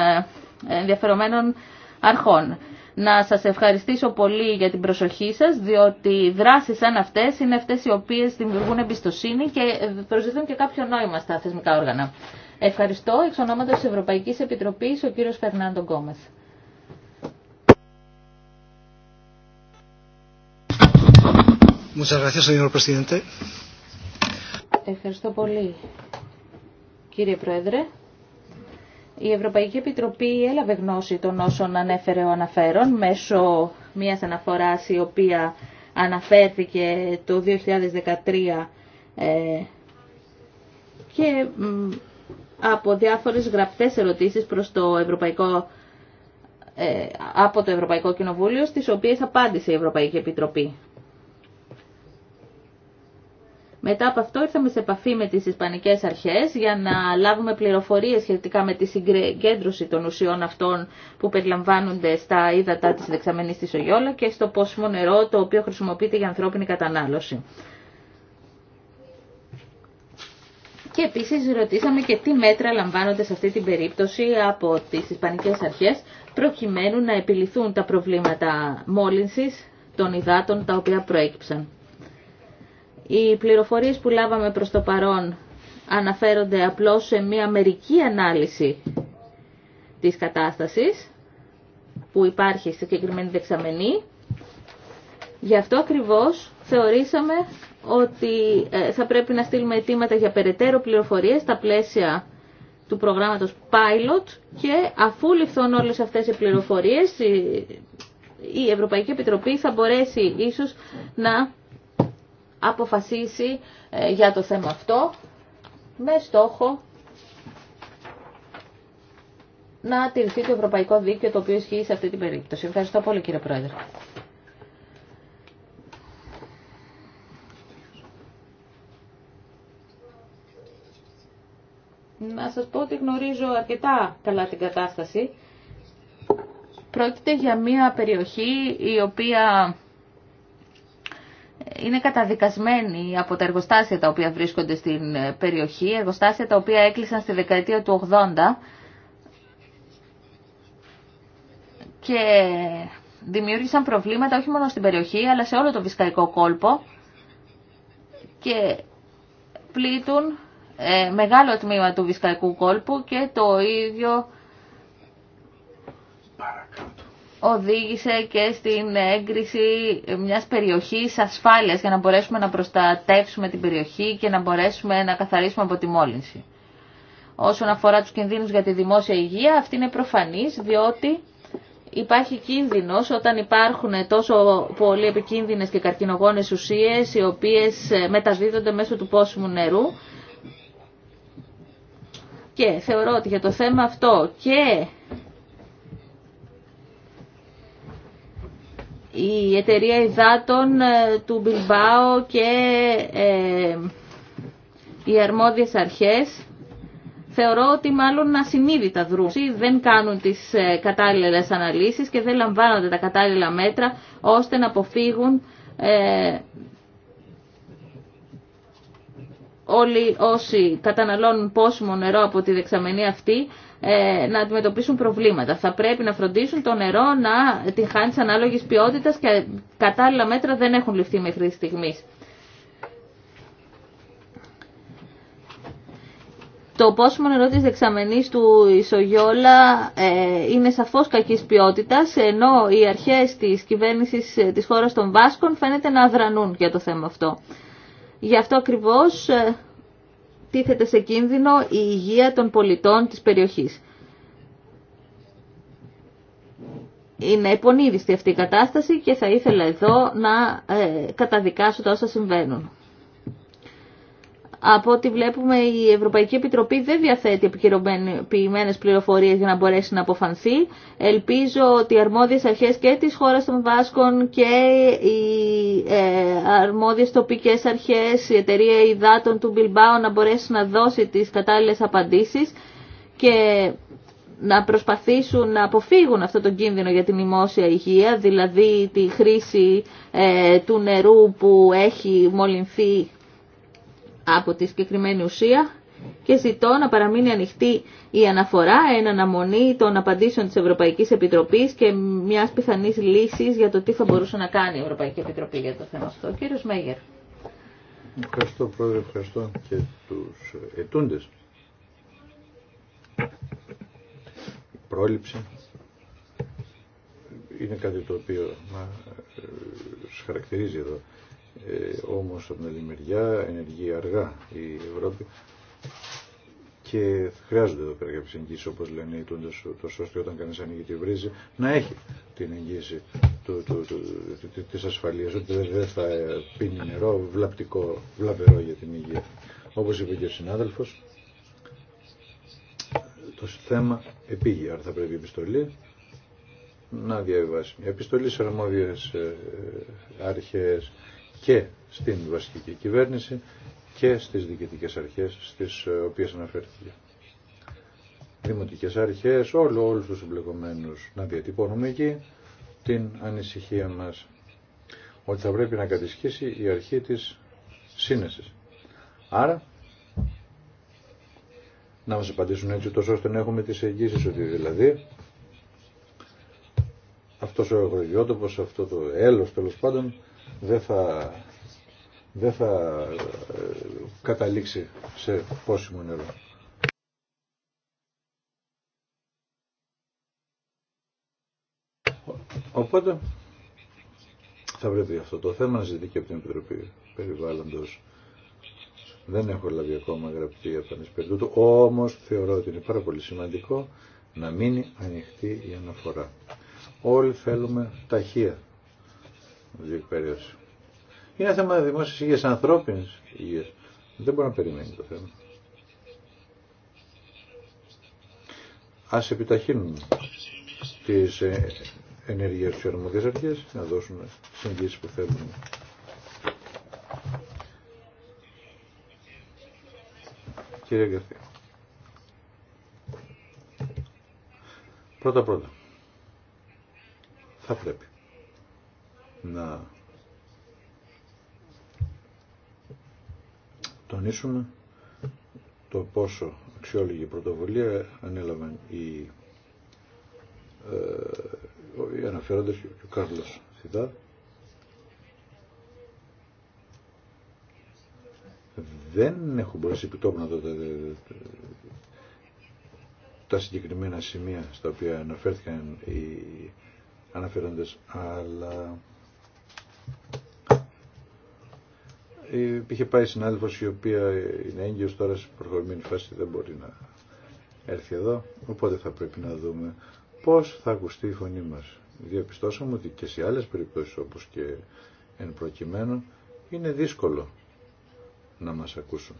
ενδιαφερομένων αρχών να σας ευχαριστήσω πολύ για την προσοχή σας, διότι δράσεις σαν αυτές είναι αυτές οι οποίες δημιουργούν εμπιστοσύνη και προσδεθούν και κάποιο νόημα στα θεσμικά όργανα. Ευχαριστώ. Εξ ονόματος της Ευρωπαϊκής Επιτροπής, ο κύριος Φερνάντο Γκόμες. Ευχαριστώ πολύ, κύριε Πρόεδρε. Η Ευρωπαϊκή Επιτροπή έλαβε γνώση των όσων ανέφερε ο αναφέρον μέσω μιας αναφοράς η οποία αναφέρθηκε το 2013 ε, και από διάφορες γραπτές ερωτήσεις προς το Ευρωπαϊκό, ε, από το Ευρωπαϊκό Κοινοβούλιο, στις οποίες απάντησε η Ευρωπαϊκή Επιτροπή. Μετά από αυτό ήρθαμε σε επαφή με τις Ισπανικές Αρχές για να λάβουμε πληροφορίες σχετικά με τη συγκέντρωση των ουσιών αυτών που περιλαμβάνονται στα ύδατα της δεξαμενής της Ογιόλα και στο πόσιμο νερό το οποίο χρησιμοποιείται για ανθρώπινη κατανάλωση. Και επίσης ρωτήσαμε και τι μέτρα λαμβάνονται σε αυτή την περίπτωση από τις Ισπανικές Αρχές προκειμένου να επιληθούν τα προβλήματα μόλυνσης των υδάτων τα οποία προέκυψαν. Οι πληροφορίες που λάβαμε προς το παρόν αναφέρονται απλώς σε μια μερική ανάλυση της κατάστασης που υπάρχει στη συγκεκριμένη δεξαμενή. Γι' αυτό ακριβώς θεωρήσαμε ότι ε, θα πρέπει να στείλουμε αιτήματα για περαιτέρω πληροφορίες στα πλαίσια του προγράμματος Pilot και αφού ληφθούν όλες αυτές οι πληροφορίες η Ευρωπαϊκή Επιτροπή θα μπορέσει ίσως να αποφασίσει ε, για το θέμα αυτό με στόχο να τηρηθεί το ευρωπαϊκό δίκαιο το οποίο ισχύει σε αυτή την περίπτωση. Ευχαριστώ πολύ κύριε Πρόεδρε. Να σας πω ότι γνωρίζω αρκετά καλά την κατάσταση. Πρόκειται για μια περιοχή η οποία είναι καταδικασμένοι από τα εργοστάσια τα οποία βρίσκονται στην ε, περιοχή, εργοστάσια τα οποία έκλεισαν στη δεκαετία του 80 και δημιούργησαν προβλήματα όχι μόνο στην περιοχή αλλά σε όλο το βυσκαϊκό κόλπο και πλήττουν ε, μεγάλο τμήμα του βυσκαϊκού κόλπου και το ίδιο οδήγησε και στην έγκριση μιας περιοχής ασφάλειας για να μπορέσουμε να προστατεύσουμε την περιοχή και να μπορέσουμε να καθαρίσουμε από τη μόλυνση. Όσον αφορά τους κινδύνους για τη δημόσια υγεία, αυτή είναι προφανής διότι υπάρχει κίνδυνος όταν υπάρχουν τόσο πολύ επικίνδυνες και καρκινογόνες ουσίες οι οποίες μεταδίδονται μέσω του πόσιμου νερού και θεωρώ ότι για το θέμα αυτό και η εταιρεία υδάτων ε, του Μπιλμπάο και ε, οι αρμόδιες αρχές θεωρώ ότι μάλλον ασυνείδητα δρούσει, Δεν κάνουν τις ε, κατάλληλες αναλύσεις και δεν λαμβάνονται τα κατάλληλα μέτρα ώστε να αποφύγουν όλοι όσοι καταναλώνουν πόσιμο νερό από τη δεξαμενή αυτή ε, να αντιμετωπίσουν προβλήματα. Θα πρέπει να φροντίσουν το νερό να την χάνει ανάλογη ποιότητα και κατάλληλα μέτρα δεν έχουν ληφθεί μέχρι τη στιγμή. Το πόσιμο νερό της δεξαμενής του Ισογιόλα ε, είναι σαφώς κακής ποιότητας, ενώ οι αρχές της κυβέρνησης ε, της χώρας των Βάσκων φαίνεται να αδρανούν για το θέμα αυτό. Γι' αυτό ακριβώς τίθεται σε κίνδυνο η υγεία των πολιτών της περιοχής. Είναι επωνίδιστη αυτή η κατάσταση και θα ήθελα εδώ να ε, καταδικάσω τα όσα συμβαίνουν. Από ό,τι βλέπουμε η Ευρωπαϊκή Επιτροπή δεν διαθέτει επικαιροποιημένες πληροφορίες για να μπορέσει να αποφανθεί. Ελπίζω ότι οι αρμόδιες αρχές και της χώρας των Βάσκων και οι ε, αρμόδιες τοπικές αρχές, η εταιρεία υδάτων του Μπιλμπάου να μπορέσει να δώσει τις κατάλληλες απαντήσεις και να προσπαθήσουν να αποφύγουν αυτό το κίνδυνο για την δημόσια υγεία, δηλαδή τη χρήση ε, του νερού που έχει μολυνθεί από τη συγκεκριμένη ουσία και ζητώ να παραμείνει ανοιχτή η αναφορά εν αναμονή των απαντήσεων της Ευρωπαϊκής Επιτροπής και μιας πιθανής λύσης για το τι θα μπορούσε να κάνει η Ευρωπαϊκή Επιτροπή για το θέμα αυτό. κύριος Μέγερ. Ευχαριστώ Πρόεδρε, ευχαριστώ και τους ετούντες. Η πρόληψη είναι κάτι το οποίο μα χαρακτηρίζει εδώ ε, όμως από την άλλη μεριά ενεργεί αργά η Ευρώπη και χρειάζονται εδώ πέρα κάποιε εγγύσει όπω λένε οι τούντε, τόσο ώστε όταν κανεί ανοίγει τη βρύση να έχει την εγγύηση τη ασφαλείας ότι δεν θα πίνει νερό βλαπτικό, βλαβερό για την υγεία. Όπω είπε και ο συνάδελφο, το θέμα επήγει, άρα θα πρέπει η επιστολή να διαβάσει. Η επιστολή σε αρμόδιε ε, ε, αρχέ και στην βασική κυβέρνηση και στις διοικητικές αρχές στις ε, οποίες αναφέρθηκε. Δημοτικές αρχές, όλο, όλους τους εμπλεκομένους να διατυπώνουμε εκεί την ανησυχία μας ότι θα πρέπει να κατησχύσει η αρχή της σύνεσης. Άρα, να μας απαντήσουν έτσι τόσο ώστε να έχουμε τις εγγύσεις ότι δηλαδή αυτός ο εγωριότοπος, αυτό το έλος τέλος πάντων δεν θα, ε, καταλήξει σε πόσιμο νερό. Οπότε θα πρέπει αυτό το θέμα να και από την Επιτροπή Περιβάλλοντος. Δεν έχω λάβει ακόμα γραπτή απάντηση περί του. όμως θεωρώ ότι είναι πάρα πολύ σημαντικό να μείνει ανοιχτή η αναφορά. Όλοι θέλουμε ταχεία διεκπαιρέωση. Είναι θέμα δημόσια υγεία, ανθρώπινη υγεία. Δεν μπορεί να περιμένει το θέμα. Α επιταχύνουμε τι ε, ενέργειε του αρμοδίε αρχέ να δώσουμε τι εγγύσει που θέλουν. Κύριε Γκαρθία. Πρώτα πρώτα. Θα πρέπει να τονίσουμε το πόσο αξιόλογη πρωτοβουλία ανέλαβαν οι, ε, αναφέροντες και ο Κάρλος Σιδά Δεν έχω μπορέσει επιτόπου να δω τα, τα συγκεκριμένα σημεία στα οποία αναφέρθηκαν οι αναφέροντες, αλλά Είχε πάει συνάδελφο η οποία είναι έγκυο τώρα σε προχωρημένη φάση δεν μπορεί να έρθει εδώ. Οπότε θα πρέπει να δούμε πώς θα ακουστεί η φωνή μας. Διαπιστώσαμε ότι και σε άλλε περιπτώσεις όπως και εν προκειμένου είναι δύσκολο να μας ακούσουν.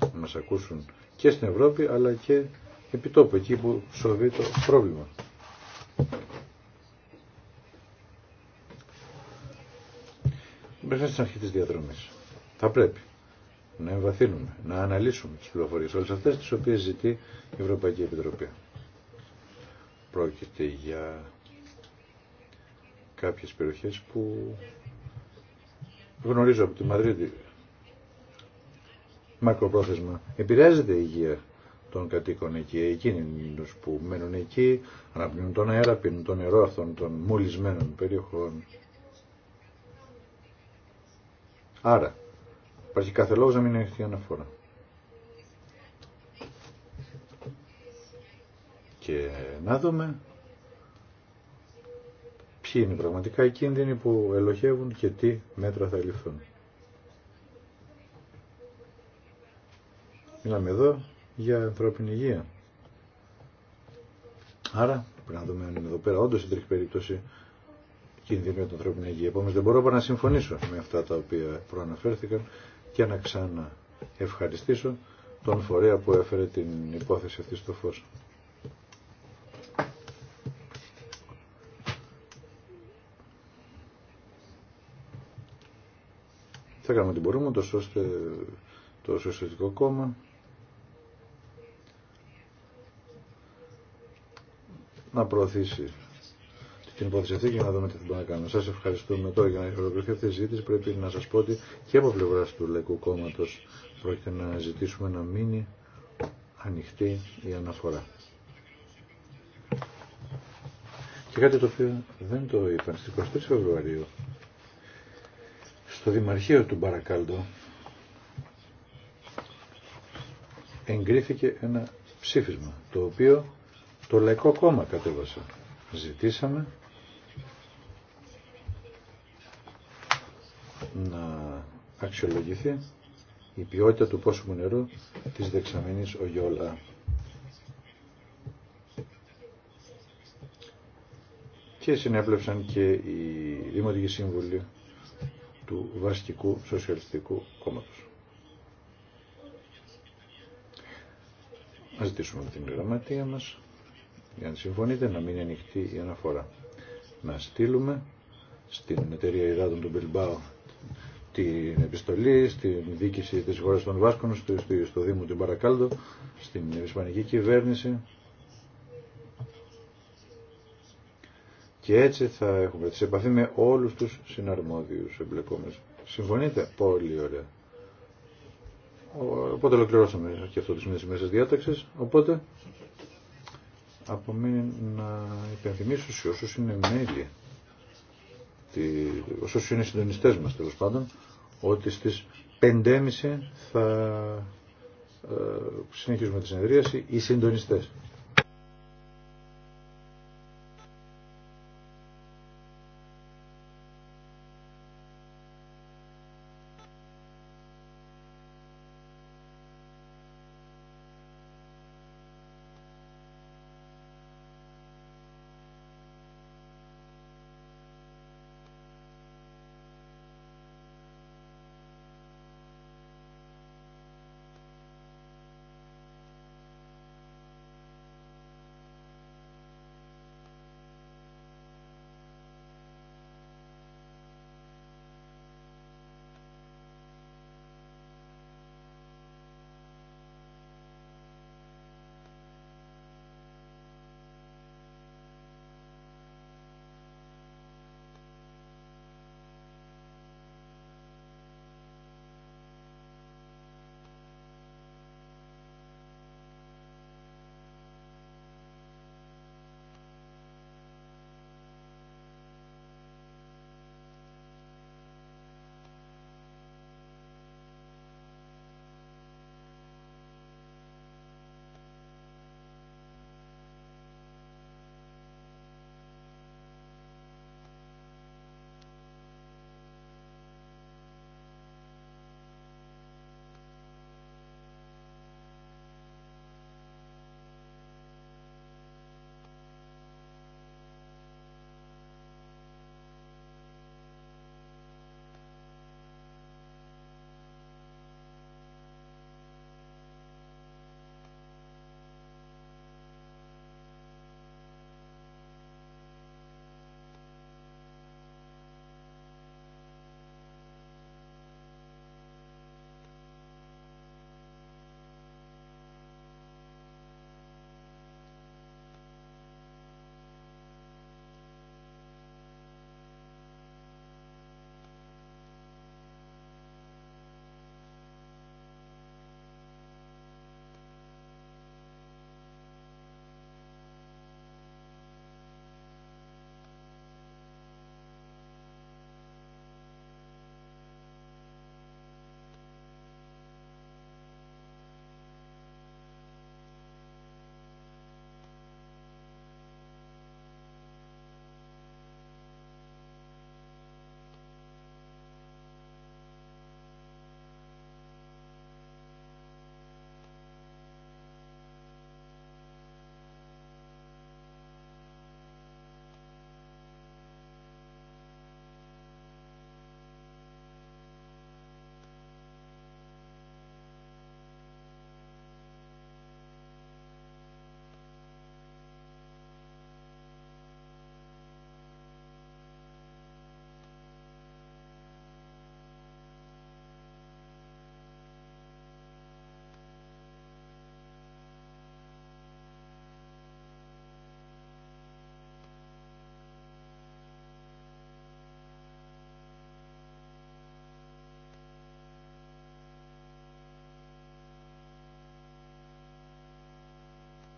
Να μας ακούσουν και στην Ευρώπη αλλά και επί τόπου εκεί που σοβεί το πρόβλημα. Μέσα στην αρχή τη διαδρομή. Θα πρέπει να εμβαθύνουμε, να αναλύσουμε τις πληροφορίε όλες αυτές τις οποίες ζητεί η Ευρωπαϊκή Επιτροπή. Πρόκειται για κάποιες περιοχές που γνωρίζω από τη Μαδρίτη μακροπρόθεσμα. Επηρεάζεται η υγεία των κατοίκων εκεί, εκείνοι που μένουν εκεί, αναπνύουν τον αέρα, πίνουν το νερό αυτών των μολυσμένων περιοχών. Άρα, υπάρχει κάθε λόγος να μην έχει αναφορά. Και να δούμε ποιοι είναι πραγματικά οι κίνδυνοι που ελοχεύουν και τι μέτρα θα ληφθούν. Μιλάμε εδώ για ανθρώπινη υγεία. Άρα πρέπει να δούμε αν είναι εδώ πέρα όντως τρίχη περίπτωση κίνδυνο για την ανθρώπινη υγεία. Επομένως δεν μπορώ να συμφωνήσω με αυτά τα οποία προαναφέρθηκαν και να ξανά ευχαριστήσω τον φορέα που έφερε την υπόθεση αυτή στο φως. Θα κάνουμε ό,τι μπορούμε, το, σώστε, το Σοσιαλιστικό Κόμμα να προωθήσει την υπόθεση αυτή για να δούμε τι θα μπορούμε να κάνουμε. Σας ευχαριστούμε τώρα για να ολοκληρωθεί αυτή η συζήτηση. Πρέπει να σα πω ότι και από πλευρά του Λαϊκού κόμματο πρόκειται να ζητήσουμε να μείνει ανοιχτή η αναφορά. Και κάτι το οποίο δεν το είπαν στις 23 Φεβρουαρίου στο Δημαρχείο του Μπαρακάλτο εγκρίθηκε ένα ψήφισμα το οποίο το Λαϊκό Κόμμα κατέβασε. Ζητήσαμε να αξιολογηθεί η ποιότητα του πόσιμου νερού της δεξαμενής Ογιόλα. Και συνέπλευσαν και οι Δημοτικοί Σύμβουλοι του βασικού Σοσιαλιστικού Κόμματος. Να ζητήσουμε την γραμματεία μας, για να συμφωνείτε, να μην ανοιχτεί η αναφορά. Να στείλουμε στην εταιρεία Ιδάτων του Μπιλμπάου την επιστολή, στην διοίκηση της χώρα των Βάσκων, στο, Δήμο του Μπαρακάλδο, στην Ισπανική κυβέρνηση. Και έτσι θα έχουμε τη επαφή με όλους τους συναρμόδιους εμπλεκόμενους. Συμφωνείτε? Πολύ ωραία. Οπότε ολοκληρώσαμε και αυτό το σημείο μέσα διάταξης. Οπότε απομείνει να υπενθυμίσω σε όσους είναι μέλη, όσους είναι συντονιστές μας τέλος πάντων, ότι στις 5.30 θα ε, συνεχίσουμε τη συνεδρίαση οι συντονιστές.